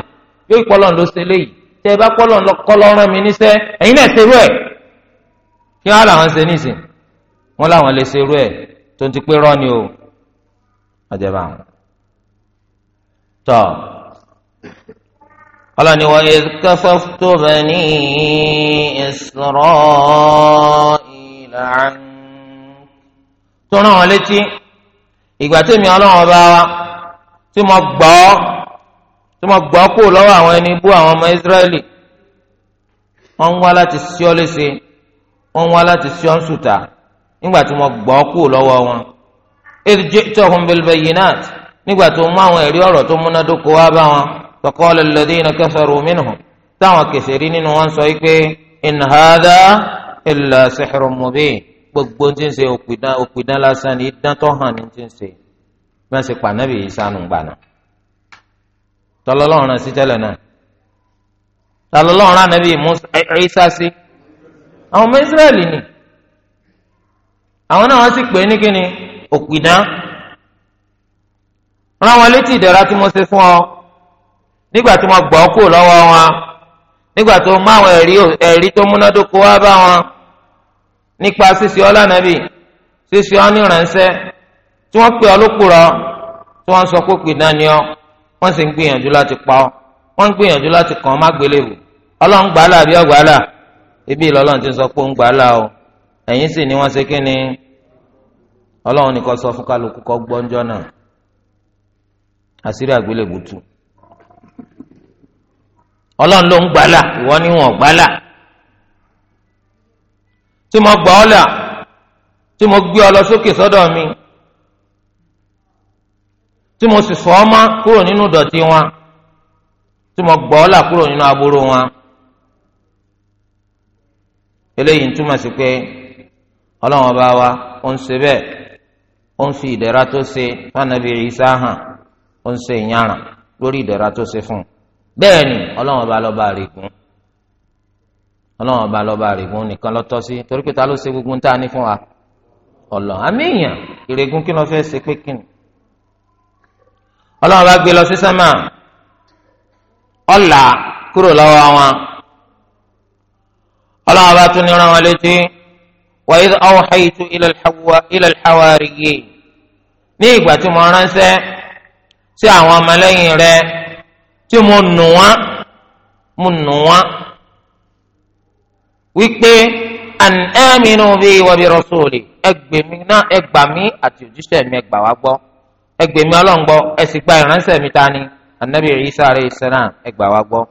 [SPEAKER 1] yóò ìpọ́lọ̀ ló ṣe léyìí tẹ́ ẹ bá pọ́lọ̀ kọ́lọ́ rán mi níṣẹ́ ẹ̀yin náà ṣerú ẹ̀ kí wọ́n làwọn ṣe nísìn wọ́n làwọn lè ṣerú ẹ̀ tó ti pé rọ́ọ̀ni o ọ̀jẹ̀ bá wọn. ọlọ́ni wa idh kafaftu bani Isra'ila an tó rán wọn létí ìgbà tèmi ọlọ́run ọba wa tí mo gbọ́ tí mo gbọ́ kó lọ́wọ́ àwọn ẹni bú àwọn ọmọ Israẹli wá láti sí ọ léṣe wọ́n wá láti sí ọ ń sùtà nígbà tí mo gbọ́ kó lọ́wọ́ wọn idh ji'tahum bil bayyinat nígbà tó mú àwọn ẹ̀rí ọ̀rọ̀ tó múnádóko wá bá wọn. فقال الذين كفروا منهم táwọn كسرين nínú wọn sọ yìí pé in hadha illa sihrun mubin gbogbo tí ń ṣe òpìdán lásán ní idán tó hàn ní tí ń ṣe bẹ́ẹ̀ sì pànàbì yìí sànù gbànà tọlọlọrun sí tẹ́lẹ̀ náà tọlọlọrun ànábì Musa Isa sí àwọn ọmọ Israẹli ni àwọn náà wọ́n sì pè é ní kíni òpìdán rán wọn létí ìdẹ̀ra tí mo ṣe fún ọ nígbà tí mo gbọ́ kúrò lọ́wọ́ wọn nígbà tó mú àwọn ẹ̀rí tó múnádóko wá bá wọn nípa ṣíṣe ọ́ lánàbì ṣíṣe ọ́ níránṣẹ́ tí wọ́n pè ọ́ lókùrọ̀ tí wọ́n sọ pé pìdán ni ọ́ wọ́n sì ń gbìyànjú láti pa ọ́ wọ́n ń gbìyànjú láti kàn ọ́ má gbélébù ọlọ́run gbàálà àbí ọ̀gbàálà ibi ìlọ́lọ́run ti sọ pé ó gbàálà o ẹ̀yìn sì ni wọ́n ṣe kí ni ọlọ́run nìkan sọ fún kálukú kọ́ gbọ́njọ́ náà àṣírí àgbélébù ọlọ́run ló ń gbálà ìwọ ni wọn gbálà tí mo gbà ọ́ là tí mo gbé ọ lọ sókè sọ́dọ̀ mi tí mo sì fọ ọ mọ́ kúrò nínú dọ̀tí wọn tí mo gbà ọ́ là kúrò nínú aburú wọn eléyìí ń túmọ̀ sí pé ọlọ́run ọba wa ó ń ṣe bẹ́ẹ̀ ó ń fi ìdẹ̀ra tó ṣe fún anabi Isa ó ń ṣe ìyàrá lórí ìdẹ̀ra tó ṣe fún un bẹ́ẹ̀ ni ọlọ́run ọba lọ́ba àrègùn ọlọ́run ọba lọ́ba àrègùn nìkan lọ́tọ́ sí torí pé ta ló ṣe gbogbo ń tà ní fún wa ọlọ́ àmì èèyàn ìrègùn kí ló fẹ́ ṣe pé kí ni
[SPEAKER 2] ọlọ́run ọba gbé lọ sí sẹ́mà
[SPEAKER 1] ọ̀là kúrò lọ́wọ́ wọn ọlọ́run ọba tún ní rán wọn létí wa idh awhaytu ila al-hawariyyin ní ìgbà tí mo ránṣẹ́ sí àwọn ọmọlẹ́yìn rẹ̀ tí mo nù wọ́n mo nù wọ́n wípé an aminu bi wa bi rasuli ẹgbẹ̀mí náà ẹgbàmí àti òjíṣẹ́ mi ẹgbà wá gbọ́ ẹgbẹ̀mí ọlọ́ngbọ́ ẹ sì gba ìránṣẹ́ mi ta ni anabi isa alayhi salam ẹgbà wá gbọ́.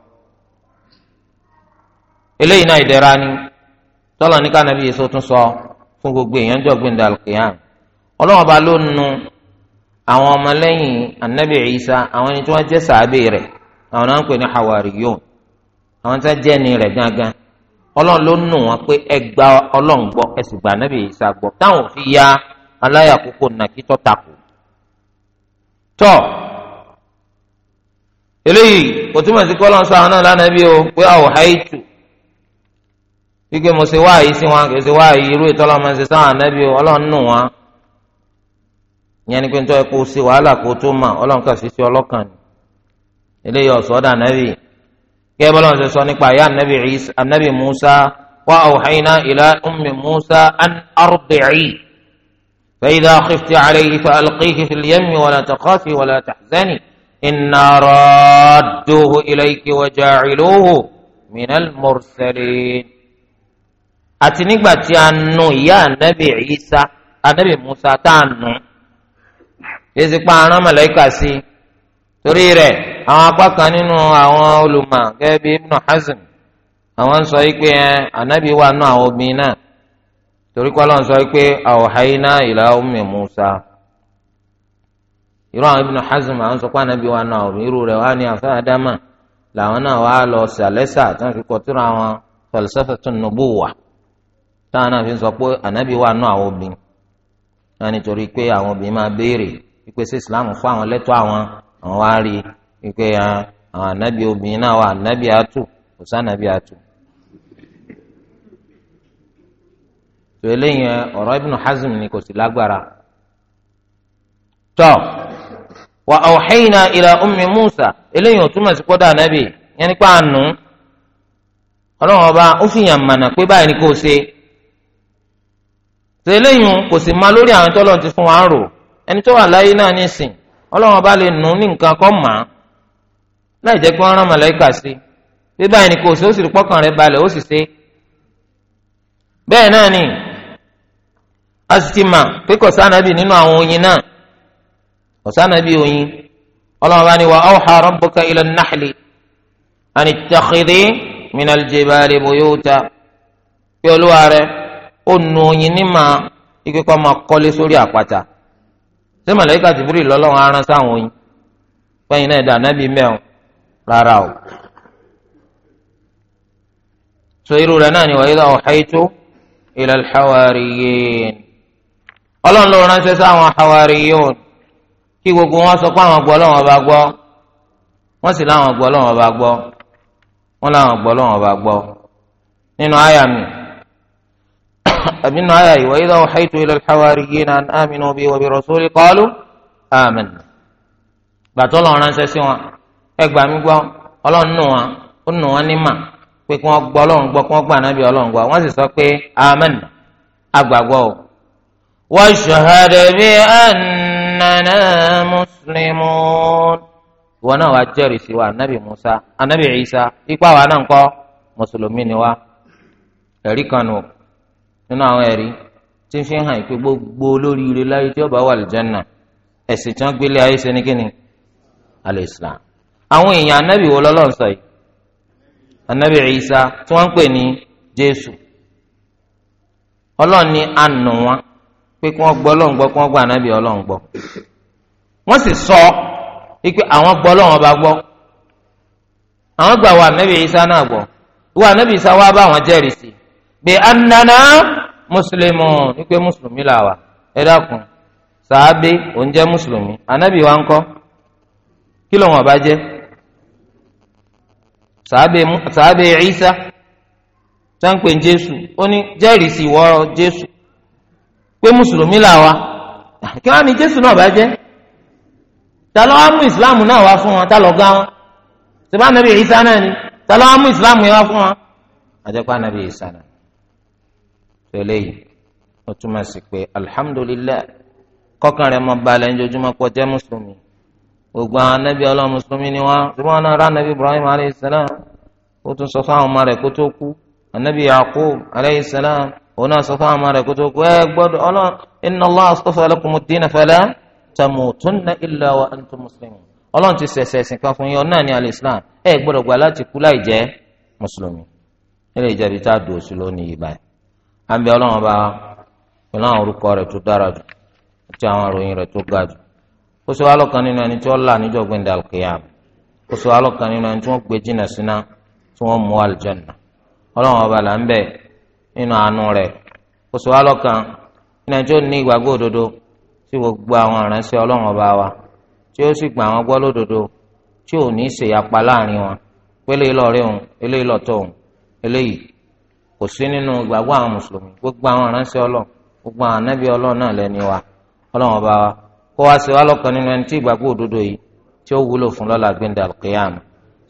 [SPEAKER 1] eléyìí náà ìdẹ̀ra ni tọ́lọ̀ ní kánábì yìí sọ́tún sọ fún gbogbo èèyàn jọ gbẹ̀ndà alqiyam ọlọ́wọ́n ba ló nu àwọn ọmọlẹ́yìn anabi isa àwọn ẹni tí wọ́n jẹ́ sàábì rẹ̀ àwọn náà ń pè ní hawariyun àwọn tí wọ́n jẹ́ ni rẹ̀ gángan ọlọ́run ló nù wọn pé ẹ gba ọlọ́run gbọ́ ẹ sì gba ànábì Ìsá táwọn fi ya aláyàkókò nàkítọ́ takò tọ eléyìí kò túmọ̀ sí kọ́ lọ́n sọ àwọn náà lánàá bí o pé mo ṣe wáàyí sí wọn ṣe wáàyí irú ṣe sáwọn o ọlọ́run nù wọn ìyẹn ni pé nítorí o ṣe wàhálà kó tó mà ọlọ́run kà sí sí ọlọ́kàn eléyìí ọ̀sọ́dà nàbì gẹ́gẹ́ bọ́lá ṣe sọ nípa ìyá nàbì Isa nàbì Musa wa awhayna ila ummi Musa an ardi'i fa idha khifti alayhi fa alqihi fil yammi wa la takhafi wa la tahzani inna radduhu ilayki wa ja'iluhu minal mursalin. àti nígbà tí a nu ìyá nàbì Isa nàbì Musa tá a nu èsì pa aràn mọ̀lẹ́kà sí
[SPEAKER 2] torí rẹ̀.
[SPEAKER 1] àwọn apá kan nínú àwọn olùmọ̀ gẹ́gẹ́ bíi Ibn Hazm àwọn ń sọ yìí pé ànábì wà nù àwọn obìnrin náà torí kọ́ ló ń sọ pé ila ummi Musa irú àwọn Ibn Hazm àwọn sọ pé ànábì wà nù àwọn obìnrin irú rẹ̀ wà ní àfẹ́ àdámà làwọn náà wà lọ sàlẹ́sà tí wọ́n fi kọ́ tóra nubuwa táwọn náà fi sọ pé ànábì wà nù àwọn obìnrin náà nítorí pé àwọn Islam fún àwọn lẹ́tọ́ àwọn àwọn wá wípé ah, àwọn ànábì obìnrin náà wà anabi atu kò anabi atu. tó eléyìí ọ̀rọ̀ Ibn hazim ni kò sí lágbára. tọ́ wa awhayna ila ummi Musa eléyìí ò túmọ̀ sí anabi ya yẹn nípa àánú ọlọ́run ọba ó fìyàn mànà pé báyìí ni kò ṣe tó kò sì máa lórí àwọn tọ́lọ́ ti fún wa rò ẹni tó wà láì jẹ́ pé wọ́n rán màláìkà sí bí báyìí ni kò sí ó sì rí pọ́kàn rẹ̀ balẹ̀ ó sì ṣe bẹ́ẹ̀ náà ni a sì ti mà pé kò sánàbì nínú àwọn oyin náà kò sánàbì oyin ọlọ́run bá ní wa awha rabbuka ila nahli an ittakhidhi min aljibali buyuta pé olúwa rẹ̀ ó nu oyin ní màá ike kọ́ máa kọ́lé sórí àpáta ṣé màláìkà Jibril lọ́lọ́run aránṣẹ́ àwọn oyin fẹ́yìn náà dà rárá o. so irú rẹ̀ náà ni wa idha uhaytu ila al-hawariyyin ọlọ́run ló ránṣẹ́ sáwọn hawariyyun kí gbogbo wọn sọ pé àwọn gbọ́ lọ́wọ́ bá gbọ́ wọ́n sì láwọn gbọ́ lọ́wọ́ bá gbọ́ wọ́n láwọn gbọ́ lọ́wọ́ bá gbọ́ nínú àyà mi àbí [coughs] nínú àyà yìí wa idha uhaytu ila al-hawariyyin an aminu bi wa bi gbàtọ́ lọ́run ránṣẹ́ sí wọn. ẹgbàá mi gbọ́ ọlọ́run nù wọn ó nù wọn ní mà pé kí wọ́n gbọ́ ọlọ́run gbọ́ kí wọ́n gbà nábì sọ pé amen agbàgbọ́ o. Wọ́n shahada bi annana Mùsùlùmí. ìwọ náà wàá jẹ́rìí sí wa anabi musa anabi isa ipa wa náà ń kọ́ mùsùlùmí ni wa. ẹ̀rí kan nù nínú àwọn ẹ̀rí tí ń gbogbo olóríire láyé tí ẹ̀sìn tí wọ́n gbélé ayé ṣe àwọn èèyàn anábì wo lọ́lọ́ sọ yìí anábì Ìsá tí wọ́n ń pè ní Jésù ọlọ́run ní ànú wọn pé kí wọ́n gbọ́ ọlọ́run gbọ́ kí wọ́n gbọ́ anábì ọlọ́run gbọ́ wọ́n sì sọ pé àwọn gbọ́ ọlọ́run ọba gbọ́ àwọn gbà wà anábì Ìsá náà gbọ́ wọ́n anábì Ìsá wá bá wọn jẹ́rìí sí bí annana mùsùlùmí wípé mùsùlùmí là wà ẹ dákun sàábé òun jẹ́ mùsùlùmí anábì wa ń kọ́ kí lóun ọba jẹ́ sàábẹ̀ Ìsá sáńpẹ̀ Jésù ó ní jẹ́rìí sí ìwọ́rọ̀ Jésù pé mùsùlùmí làwa kí wọ́n á ní Jésù náà bá jẹ́ ta ló wá mú ìsìláàmù náà wá fún wọn ta ló gá wọn sèpá nàbí Ìsá náà ni ta ló mú ìsìláàmù yẹn wá fún wọn àjẹpá nàbí Ìsá náà tẹ́lẹ̀ yìí wọ́n túmọ̀ sí pé alihamudulilayi kọ́kànlẹ́ mọ́ balẹ̀ ń pọ̀ jẹ́ mùsùlùmí gbogbo àwọn anábì ọlọ́run mùsùlùmí ni wọ́n tí wọ́n náà rá anábì ibrahim aleyhisselam ó tún sọ fáwọn ọmọ rẹ̀ kó tó kú anábì yakub aleyhisselam òun náà sọ fáwọn ọmọ rẹ̀ kó tó kú ẹ gbọ́dọ̀ ọlọ́run inna allah astafa lakum ad-din fala tamutunna illa wa antum muslimun ọlọ́run ti sẹ̀sẹ̀ ẹ̀sìn kan fún yín náà ní alẹ́sìlám ẹ gbọ́dọ̀ gbà láti kú láì jẹ́ mùsùlùmí nílẹ̀ ìjẹ́bi tá a dùn oṣù lónìí báyìí à ń kó sọ alọ́kan nínú ẹni tí wọ́n là níjọ́ gbẹ̀ndà alqiyam kó sọ alọ́kan nínú ẹni tí wọn gbé jìnnà síná tí wọn mú aljanna ọlọrun ọba là ń nínú àánú rẹ kó sọ nínú ẹni tí ó ní ìgbàgbọ́ òdodo tí gbogbo àwọn wa tí ó sì gbà wọ́n tí ò ní láàrin wọn pélé kò sí nínú ìgbàgbọ́ àwọn mùsùlùmí gbogbo àwọn gbogbo àwọn anábì kó wá sí wa lọ́kàn nínú ẹni tí ìgbàgbọ́ òdodo yìí tí ó wúlò fún lọ́la gbẹ̀ndà alqiyam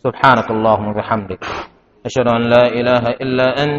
[SPEAKER 1] subhanakallahumma wa bihamdik ashhadu an